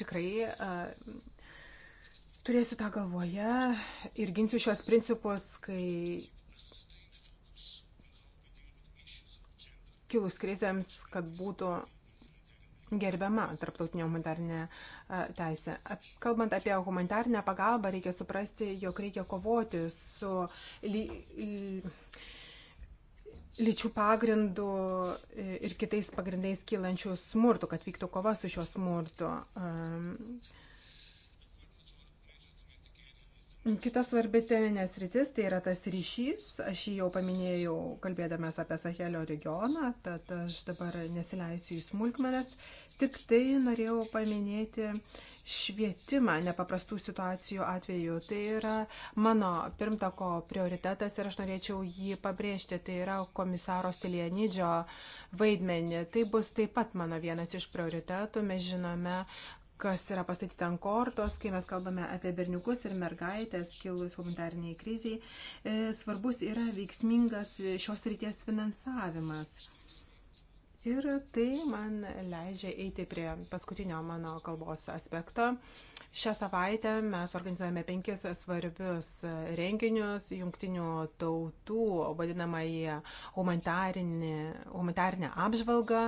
[SPEAKER 2] tikrai uh, turėsiu tą galvoje ir ginsiu šios principus, kai kilus krizėms, kad būtų gerbiama tarptautinė humanitarinė e, teisė. Kalbant apie humanitarinę pagalbą, reikia suprasti, jog reikia kovoti su ly, lyčių pagrindu e, ir kitais pagrindais kylančių smurtų, kad vyktų kova su šiuo smurtu. Kita svarbi teminės rytis tai yra tas ryšys. Aš jį jau paminėjau kalbėdamas apie Sahelio regioną, tad aš dabar nesileisiu į smulkmenas. Tik tai norėjau paminėti švietimą nepaprastų situacijų atveju. Tai yra mano pirmtako prioritetas ir aš norėčiau jį pabrėžti. Tai yra komisaro Stilienidžio vaidmenį. Tai bus taip pat mano vienas iš prioritetų. Mes žinome, kas yra pastatyta ant kortos, kai mes kalbame apie berniukus ir mergaitės kilus humanitariniai kriziai, e, svarbus yra veiksmingas šios ryties finansavimas. Ir tai man leidžia eiti prie paskutinio mano kalbos aspekto. Šią savaitę mes organizuojame penkis svarbius renginius jungtinių tautų vadinamąją humanitarinę apžvalgą.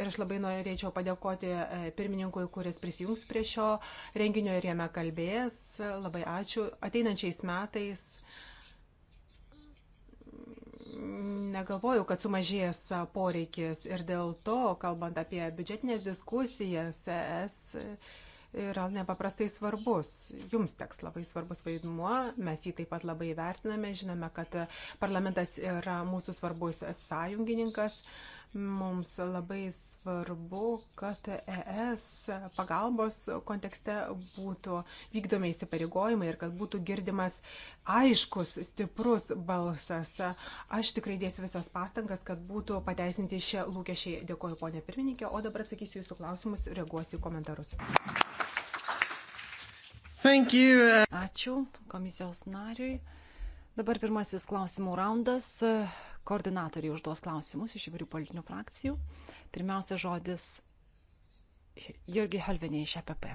[SPEAKER 2] Ir aš labai norėčiau padėkoti e, pirmininkui, kuris prisijungs prie šio renginio ir jame kalbės. Labai ačiū. Ateinančiais metais negalvojau, kad sumažės poreikis ir dėl to, kalbant apie biudžetinės diskusijas, es yra nepaprastai svarbus. Jums teks labai svarbus vaidmuo, mes jį taip pat labai vertiname, žinome, kad parlamentas yra mūsų svarbus sąjungininkas. Uh, Mums labai svarbu, kad ES pagalbos kontekste būtų vykdomi įsipareigojimai ir kad būtų girdimas aiškus, stiprus balsas. Aš tikrai dėsiu visas pastangas, kad būtų pateisinti šie lūkesčiai. Dėkuoju, ponė pirmininkė, o dabar atsakysiu jūsų klausimus ir reaguosiu į komentarus.
[SPEAKER 1] Uh, Ačiū komisijos nariui. Dabar pirmasis klausimų raundas koordinatoriai užduos klausimus iš įvairių politinių frakcijų. Pirmiausia žodis Jurgi Helvenė iš EPP.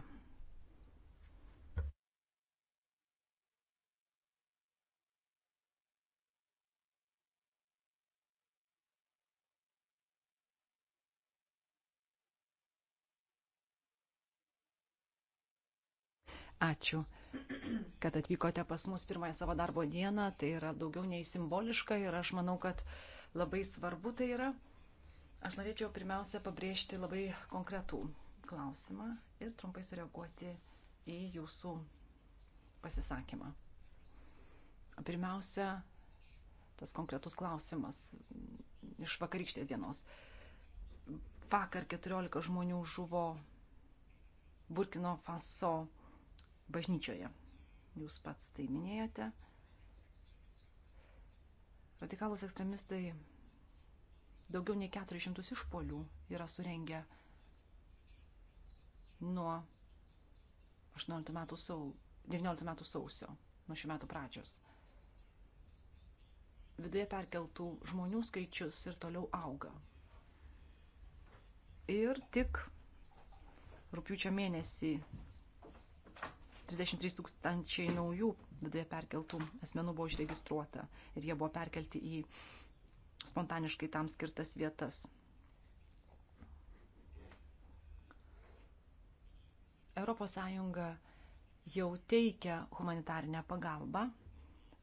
[SPEAKER 1] Ačiū kad atvykote pas mus pirmąją savo darbo dieną. Tai yra daugiau nei simboliška ir aš manau, kad labai svarbu tai yra. Aš norėčiau pirmiausia pabrėžti labai konkretų klausimą ir trumpai sureaguoti į jūsų pasisakymą. Pirmiausia, tas konkretus klausimas iš vakarykštės dienos. Vakar 14 žmonių žuvo Burkino Faso bažnyčioje. Jūs pats tai minėjote. Radikalus ekstremistai daugiau nei 400 išpolių yra surengę nuo 18 metų sau, 19 metų sausio, nuo šių metų pradžios. Viduje perkeltų žmonių skaičius ir toliau auga. Ir tik rūpiučio mėnesį 33 tūkstančiai naujų viduje perkeltų asmenų buvo užregistruota ir jie buvo perkelti į spontaniškai tam skirtas vietas. ES jau teikia humanitarinę pagalbą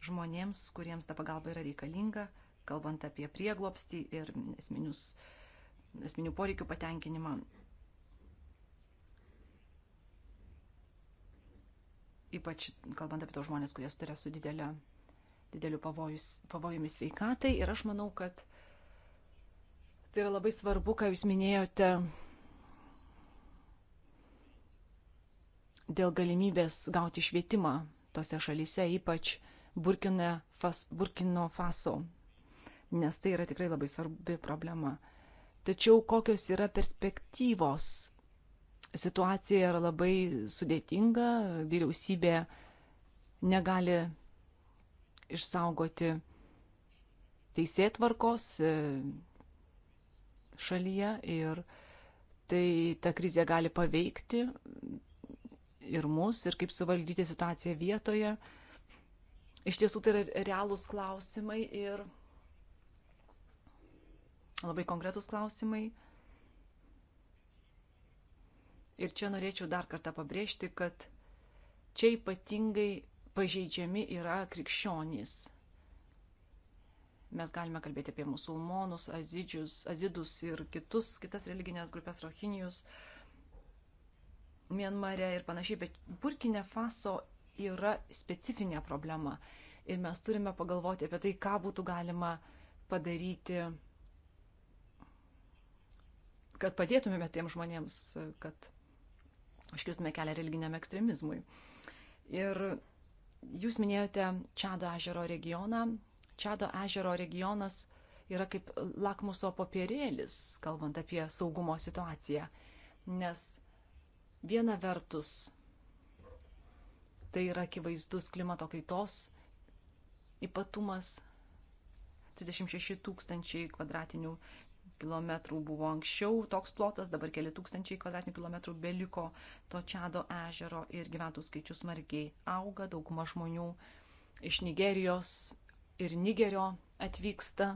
[SPEAKER 1] žmonėms, kuriems ta pagalba yra reikalinga, kalbant apie prieglopstį ir esminius, esminių poreikių patenkinimą ypač kalbant apie tos žmonės, kurie sutarė su didelė, dideliu pavojus, pavojumi sveikatai. Ir aš manau, kad tai yra labai svarbu, ką jūs minėjote dėl galimybės gauti švietimą tose šalyse, ypač Burkina, fas, Burkino faso, nes tai yra tikrai labai svarbi problema. Tačiau kokios yra perspektyvos situacija yra labai sudėtinga, vyriausybė negali išsaugoti teisėtvarkos e, šalyje ir tai ta krizė gali paveikti ir mus, ir kaip suvaldyti situaciją vietoje. Iš tiesų tai yra realūs klausimai ir labai konkretūs klausimai. Ir čia norėčiau dar kartą pabrėžti, kad čia ypatingai pažeidžiami yra krikščionys. Mes galime kalbėti apie musulmonus, azidžius, azidus ir kitus, kitas religinės grupės rohinijus, Mienmare ir panašiai, bet Burkine Faso yra specifinė problema. Ir mes turime pagalvoti apie tai, ką būtų galima padaryti, kad padėtumėme tiem žmonėms, kad užkirstume kelią religiniam ekstremizmui. Ir jūs minėjote Čado ežero regioną. Čado ežero regionas yra kaip lakmuso papirėlis, kalbant apie saugumo situaciją. Nes viena vertus tai yra akivaizdus klimato kaitos ypatumas 36 tūkstančiai kvadratinių km buvo anksčiau toks plotas, dabar keli tūkstančiai km2 beliko to Čado ežero ir gyventojų skaičius smarkiai auga, dauguma žmonių iš Nigerijos ir Nigerio atvyksta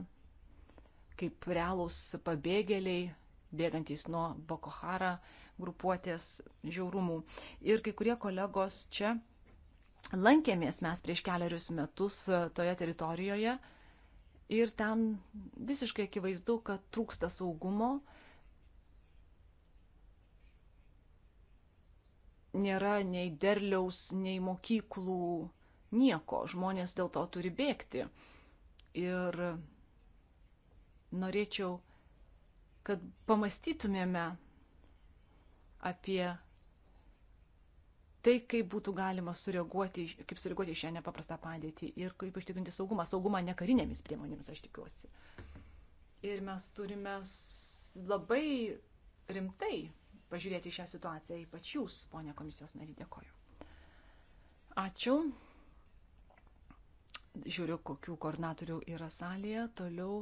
[SPEAKER 1] kaip realūs pabėgėliai, bėgantys nuo Boko Hara grupuotės žiaurumų. Ir kai kurie kolegos čia lankėmės mes prieš keliarius metus toje teritorijoje Ir ten visiškai akivaizdu, kad trūksta saugumo, nėra nei derliaus, nei mokyklų, nieko. Žmonės dėl to turi bėgti. Ir norėčiau, kad pamastytumėme apie tai, kaip būtų galima sureaguoti, kaip sureaguoti į šią nepaprastą padėtį ir kaip užtikrinti saugumą. Saugumą ne karinėmis priemonėmis, aš tikiuosi. Ir mes turime labai rimtai pažiūrėti šią situaciją, ypač jūs, ponė komisijos nariai, dėkoju. Ačiū. Žiūriu, kokių koordinatorių yra salėje. Toliau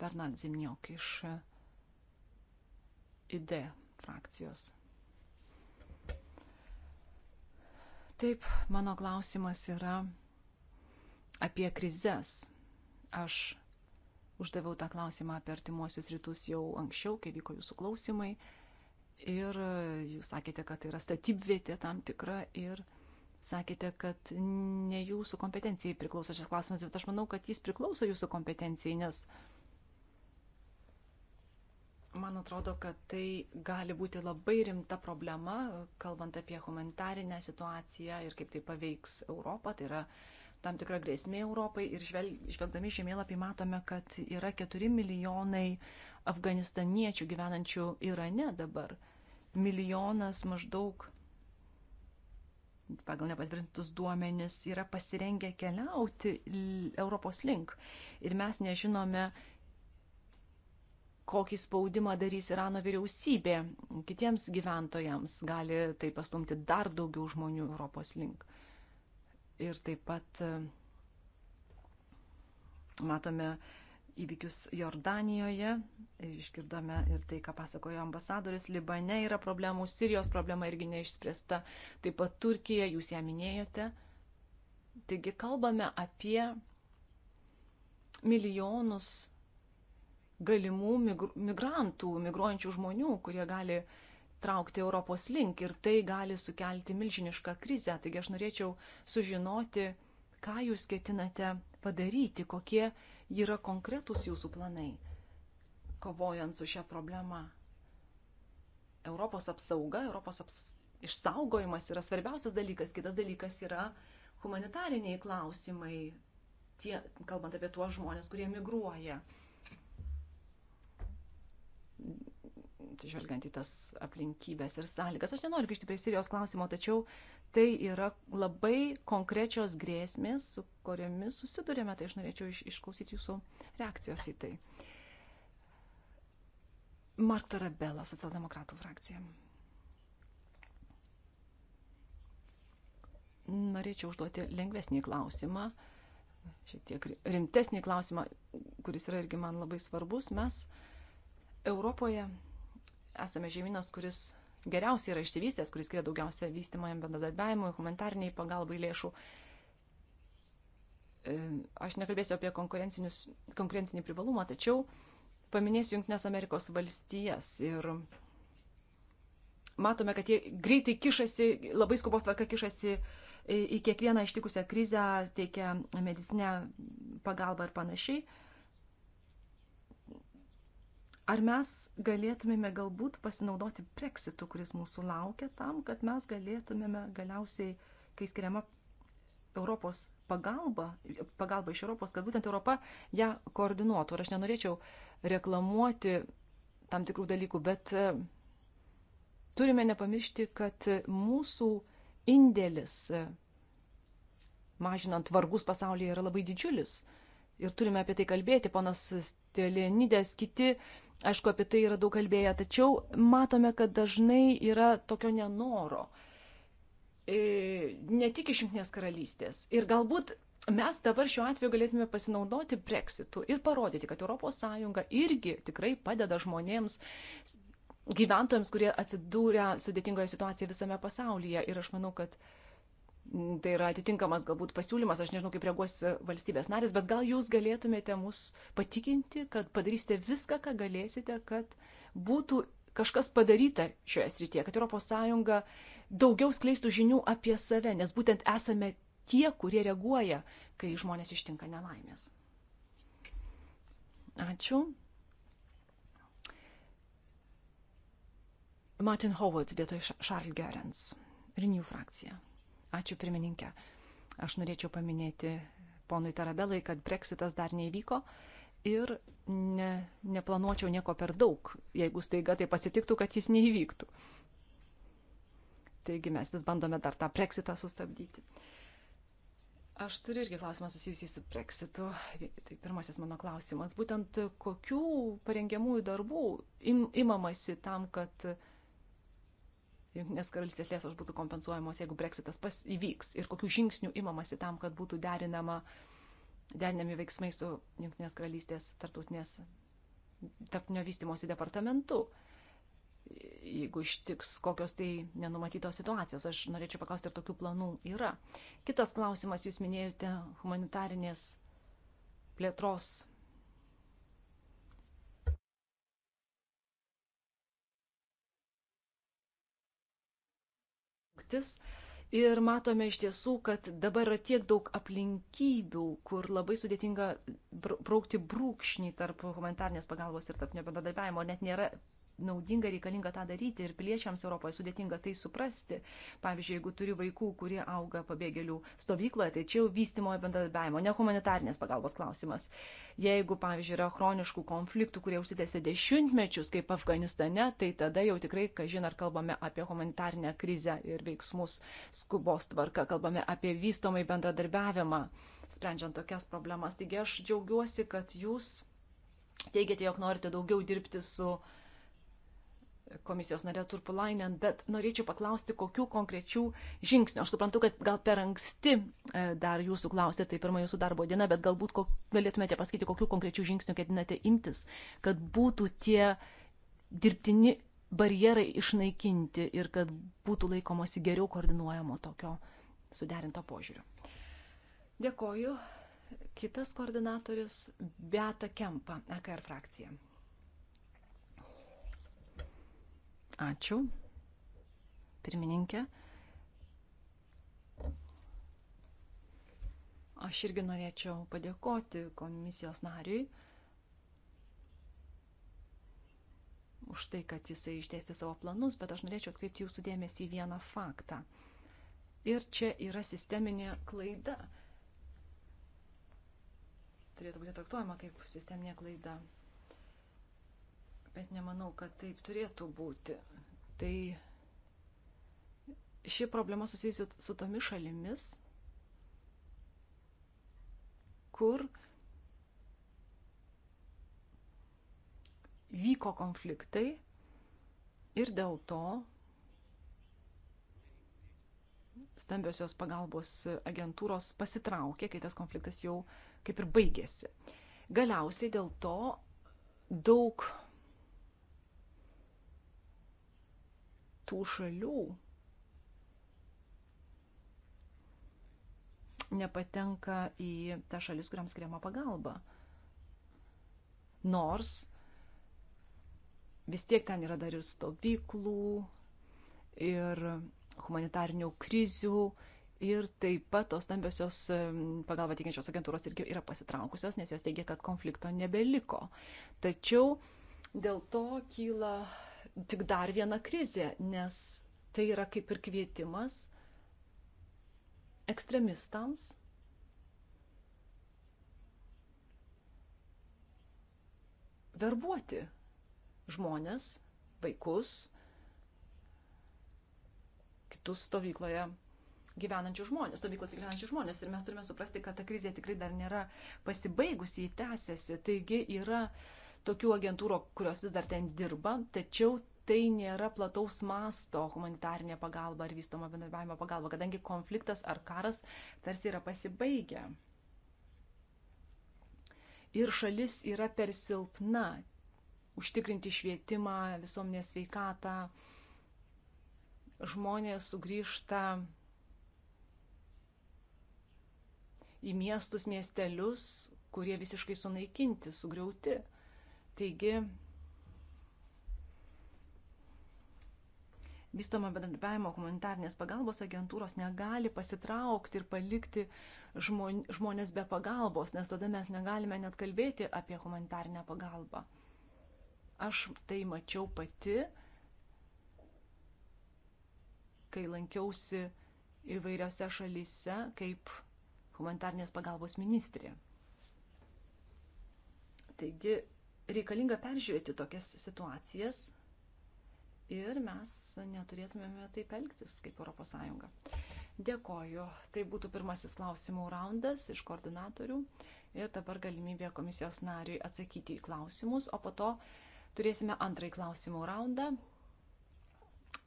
[SPEAKER 1] Bernard Zimniok iš ID frakcijos. Taip, mano klausimas yra apie krizes. Aš uždaviau tą klausimą apie artimuosius rytus jau anksčiau, kai vyko jūsų klausimai. Ir jūs sakėte, kad tai yra statybvietė tam tikra ir sakėte, kad ne jūsų kompetencijai priklauso šis klausimas, bet aš manau, kad jis priklauso jūsų kompetencijai, nes Man atrodo, kad tai gali būti labai rimta problema, kalbant apie humanitarinę situaciją ir kaip tai paveiks Europą. Tai yra tam tikra grėsmė Europai ir žvelgdami žemėlapį matome, kad yra 4 milijonai afganistaniečių gyvenančių Irane dabar. Milijonas maždaug, pagal nepatvirtintus duomenis, yra pasirengę keliauti Europos link. Ir mes nežinome, kokį spaudimą darys Irano vyriausybė kitiems gyventojams, gali tai pastumti dar daugiau žmonių Europos link. Ir taip pat e, matome įvykius Jordanijoje, išgirdome ir tai, ką pasakojo ambasadoris, Libane yra problemų, Sirijos problema irgi neišspręsta, taip pat Turkija, jūs ją minėjote. Taigi kalbame apie milijonus galimų migrantų, migruojančių žmonių, kurie gali traukti Europos link ir tai gali sukelti milžinišką krizę. Taigi aš norėčiau sužinoti, ką jūs ketinate padaryti, kokie yra konkretūs jūsų planai, kovojant su šią problemą. Europos apsauga, Europos aps... išsaugojimas yra svarbiausias dalykas, kitas dalykas yra humanitariniai klausimai, tie, kalbant apie tuos žmonės, kurie migruoja. Uh, atsižvelgiant į tas aplinkybės ir sąlygas. Aš nenoriu grįžti prie Sirijos klausimo, tačiau tai yra labai konkrečios grėsmės, su kuriomis susidurėme, tai aš norėčiau iš, išklausyti jūsų reakcijos į tai. Mark Tarabella, socialdemokratų frakcija. Norėčiau užduoti lengvesnį klausimą, šiek tiek rimtesnį klausimą, kuris yra irgi man labai svarbus. Mes Europoje esame žemynas, kuris geriausiai yra išsivystęs, kuris skiria daugiausia vystimajam bendradarbiavimui, humanitariniai pagalbai lėšų. E, aš nekalbėsiu apie konkurencinį privalumą, tačiau paminėsiu Junktinės Amerikos valstijas ir matome, kad jie greitai kišasi, labai skubos tvarka kišasi į kiekvieną ištikusią krizę, teikia medicinę pagalbą ir panašiai. Ar mes galėtumėme galbūt pasinaudoti breksitu, kuris mūsų laukia, tam, kad mes galėtumėme galiausiai, kai skiriama Europos pagalba, pagalba iš Europos, kad būtent Europa ją koordinuotų. Ir aš nenorėčiau reklamuoti tam tikrų dalykų, bet e, turime nepamiršti, kad mūsų indėlis e, mažinant vargus pasaulyje yra labai didžiulis. Ir turime apie tai kalbėti, panas Telenidės, kiti uh, Aišku, apie tai yra daug kalbėję, tačiau matome, kad dažnai yra tokio nenoro. E, ne tik iš Junktinės karalystės. Ir galbūt mes dabar šiuo atveju galėtume pasinaudoti breksitu ir parodyti, kad ES irgi tikrai padeda žmonėms, gyventojams, kurie atsidūrė sudėtingoje situacijoje visame pasaulyje. Ir aš manau, kad uh, tai yra atitinkamas galbūt pasiūlymas, aš nežinau, kaip reaguos valstybės narės, bet gal jūs galėtumėte mus patikinti, kad padarysite viską, ką galėsite, kad būtų kažkas padaryta šioje srityje, kad ES daugiau skleistų žinių apie save, nes būtent esame tie, kurie reaguoja, kai žmonės ištinka nelaimės. Ačiū. Martin Howard vietoj Charles Gerens, Renew frakcija. Ačiū pirmininkė. Aš norėčiau paminėti ponui Tarabelai, kad breksitas dar neįvyko ir ne, neplanuočiau nieko per daug, jeigu staiga tai pasitiktų, kad jis neįvyktų. Taigi mes vis bandome dar tą breksitą sustabdyti. Aš turiu irgi klausimą susijusį su breksitu. Tai pirmasis mano klausimas. Būtent kokių parengiamųjų darbų im, imamasi tam, kad uh, jungtinės karalystės lėšos būtų kompensuojamos, jeigu breksitas pas įvyks ir kokių žingsnių imamasi tam, kad būtų derinama, derinami veiksmai su jungtinės karalystės tartutinės tarpinio vystimosi departamentu, jeigu ištiks kokios tai nenumatytos situacijos. Aš norėčiau paklausti, ar tokių planų yra. Kitas klausimas, jūs minėjote humanitarinės plėtros naktis. Ir matome iš tiesų, kad dabar yra tiek daug aplinkybių, kur labai sudėtinga braukti brūkšnį tarp humanitarnės pagalbos ir tarp nebendradarbiavimo, net nėra naudinga reikalinga tą daryti ir piliečiams Europoje sudėtinga tai suprasti. Pavyzdžiui, jeigu turi vaikų, kurie auga pabėgėlių stovykloje, tai čia jau vystimojo bendradarbiavimo, ne humanitarnės pagalbos klausimas. Jeigu, pavyzdžiui, yra chroniškų konfliktų, kurie užsitęsia dešimtmečius, kaip Afganistane, tai tada jau tikrai, kažin ar kalbame apie humanitarnę krizę ir veiksmus skubos tvarka, kalbame apie vystomai bendradarbiavimą, sprendžiant tokias problemas. Taigi aš džiaugiuosi, kad jūs teigiate, jog norite daugiau dirbti su uh, komisijos narė Turpulainen, bet norėčiau paklausti, kokių konkrečių žingsnių. Aš suprantu, kad gal per anksti e, dar jūsų klausė, tai pirma jūsų darbo diena, bet galbūt kok, galėtumėte pasakyti, kokių konkrečių žingsnių ketinate imtis, kad būtų tie dirbtini barjerai išnaikinti ir kad būtų laikomasi geriau koordinuojamo tokio suderinto požiūrio. Dėkoju. Kitas koordinatorius Beata Kempa, EKR frakcija. Ačiū. Pirmininkė. Aš irgi norėčiau padėkoti komisijos nariui už tai, kad jisai išdėstė savo planus, bet aš norėčiau atkreipti jūsų dėmesį į vieną faktą. Ir čia yra sisteminė klaida. Turėtų būti traktuojama kaip sisteminė klaida bet nemanau, kad taip turėtų būti. Tai ši problema susijusi su tomis šalimis, kur vyko konfliktai ir dėl to stambiosios pagalbos agentūros pasitraukė, kai tas konfliktas jau kaip ir baigėsi. Galiausiai dėl to daug tų šalių nepatenka į tą šalis, kuriams skiriama pagalba. Nors vis tiek ten yra dar ir stovyklų, ir humanitarnių krizių, ir taip pat tos stambiosios pagalba teikiančios agentūros irgi yra pasitraukusios, nes jos teigia, kad konflikto nebeliko. Tačiau dėl to kyla tik dar viena krizė, nes tai yra kaip ir kvietimas ekstremistams verbuoti žmonės, vaikus, kitus stovykloje gyvenančių žmonės, stovyklose gyvenančių žmonės. Ir mes turime suprasti, kad ta krizė tikrai dar nėra pasibaigusi, ji tęsiasi. Taigi yra uh, tokių agentūrų, kurios vis dar ten dirba, tačiau tai nėra plataus masto humanitarinė pagalba ar vystoma bendradarbiavimo pagalba, kadangi konfliktas ar karas tarsi yra pasibaigę. Ir šalis yra per silpna užtikrinti švietimą, visuomenės veikatą. Žmonės sugrįžta į miestus, miestelius, kurie visiškai sunaikinti, sugriauti. Taigi, vystoma bendradarbiavimo humanitarnės pagalbos agentūros negali pasitraukti ir palikti žmon, žmonės be pagalbos, nes tada mes negalime net kalbėti apie humanitarnę pagalbą. Aš tai mačiau pati, kai lankiausi įvairiose šalyse kaip humanitarnės pagalbos ministrė. Taigi reikalinga peržiūrėti tokias situacijas ir mes neturėtumėme taip elgtis kaip ES. Dėkoju. Tai būtų pirmasis klausimų raundas iš koordinatorių ir dabar galimybė komisijos nariui atsakyti į klausimus, o po to turėsime antrąjį klausimų raundą.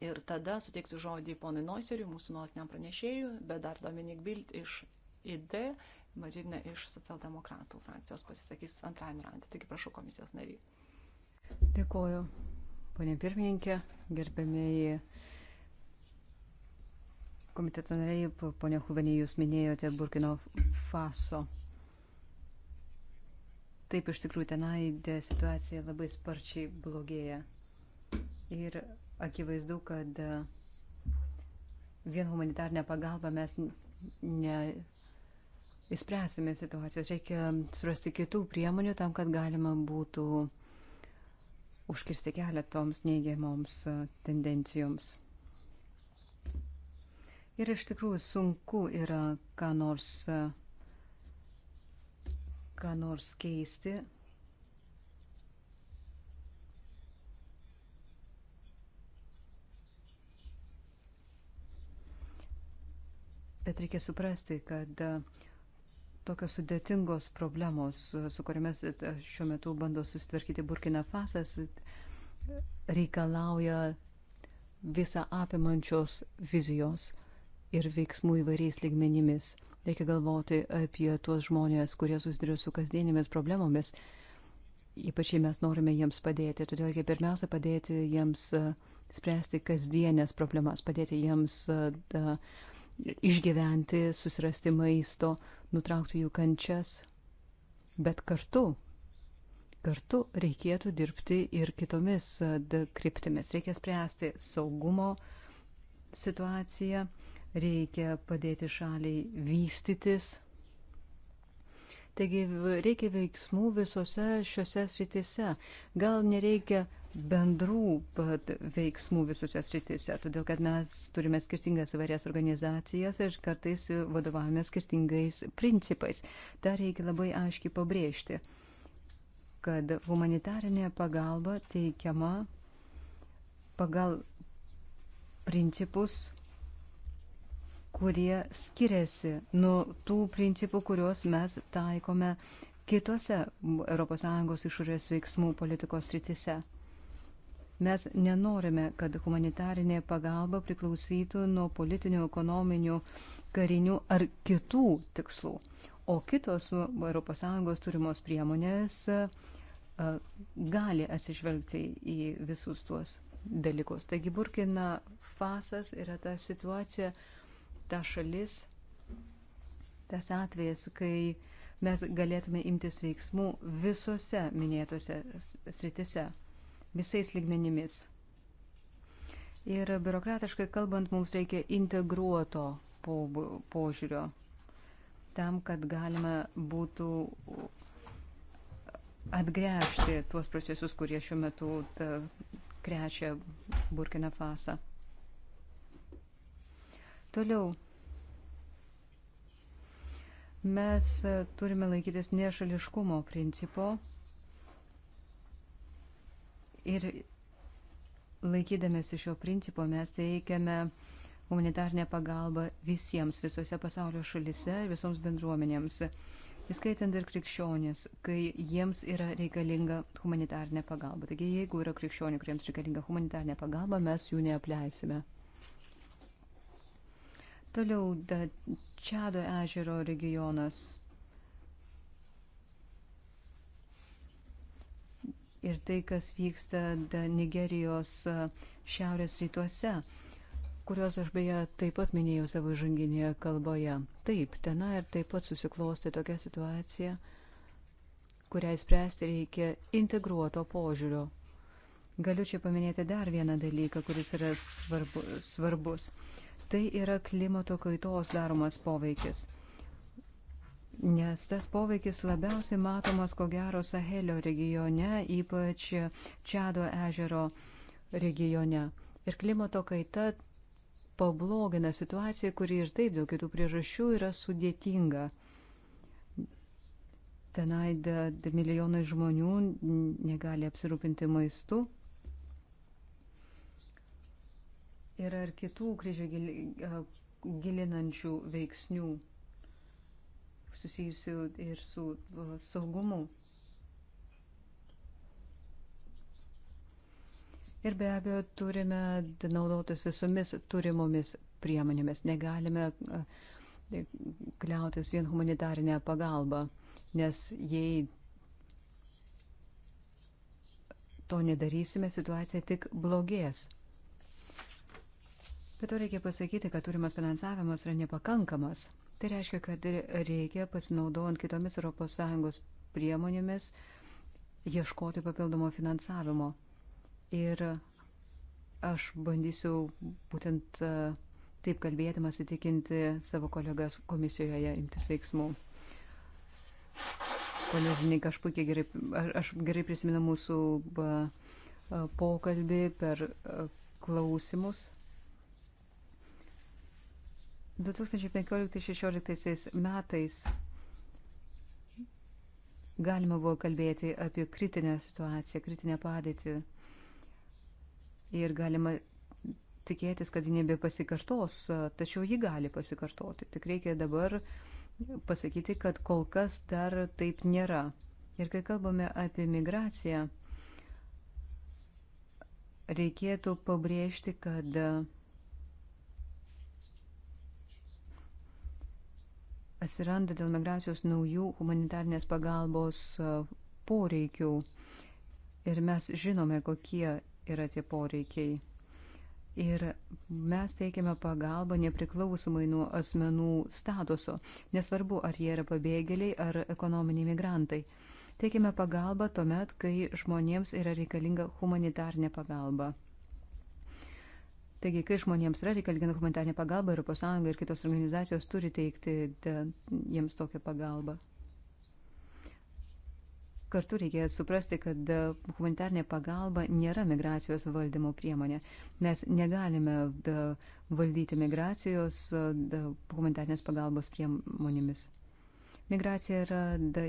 [SPEAKER 1] Ir tada suteiksiu žodį ponui Noiseriui, mūsų nuolatiniam pranešėjui, bet dar Dominik Bild iš ID Madžinė iš socialdemokratų frakcijos pasisakys antrajame randė. Taigi prašau komisijos nariai.
[SPEAKER 3] Dėkoju, ponė pirmininkė, gerbėmėjai. Komiteto nariai, ponė Huvenė, jūs minėjote Burkino Faso. Taip, iš tikrųjų, tenai situacija labai sparčiai blogėja. Ir akivaizdu, kad e, vien humanitarnę pagalbą mes ne, įspręsime situacijas. Reikia surasti kitų priemonių tam, kad galima būtų užkirsti kelią toms neigiamoms e, tendencijoms. Ir iš tikrųjų sunku yra ką nors, e, ką nors keisti. Bet reikia suprasti, kad uh, tokios sudėtingos problemos, su kuriamis e, šiuo metu bando susitvarkyti Burkina Fasas, reikalauja visą apimančios vizijos ir veiksmų įvairiais ligmenimis. Reikia galvoti apie tuos žmonės, kurie susiduria su kasdienėmis problemomis. Ypač jei mes norime jiems padėti, todėl reikia pirmiausia padėti jiems e, spręsti kasdienės problemas, padėti jiems e, da, išgyventi, susirasti maisto, nutraukti jų kančias. Bet kartu, kartu reikėtų dirbti ir kitomis kryptimis. Reikia spręsti saugumo situaciją, reikia padėti šaliai vystytis. Taigi reikia veiksmų visose šiuose sritise. Gal nereikia bendrų veiksmų visose sritise, todėl kad mes turime skirtingas įvairias organizacijas ir kartais vadovavome skirtingais principais. Ta reikia labai aiškiai pabrėžti, kad humanitarinė pagalba teikiama pagal principus kurie skiriasi nuo tų principų, kuriuos mes taikome kitose ES išorės veiksmų politikos rytise. Mes nenorime, kad humanitarinė pagalba priklausytų nuo politinių, ekonominių, karinių ar kitų tikslų. O kitos ES turimos priemonės gali atsižvelgti į visus tuos dalykus. Taigi Burkina Fasas yra ta situacija, ta šalis, tas atvejas, kai mes galėtume imtis veiksmų visose minėtose sritise visais ligmenimis. Ir biurokratiškai kalbant, mums reikia integruoto požiūrio tam, kad galima būtų atgręžti tuos procesus, kurie šiuo metu ta, krečia Burkina Fasą. Toliau. Mes turime laikytis nešališkumo principo Ir laikydamėsi šio principo mes teikiame humanitarnę pagalbą visiems, visose pasaulio šalise ir visoms bendruomenėms, įskaitant ir krikščionis, kai jiems yra reikalinga humanitarnė pagalba. Taigi, jeigu yra krikščionių, kuriems reikalinga humanitarnė pagalba, mes jų neapleisime. Toliau Čado ežero regionas. ir tai, kas vyksta Nigerijos šiaurės rytuose, kuriuos aš beje taip pat minėjau savo žanginėje kalboje. Taip, tenai ir taip pat susiklosti tokia situacija, kuriai spręsti reikia integruoto požiūrio. Galiu čia paminėti dar vieną dalyką, kuris yra svarbu, svarbus. Tai yra klimato kaitos daromas poveikis nes tas poveikis labiausiai matomas, ko gero, Sahelio regione, ypač Čado ežero regione. Ir klimato kaita pablogina situaciją, kuri ir taip dėl kitų priežasčių yra sudėtinga. Tenai milijonai žmonių negali apsirūpinti maistu. Yra ir kitų kryžių gilinančių veiksnių susijusių ir su saugumu. Ir be abejo, turime naudotis visomis turimomis priemonėmis. Negalime e, kliautis vien humanitarinę pagalbą, nes jei to nedarysime, situacija tik blogės. Bet to reikia pasakyti, kad turimas finansavimas yra nepakankamas. Tai reiškia, kad reikia pasinaudojant kitomis ES priemonėmis ieškoti papildomo finansavimo. Ir aš bandysiu būtent e, taip kalbėdamas įtikinti savo kolegas komisijoje imtis veiksmų. Pane Žinink, aš puikiai gerai, aš gerai prisimenu mūsų e, pokalbį per e, klausimus. 2015-2016 metais galima buvo kalbėti apie kritinę situaciją, kritinę padėtį ir galima tikėtis, kad ji nebepasikartos, tačiau ji gali pasikartoti. Tik reikia dabar pasakyti, kad kol kas dar taip nėra. Ir kai kalbame apie migraciją, reikėtų pabrėžti, kad atsiranda dėl migracijos naujų humanitarnės pagalbos e, poreikių. Ir mes žinome, kokie yra tie poreikiai. Ir mes teikiame pagalbą nepriklausomai nuo asmenų statuso, nesvarbu, ar jie yra pabėgėliai ar ekonominiai migrantai. Teikiame pagalbą tuomet, kai žmonėms yra reikalinga humanitarnė pagalba. Taigi, kai žmonėms yra reikalinga humanitarinė pagalba, ES ir kitos organizacijos turi teikti de, jiems tokią pagalbą. Kartu reikia suprasti, kad e, humanitarinė pagalba nėra migracijos valdymo priemonė. Mes negalime de, valdyti migracijos de, humanitarinės pagalbos priemonėmis. Migracija yra de,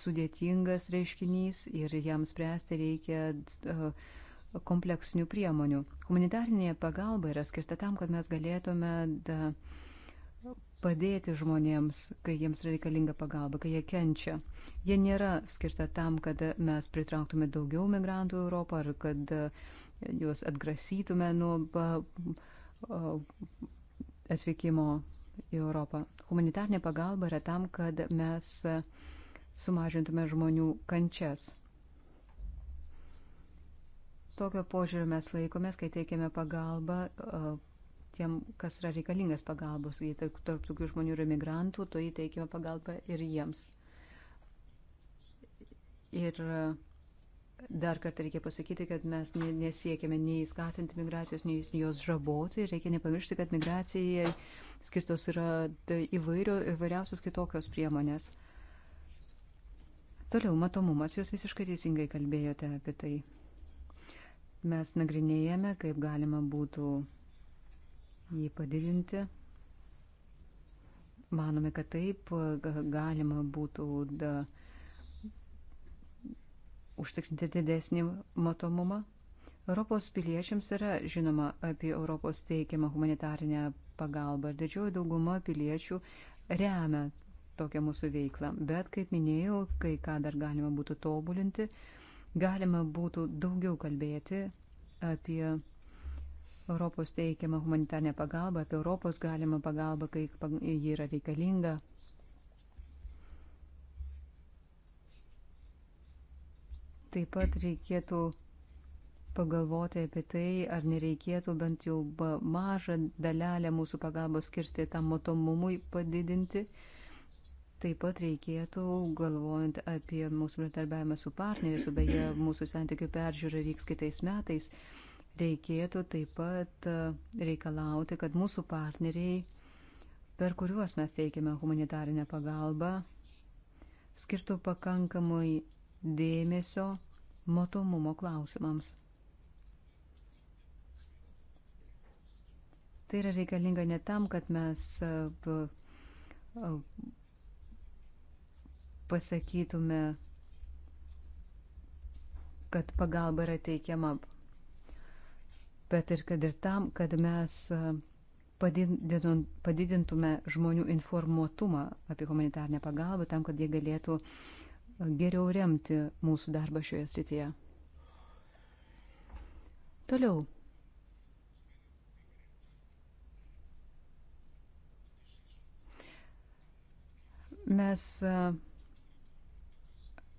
[SPEAKER 3] sudėtingas reiškinys ir jam spręsti reikia. De, kompleksinių priemonių. Humanitarinė pagalba yra skirta tam, kad mes galėtume da, padėti žmonėms, kai jiems reikalinga pagalba, kai jie kenčia. Jie nėra skirta tam, kad mes pritrauktume daugiau migrantų į Europą ar kad e, juos atgrasytume nuo atvykimo į Europą. Humanitarnė pagalba yra tam, kad mes e, sumažintume žmonių kančias. Tokio požiūrio mes laikomės, kai teikiame pagalbą tiem, kas yra reikalingas pagalbos. Jei tai tarp tokių žmonių yra migrantų, tai teikiame pagalbą ir jiems. Ir dar kartą reikia pasakyti, kad mes nesiekime nei skatinti migracijos, nei jos žaboti. Reikia nepamiršti, kad migracijai skirtos yra tai įvairio, įvairiausios kitokios priemonės. Toliau matomumas, jūs visiškai teisingai kalbėjote apie tai. Mes nagrinėjame, kaip galima būtų jį padidinti. Manome, kad taip galima būtų da, užtikrinti didesnį matomumą. Europos piliečiams yra žinoma apie Europos teikiamą humanitarinę pagalbą ir didžioji dauguma piliečių remia tokią mūsų veiklą. Bet, kaip minėjau, kai ką dar galima būtų tobulinti, uh, galima būtų daugiau kalbėti apie Europos teikiamą humanitarnę pagalbą, apie Europos galimą pagalbą, kai ji yra reikalinga. Taip pat reikėtų pagalvoti apie tai, ar nereikėtų bent jau mažą dalelę mūsų pagalbos skirti tam matomumui padidinti. Uh, Taip pat reikėtų, galvojant apie mūsų bendradarbiavimą su partneriais, beje, mūsų santykių peržiūra vyks kitais metais, reikėtų taip pat e, reikalauti, kad mūsų partneriai, per kuriuos mes teikiame humanitarinę pagalbą, skirtų pakankamai dėmesio matomumo klausimams. Tai yra reikalinga ne tam, kad mes e, e, pasakytume, kad pagalba yra teikiama, bet ir kad ir tam, kad mes e, padidintume žmonių informuotumą apie humanitarnę pagalbą, tam, kad jie galėtų e, geriau remti mūsų darbą šioje srityje. Toliau. Mes uh,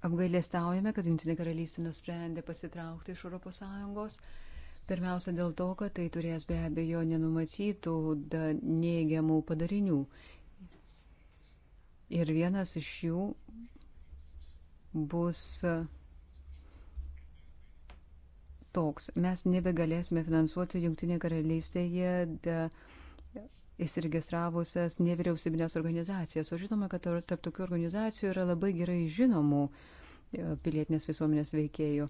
[SPEAKER 3] apgailėstaujame, kad Junktinė karalystė nusprendė pasitraukti iš ES. Pirmiausia dėl to, kad tai turės be abejo nenumatytų neigiamų padarinių. Ir vienas iš jų bus toks. Mes nebegalėsime finansuoti Junktinė karalystėje. De, de, įsiregistravusias nevyriausybinės organizacijas. O žinoma, kad tarp tokių organizacijų yra labai gerai žinomų e, pilietinės visuomenės veikėjų.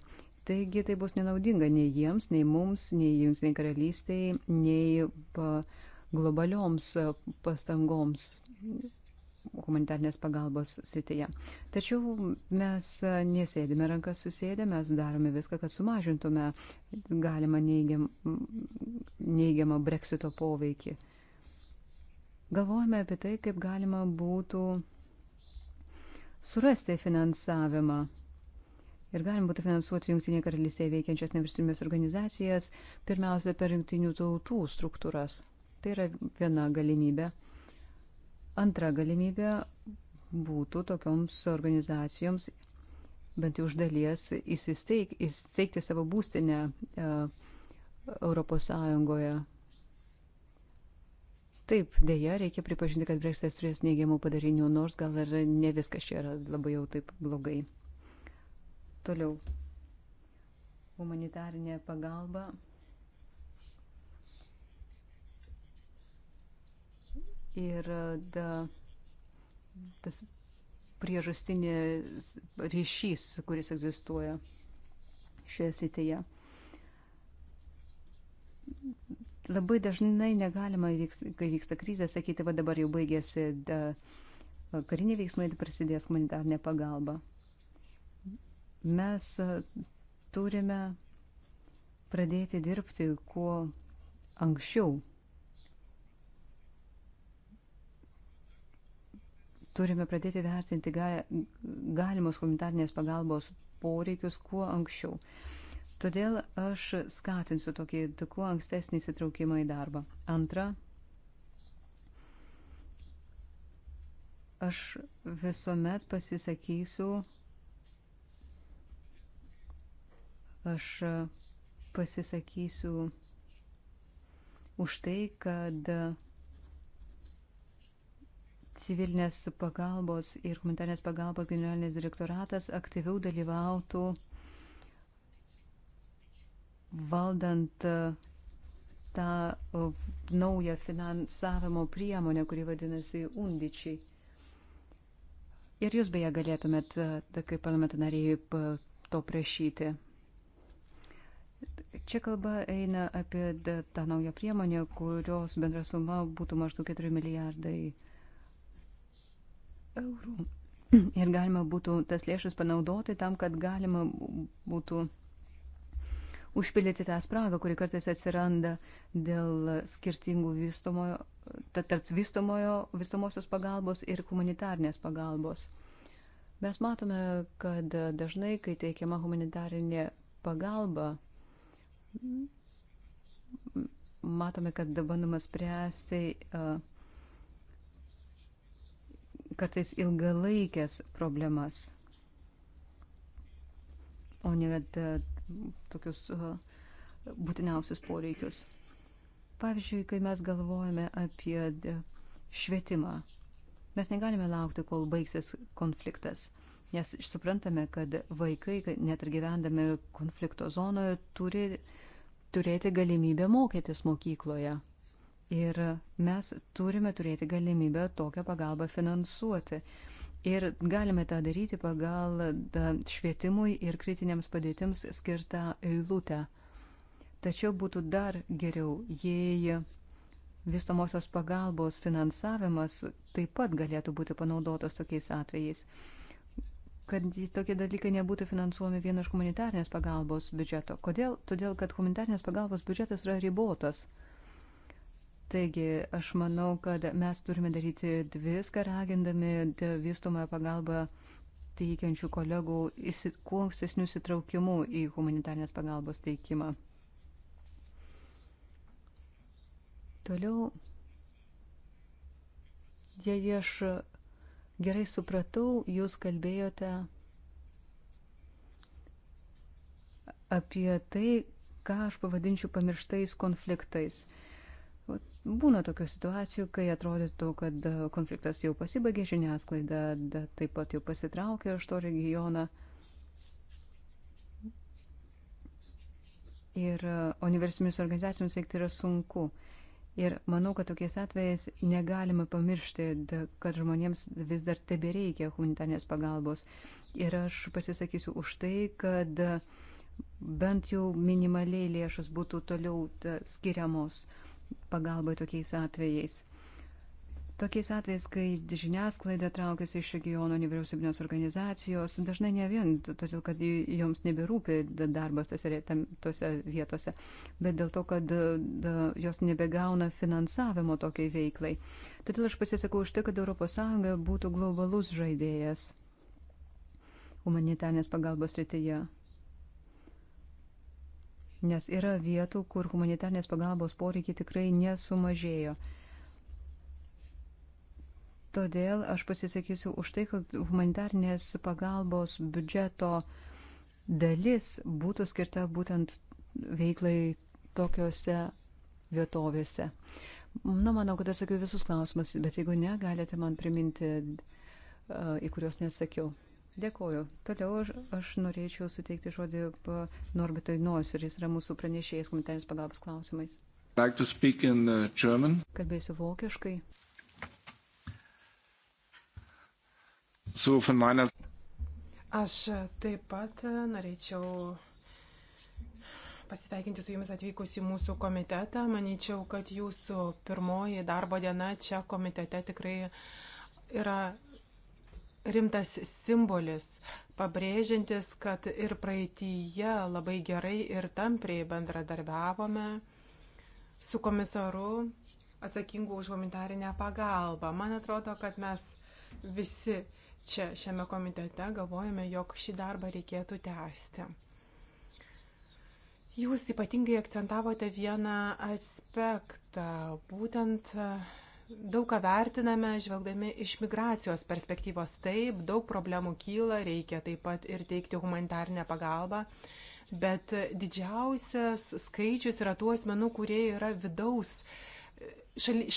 [SPEAKER 3] Taigi tai bus nenaudinga nei jiems, nei mums, nei Junktiniai karalystiai, nei globalioms e, pastangoms humanitarnės pagalbos srityje. Tačiau mes e, nesėdime rankas susėdę, mes darome viską, kad sumažintume galimą neigiam, neigiamą breksito poveikį galvojame apie tai, kaip galima būtų surasti finansavimą. Ir galim būtų finansuoti Junktinėje karalystėje veikiančias nevyriausybinės organizacijas, pirmiausia, per Junktinių tautų struktūras. Tai yra viena galimybė. Antra galimybė būtų tokioms organizacijoms bent jau už dalies įsisteigti savo būstinę uh, Europos Sąjungoje Taip, dėja, reikia pripažinti, kad breksitas turės neigiamų padarinių, nors gal ir ne viskas čia yra labai jau taip blogai. Toliau. Humanitarinė pagalba. Ir da, tas priežastinės ryšys, kuris egzistuoja šioje srityje Labai dažnai negalima, kai vyksta krizė, sakyti, va dabar jau baigėsi kariniai veiksmai, tai prasidės humanitarnė pagalba. Mes turime pradėti dirbti kuo anksčiau. turime pradėti vertinti galimus humanitarnės pagalbos poreikius kuo anksčiau. Todėl aš skatinsiu tokį kuo ankstesnį įsitraukimą į darbą. Antra, aš visuomet pasisakysiu, aš pasisakysiu už tai, kad civilinės pagalbos ir humanitarnės pagalbos generalinis direktoratas aktyviau dalyvautų valdant e, tą e, naują finansavimo priemonę, kuri vadinasi undičiai. Ir jūs beje galėtumėt, e, kaip parlamento nariai, to prašyti. Čia kalba eina apie tą naują priemonę, kurios bendra suma būtų maždaug 4 milijardai eurų. Ir galima būtų tas lėšas panaudoti tam, kad galima būtų uh, užpildyti tą spragą, kuri kartais atsiranda dėl skirtingų vystomojo, tarp vystomojo, vystomosios pagalbos ir humanitarnės pagalbos. Mes matome, kad dažnai, kai teikiama humanitarinė pagalba, matome, kad bandoma spręsti kartais ilgalaikės problemas, o ne tokius būtiniausius poreikius. Pavyzdžiui, kai mes galvojame apie e, švietimą, mes negalime laukti, kol baigsis konfliktas, nes suprantame, kad vaikai, net ir gyvendami konflikto zonoje, turi turėti galimybę mokytis mokykloje. Ir mes turime turėti galimybę tokią pagalbą finansuoti. Ir galime tą daryti pagal švietimui ir kritiniams padėtims skirtą eilutę. Tačiau būtų dar geriau, jei vystomosios pagalbos finansavimas taip pat galėtų būti panaudotas tokiais atvejais, kad tokie dalykai nebūtų finansuomi vien iš humanitarnės pagalbos biudžeto. Kodėl? Todėl, kad humanitarnės pagalbos biudžetas yra ribotas. Taigi, aš manau, kad mes turime daryti viską, ragindami vystomąją pagalbą teikiančių kolegų kuo ankstesnių sitraukimų į humanitarnės pagalbos teikimą. Toliau, jei aš gerai supratau, jūs kalbėjote apie tai, ką aš pavadinčiau pamirštais konfliktais. Uh, Būna tokių situacijų, kai atrodytų, kad konfliktas jau pasibaigė, žiniasklaida taip pat jau pasitraukė iš to regioną. Ir e, universinėms organizacijoms veikti yra sunku. Ir manau, kad tokiais atvejais negalima pamiršti, kad žmonėms vis dar tebe reikia humanitarnės pagalbos. Ir aš pasisakysiu už tai, kad bent jau minimaliai lėšos būtų toliau skiriamos pagalbai tokiais atvejais. Tokiais atvejais, kai žiniasklaida traukiasi iš regiono nevyriausybinės organizacijos, dažnai ne vien todėl, kad joms neberūpi darbas tose, tose vietose, bet dėl to, kad da, jos nebegauna finansavimo tokiai veiklai. Todėl aš pasisakau už tai, kad ES būtų globalus žaidėjas humanitarnės pagalbos rytyje nes yra vietų, kur humanitarnės pagalbos poreikiai tikrai nesumažėjo. Todėl aš pasisakysiu už tai, kad humanitarnės pagalbos biudžeto dalis būtų skirta būtent veiklai tokiuose vietovėse. Na, manau, kad atsakiau visus klausimus, bet jeigu ne, galite man priminti, į kuriuos nesakiau. Dėkoju. Toliau aš, aš norėčiau suteikti žodį Norbitui Nois ir jis yra mūsų pranešėjas komitarinis pagalbos klausimais.
[SPEAKER 2] Like in,
[SPEAKER 3] uh,
[SPEAKER 2] Kalbėsiu vokiškai.
[SPEAKER 3] So, meiner...
[SPEAKER 2] Aš taip pat uh, norėčiau pasveikinti su jumis atvykus į mūsų komitetą. Manyčiau, kad jūsų pirmoji darbo diena čia komitete tikrai yra rimtas simbolis, pabrėžiantis, kad ir praeitįje labai gerai ir tampriai bendradarbiavome su komisaru atsakingu už humanitarinę pagalbą. Man atrodo, kad mes visi čia šiame komitete galvojame, jog šį darbą reikėtų tęsti. Jūs ypatingai akcentavote vieną aspektą, būtent daug ką vertiname, žvelgdami iš migracijos perspektyvos. Taip, daug problemų kyla, reikia taip pat ir teikti humanitarnę pagalbą. Bet didžiausias skaičius yra tų asmenų, kurie yra vidaus,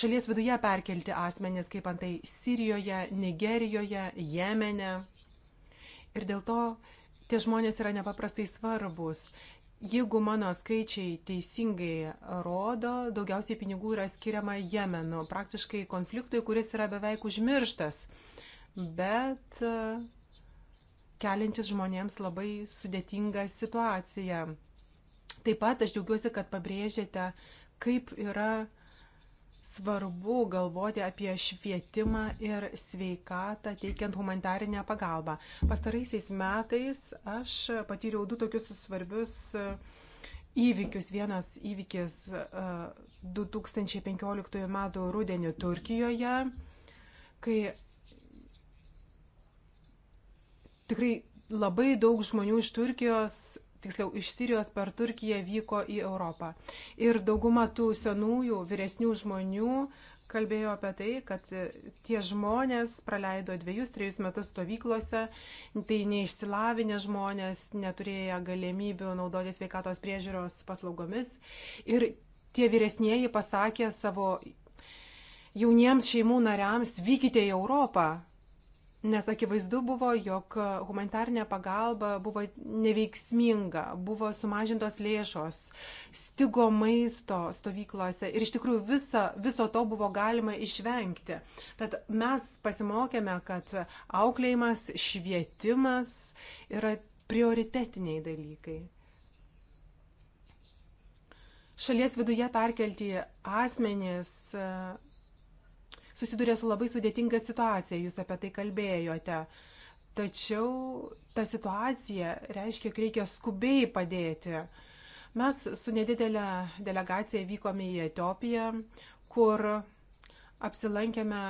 [SPEAKER 2] šalies viduje perkelti asmenys, kaip antai Sirijoje, Nigerijoje, Jemene. Ir dėl to tie žmonės yra nepaprastai svarbus. Jeigu mano skaičiai teisingai rodo, daugiausiai pinigų yra skiriama Jemenu, praktiškai konfliktui, kuris yra beveik užmirštas, bet e, keliantis žmonėms labai sudėtingą situaciją. Taip pat aš džiaugiuosi, kad pabrėžėte, kaip yra svarbu galvoti apie švietimą ir sveikatą teikiant humanitarinę pagalbą. Pastaraisiais metais aš patyriau du tokius svarbius e, įvykius. Vienas įvykis 2015 e, m. rudenį Turkijoje, kai tikrai labai daug žmonių iš Turkijos tiksliau iš Sirijos per Turkiją vyko į Europą. Ir dauguma tų senųjų, vyresnių žmonių kalbėjo apie tai, kad tie žmonės praleido dviejus, trejus metus stovyklose, tai neišsilavinę žmonės, neturėję galimybių naudotis veikatos priežiūros paslaugomis. Ir tie vyresnieji pasakė savo jauniems šeimų nariams, vykite į Europą, Nes akivaizdu buvo, jog humanitarinė pagalba buvo neveiksminga, buvo sumažintos lėšos, stigo maisto stovyklose ir iš tikrųjų visa, viso to buvo galima išvengti. Tad mes pasimokėme, kad auklėjimas, švietimas yra prioritetiniai dalykai. Šalies viduje perkelti asmenys susiduria su labai sudėtinga situacija, jūs apie tai kalbėjote. Tačiau ta situacija reiškia, kad reikia skubiai padėti. Mes su nedidelė delegacija vykome į Etiopiją, kur apsilankėme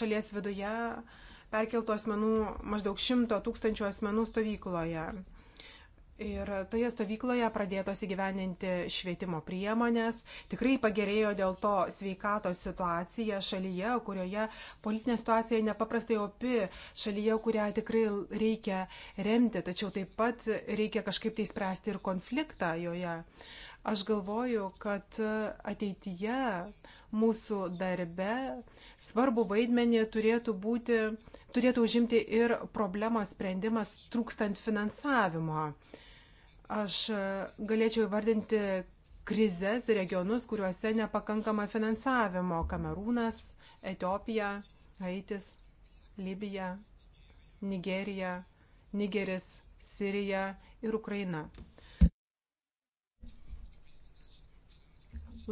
[SPEAKER 2] šalies viduje perkeltų asmenų maždaug šimto tūkstančių asmenų stovykloje. Ir toje stovykloje pradėtos įgyveninti švietimo priemonės. Tikrai pagerėjo dėl to sveikatos situacija šalyje, kurioje politinė situacija nepaprastai opi, šalyje, kurią tikrai reikia remti, tačiau taip pat reikia kažkaip tai spręsti ir konfliktą joje. Aš galvoju, kad ateityje mūsų darbe svarbu vaidmenį turėtų, būti, turėtų užimti ir problemos sprendimas trūkstant finansavimo. Aš e, galėčiau įvardinti krizės regionus, kuriuose nepakankama finansavimo - Kamerūnas, Etiopija, Haitis, Libija, Nigerija, Nigeris, Sirija ir Ukraina.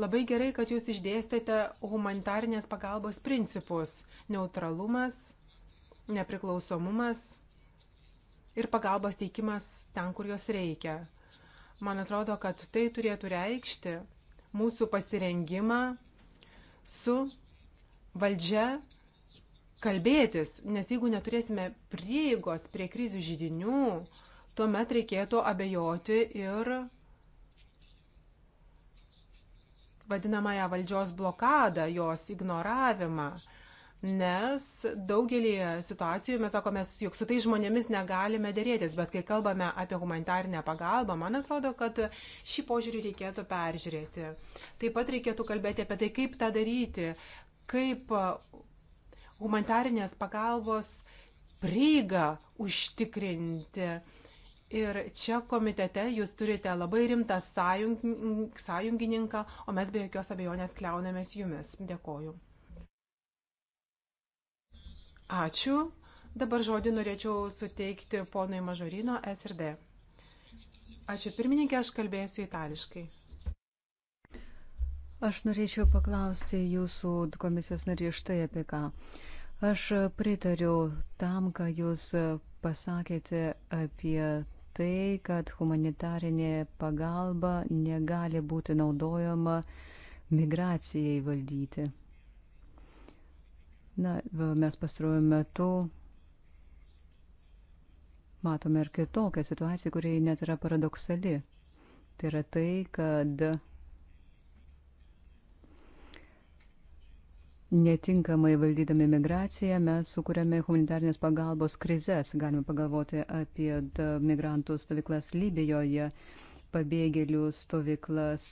[SPEAKER 2] Labai gerai, kad jūs išdėstėte humanitarnės pagalbos principus - neutralumas, nepriklausomumas, ir pagalbos teikimas ten, kur jos reikia. Man atrodo, kad tai turėtų reikšti mūsų pasirengimą su valdžia kalbėtis, nes jeigu neturėsime prieigos prie krizių žydinių, tuomet reikėtų abejoti ir vadinamąją valdžios blokadą, jos ignoravimą nes daugelį situacijų mes sakome, jog su tais žmonėmis negalime dėrėtis, bet kai kalbame apie humanitarinę pagalbą, man atrodo, kad šį požiūrį reikėtų peržiūrėti. Taip pat reikėtų kalbėti apie tai, kaip tą daryti, kaip humanitarinės pagalbos prieigą užtikrinti. Ir čia komitete jūs turite labai rimtą sąjung, sąjungininką, o mes be jokios abejonės kliaunamės jumis. Dėkoju. Ačiū. Dabar žodį norėčiau suteikti ponui Mažorino SRD. Ačiū pirmininkė, aš kalbėsiu itališkai.
[SPEAKER 3] Aš norėčiau paklausti jūsų komisijos narių štai apie ką. Aš pritariu tam, ką jūs pasakėte apie tai, kad humanitarinė pagalba negali būti naudojama migracijai valdyti. Na, mes pastaruoju metu matome ir kitokią situaciją, kuriai net yra paradoksali. Tai yra tai, kad netinkamai valdydami migraciją mes sukūrėme humanitarnės pagalbos krizės. Galime pagalvoti apie migrantų stovyklas Libijoje, pabėgėlių stovyklas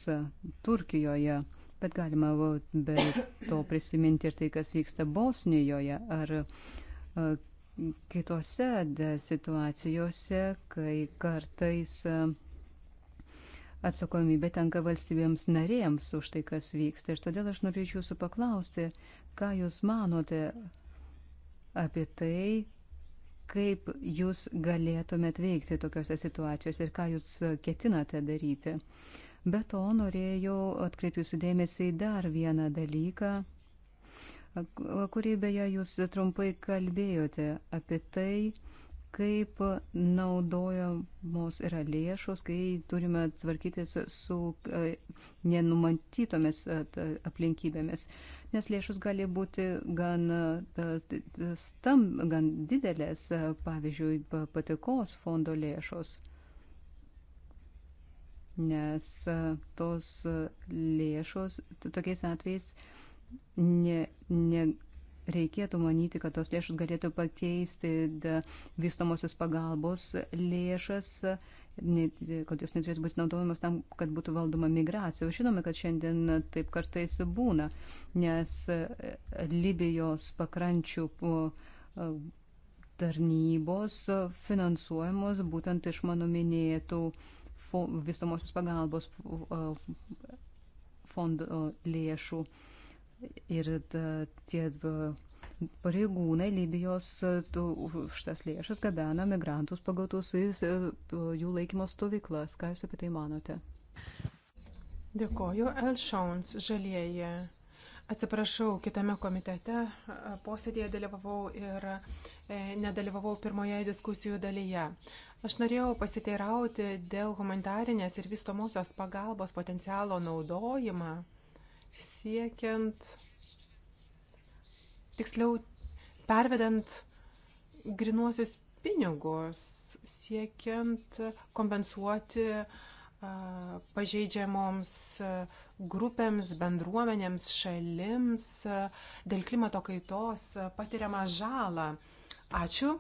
[SPEAKER 3] Turkijoje. Bet galima be to prisiminti ir tai, kas vyksta Bosnijoje ar kitose situacijose, kai kartais atsakomybė tenka valstybėms narėms už tai, kas vyksta. Ir todėl aš norėčiau jūsų paklausti, ką jūs manote apie tai, kaip jūs galėtumėt veikti tokiuose situacijose ir ką jūs ketinate daryti. Uh, Be to norėjau atkreipti jūsų dėmesį į dar vieną dalyką, kurį beje jūs trumpai kalbėjote apie tai, kaip naudojamos yra lėšos, kai turime tvarkytis su e, nenumatytomis e, aplinkybėmis. Nes lėšos gali būti gan, e, stam, gan didelės, pavyzdžiui, patikos fondo lėšos nes e, tos e, lėšos tokiais atvejais nereikėtų ne, ne manyti, kad tos lėšos galėtų pakeisti vystomosios pagalbos lėšas, ne, kad jos neturėtų būti naudojamos tam, kad būtų valdoma migracija. Žinome, kad šiandien taip kartais būna, nes e, Libijos pakrančių tarnybos finansuojamos būtent iš mano minėtų uh, visomosios pagalbos fondo lėšų. Ir tie pareigūnai Libijos už tas lėšas gabena migrantus pagautus į e, jų laikymo stovyklas. Ką Jūs apie tai
[SPEAKER 2] manote? Dėkoju, Elšons, žalieji. Atsiprašau, kitame komitete e, posėdėje dalyvavau ir e, nedalyvavau pirmoje diskusijų dalyje. Aš norėjau pasiteirauti dėl humanitarinės ir vystomosios pagalbos potencialo naudojimą, siekiant, tiksliau, pervedant grinuosius pinigus, siekiant kompensuoti pažeidžiamoms grupėms, bendruomenėms, šalims dėl klimato kaitos patiriamą žalą. Ačiū.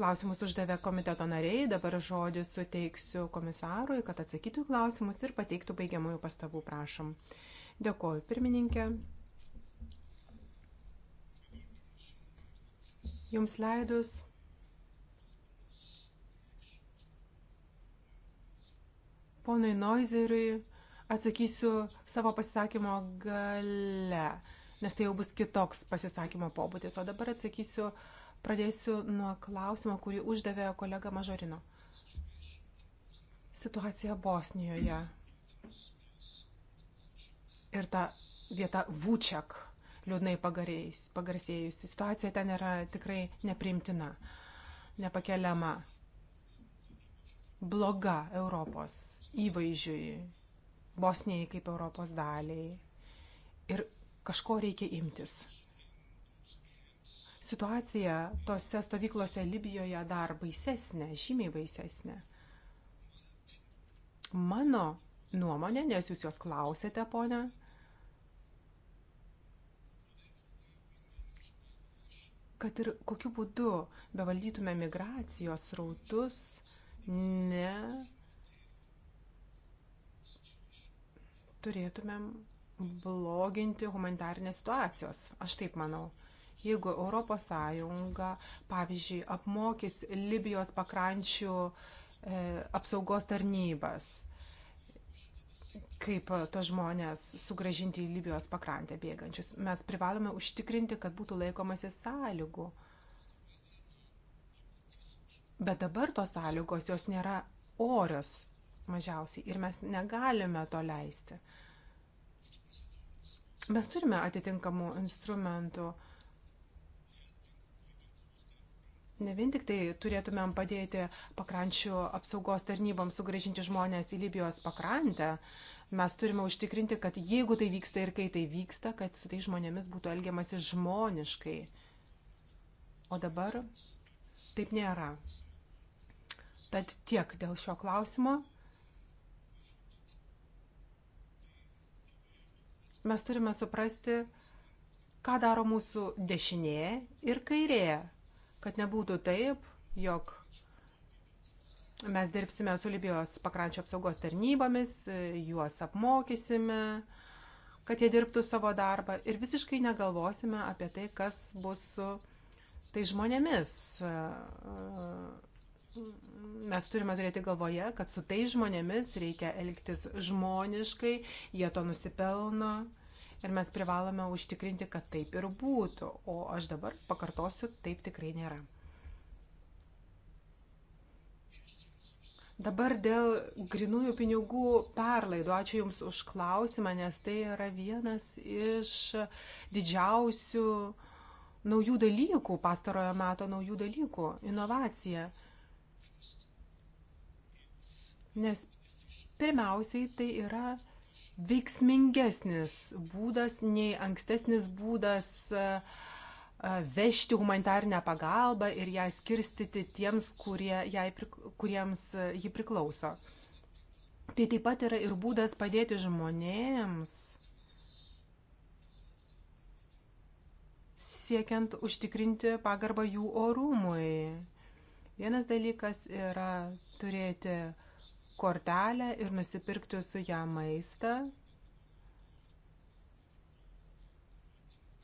[SPEAKER 2] Klausimus uždavė komiteto nariai, dabar žodį suteiksiu komisarui, kad atsakytų klausimus ir pateiktų baigiamųjų pastabų, prašom. Dėkoju, pirmininkė. Jums leidus. Ponui Noizeriui atsakysiu savo pasisakymo gale, nes tai jau bus kitoks pasisakymo pobūdis. O dabar atsakysiu uh, Pradėsiu nuo klausimo, kurį uždavė kolega Mažorino. Situacija Bosnijoje ir ta vieta Vučiak liūdnai pagarsėjusi. Situacija ten yra tikrai neprimtina, nepakeliama, bloga Europos įvaizdžiui, Bosnijai kaip Europos daliai. Ir kažko reikia imtis situacija tose stovyklose Libijoje dar baisesnė, žymiai baisesnė. Mano nuomonė, nes jūs jos klausėte, ponė, kad ir kokiu būdu bevaldytume migracijos rautus, ne turėtumėm bloginti humanitarnės situacijos. Aš taip manau jeigu ES, pavyzdžiui, apmokys Libijos pakrančių e, apsaugos tarnybas, kaip tos žmonės sugražinti į Libijos pakrantę bėgančius. Mes privalome užtikrinti, kad būtų laikomasi sąlygų. Bet dabar tos sąlygos, jos nėra orios mažiausiai ir mes negalime to leisti. Mes turime atitinkamų instrumentų. Uh, ne vien tik tai turėtumėm padėti pakrančių apsaugos tarnybom sugražinti žmonės į Libijos pakrantę, mes turime užtikrinti, kad jeigu tai vyksta ir kai tai vyksta, kad su tai žmonėmis būtų elgiamasi žmoniškai. O dabar taip nėra. Tad tiek dėl šio klausimo. Mes turime suprasti, ką daro mūsų dešinė ir kairė Kad nebūtų taip, jog mes dirbsime su Libijos pakrančio apsaugos tarnybomis, juos apmokysime, kad jie dirbtų savo darbą ir visiškai negalvosime apie tai, kas bus su tai žmonėmis. Mes turime turėti galvoje, kad su tai žmonėmis reikia elgtis žmoniškai, jie to nusipelno ir mes privalome užtikrinti, kad taip ir būtų. O aš dabar pakartosiu, taip tikrai nėra. Dabar dėl grinųjų pinigų perlaidų. Ačiū Jums už klausimą, nes tai yra vienas iš didžiausių naujų dalykų, pastarojo meto naujų dalykų - inovacija. Nes pirmiausiai tai yra veiksmingesnis būdas nei ankstesnis būdas vežti humanitarinę pagalbą ir ją skirstyti tiems, kurie jai, kuriems ji priklauso. Tai taip pat yra ir būdas padėti žmonėms siekiant užtikrinti pagarbą jų orumui. Vienas dalykas yra turėti kortelę ir nusipirkti su ją maistą,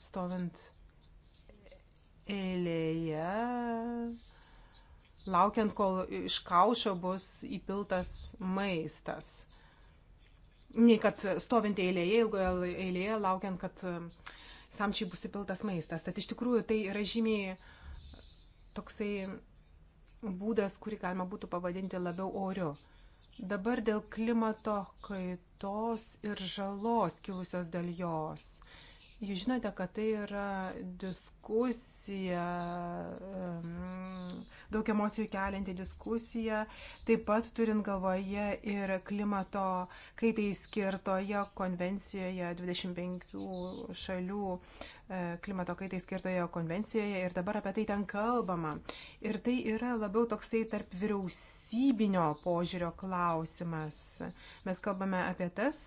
[SPEAKER 2] stovint eilėje, laukiant, kol iš kaušio bus įpiltas maistas. Nei kad stovint eilėje, ilgoje eilėje, laukiant, kad e, samčiai bus įpiltas maistas. Tad iš tikrųjų tai yra žymiai toksai būdas, kurį galima būtų pavadinti labiau oriu. Dabar dėl klimato kaitos ir žalos kilusios dėl jos. Jūs žinote, kad tai yra diskusija, daug emocijų kelianti diskusija, taip pat turint galvoje ir klimato kaitai skirtoje konvencijoje 25 šalių e, klimato kaitai skirtoje konvencijoje ir dabar apie tai ten kalbama. Ir tai yra labiau toksai tarp vyriausybės vyriausybinio požiūrio klausimas. Mes kalbame apie tas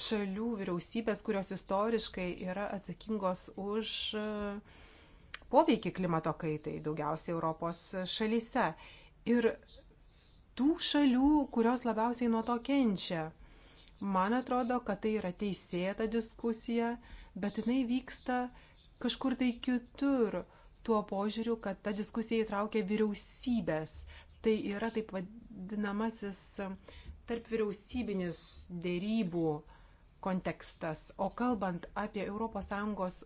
[SPEAKER 2] šalių vyriausybės, kurios istoriškai yra atsakingos už e, poveikį klimato kaitai, daugiausiai Europos šalyse. Ir tų šalių, kurios labiausiai nuo to kenčia. Man atrodo, kad tai yra teisėta diskusija, bet jinai vyksta kažkur tai kitur tuo požiūriu, kad ta diskusija įtraukia vyriausybės. Tai yra taip vadinamasis tarp vyriausybinis dėrybų kontekstas. O kalbant apie ES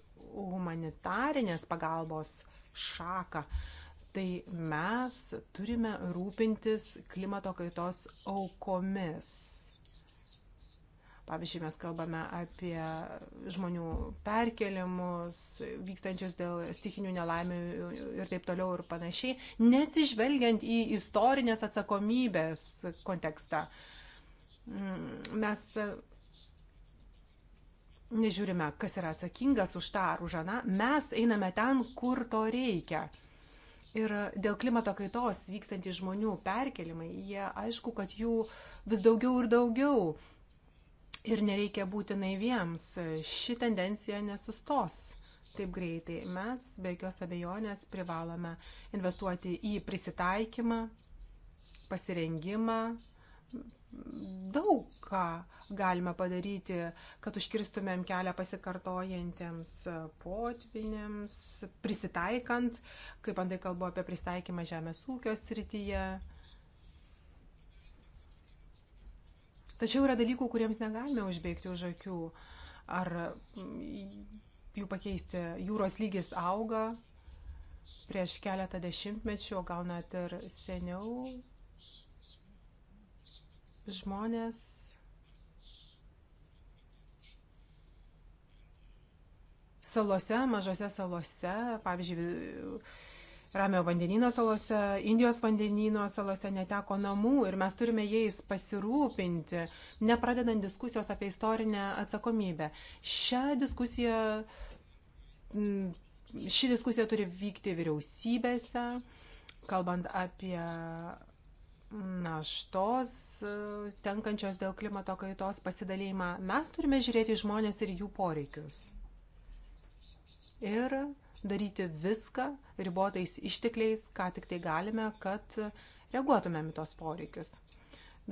[SPEAKER 2] humanitarinės pagalbos šaką, tai mes turime rūpintis klimato kaitos aukomis Pavyzdžiui, mes kalbame apie žmonių perkelimus, vykstančius dėl stikinių nelaimių ir taip toliau ir panašiai, neatsižvelgiant į istorinės atsakomybės kontekstą. Mm, mes nežiūrime, kas yra atsakingas už tą ar už aną, mes einame ten, kur to reikia. Ir dėl klimato kaitos vykstantys žmonių perkelimai, jie aišku, kad jų vis daugiau ir daugiau. Ir nereikia būti naiviems. Ši tendencija nesustos taip greitai. Mes be jokios abejonės privalome investuoti į prisitaikymą, pasirengimą. Daug ką galime padaryti, kad užkirstumėm kelią pasikartojantiems potvinėms, prisitaikant, kaip antai kalbu apie prisitaikymą žemės ūkio srityje, Tačiau yra dalykų, kuriems negalime užbėgti už akių. Ar mm, jų pakeisti jūros lygis auga prieš keletą dešimtmečių, o gal net ir seniau žmonės. Salose, mažose salose, pavyzdžiui, Ramio vandenino salose, Indijos vandenino salose neteko namų ir mes turime jais pasirūpinti, nepradedant diskusijos apie istorinę atsakomybę. Šią diskusiją, mm, ši diskusija turi vykti vyriausybėse, kalbant apie mm, naštos tenkančios dėl klimato kaitos pasidalėjimą. Mes turime žiūrėti žmonės ir jų poreikius. Ir daryti viską ribotais ištekliais, ką tik tai galime, kad reaguotumėm į tos poreikius.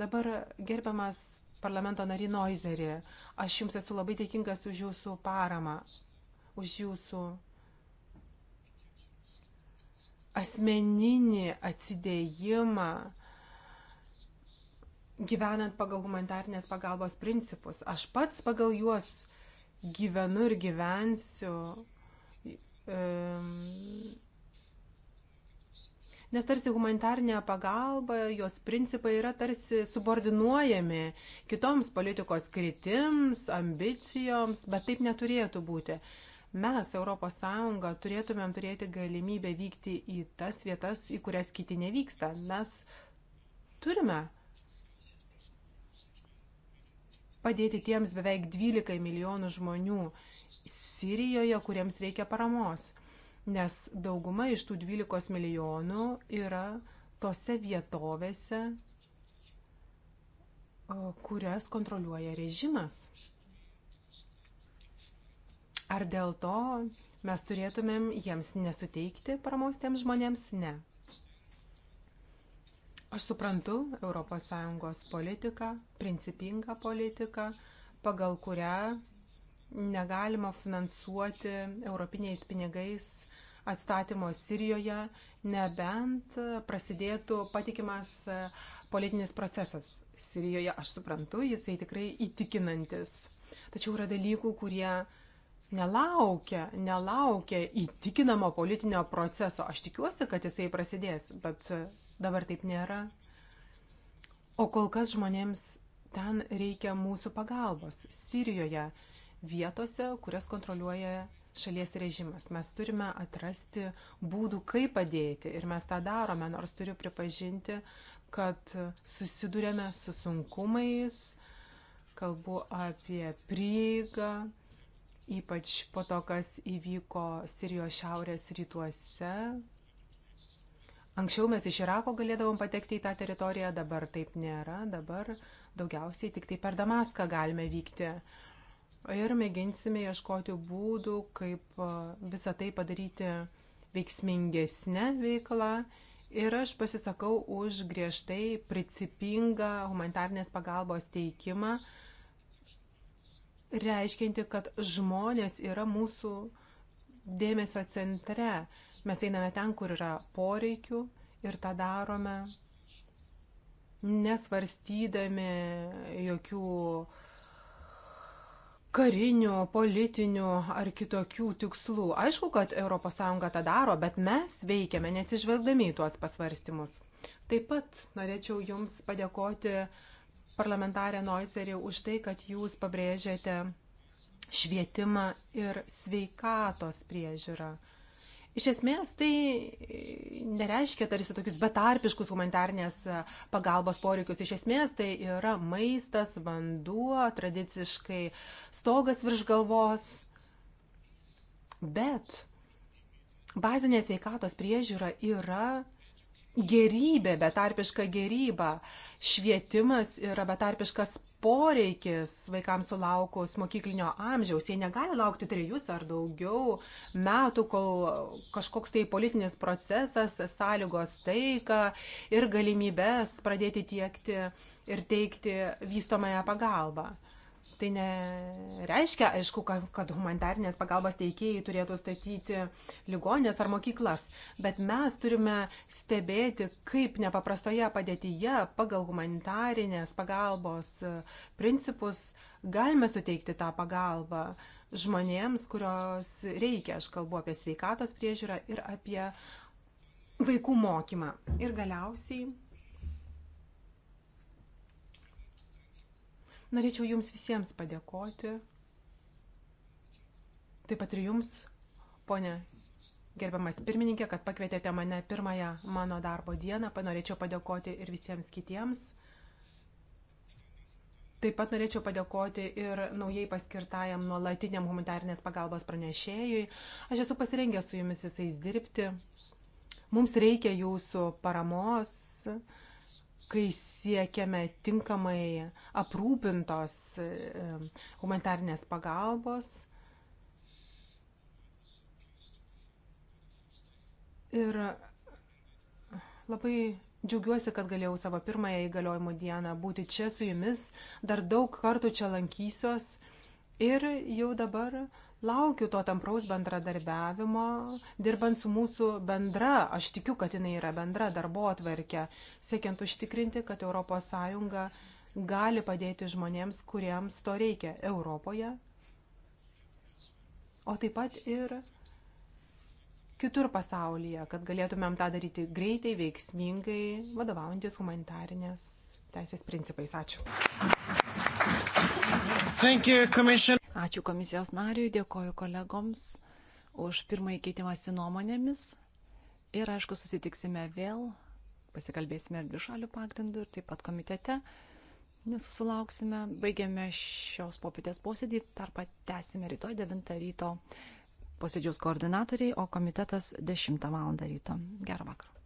[SPEAKER 2] Dabar gerbiamas parlamento nary Noiserį, aš jums esu labai dėkingas už jūsų paramą, už jūsų asmeninį atsidėjimą gyvenant pagal humanitarnės pagalbos principus. Aš pats pagal juos gyvenu ir gyvensiu Nes tarsi humanitarnė pagalba, jos principai yra tarsi subordinuojami kitoms politikos krytims, ambicijoms, bet taip neturėtų būti mes, ES, turėtumėm turėti galimybę vykti į tas vietas, į kurias kiti nevyksta. Mes turime padėti tiems beveik 12 milijonų žmonių Sirijoje, kuriems reikia paramos. Nes dauguma iš tų 12 milijonų yra tose vietovėse, kurias kontroliuoja režimas. Ar dėl to mes turėtumėm jiems nesuteikti paramos tiems žmonėms? Ne. Aš suprantu ES politiką, principingą politiką, pagal kurią negalima finansuoti europiniais pinigais atstatymo Sirijoje, nebent prasidėtų patikimas politinis procesas Sirijoje. Aš suprantu, jisai tikrai įtikinantis. Tačiau yra dalykų, kurie nelaukia, nelaukia įtikinamo politinio proceso. Aš tikiuosi, kad jisai prasidės, bet Dabar taip nėra. O kol kas žmonėms ten reikia mūsų pagalbos. Sirijoje vietose, kurias kontroliuoja šalies režimas. Mes turime atrasti būdų, kaip padėti. Ir mes tą darome, nors turiu pripažinti, kad susidurėme su sunkumais. Kalbu apie prieigą, ypač po to, kas įvyko Sirijos šiaurės rytuose, Anksčiau mes iš Irako galėdavom patekti į tą teritoriją, dabar taip nėra, dabar daugiausiai tik tai per Damaską galime vykti. Ir mėginsime ieškoti būdų, kaip visą tai padaryti veiksmingesnę veiklą. Ir aš pasisakau už griežtai principingą humanitarnės pagalbos teikimą, reiškinti, kad žmonės yra mūsų dėmesio centre Mes einame ten, kur yra poreikių ir tą darome nesvarstydami jokių karinių, politinių ar kitokių tikslų. Aišku, kad ES tą daro, bet mes veikiame neatsižvelgdami į tuos pasvarstymus. Taip pat norėčiau Jums padėkoti parlamentarė Noiserį už tai, kad Jūs pabrėžėte švietimą ir sveikatos priežiūrą. Iš esmės tai e, nereiškia tarsi tokius betarpiškus humanitarnės e, pagalbos poreikius. Iš esmės tai yra maistas, vanduo, tradiciškai stogas virš galvos. Bet bazinė sveikatos priežiūra yra gerybė, betarpiška geryba. Švietimas yra betarpiškas poreikis vaikams sulaukus mokyklinio amžiaus. Jie negali laukti trejus ar daugiau metų, kol kažkoks tai politinis procesas sąlygos taiką ir galimybės pradėti tiekti ir teikti vystomąją pagalbą. Tai nereiškia, aišku, kad humanitarnės pagalbos teikėjai turėtų statyti ligonės ar mokyklas, bet mes turime stebėti, kaip nepaprastoje padėtyje pagal humanitarinės pagalbos e, principus galime suteikti tą pagalbą žmonėms, kurios reikia. Aš kalbu apie sveikatos priežiūrą ir apie vaikų mokymą. Ir galiausiai Norėčiau Jums visiems padėkoti. Taip pat ir Jums, ponė gerbiamas pirmininkė, kad pakvietėte mane pirmąją mano darbo dieną. Panorėčiau padėkoti ir visiems kitiems. Taip pat norėčiau padėkoti ir naujai paskirtajam nuolatiniam humanitarnės pagalbos pranešėjui. Aš esu pasirengęs su jumis visais dirbti. Mums reikia jūsų paramos kai siekiame tinkamai aprūpintos e, humanitarnės pagalbos. Ir labai džiaugiuosi, kad galėjau savo pirmąją įgaliojimo dieną būti čia su jumis. Dar daug kartų čia lankysiuos. Ir jau dabar uh, Laukiu to tampraus bendradarbiavimo, dirbant su mūsų bendra, aš tikiu, kad jinai yra bendra darbo atverkė, siekiant užtikrinti, kad ES gali padėti žmonėms, kuriems to reikia Europoje, o taip pat ir kitur pasaulyje, kad galėtumėm tą daryti greitai, veiksmingai, vadovaujantis humanitarinės teisės principais. Ačiū.
[SPEAKER 1] Thank you, Ačiū komisijos nariui, dėkoju kolegoms už pirmąjį keitimąsi nuomonėmis. Ir aišku, susitiksime vėl, pasikalbėsime ir dvišalių pagrindų, ir taip pat komitete. Nesusilauksime, baigiame šios popietės posėdį, dar patęsime rytoj 9 ryto posėdžiaus koordinatoriai, o komitetas 10 val. ryto. Gerą vakarą.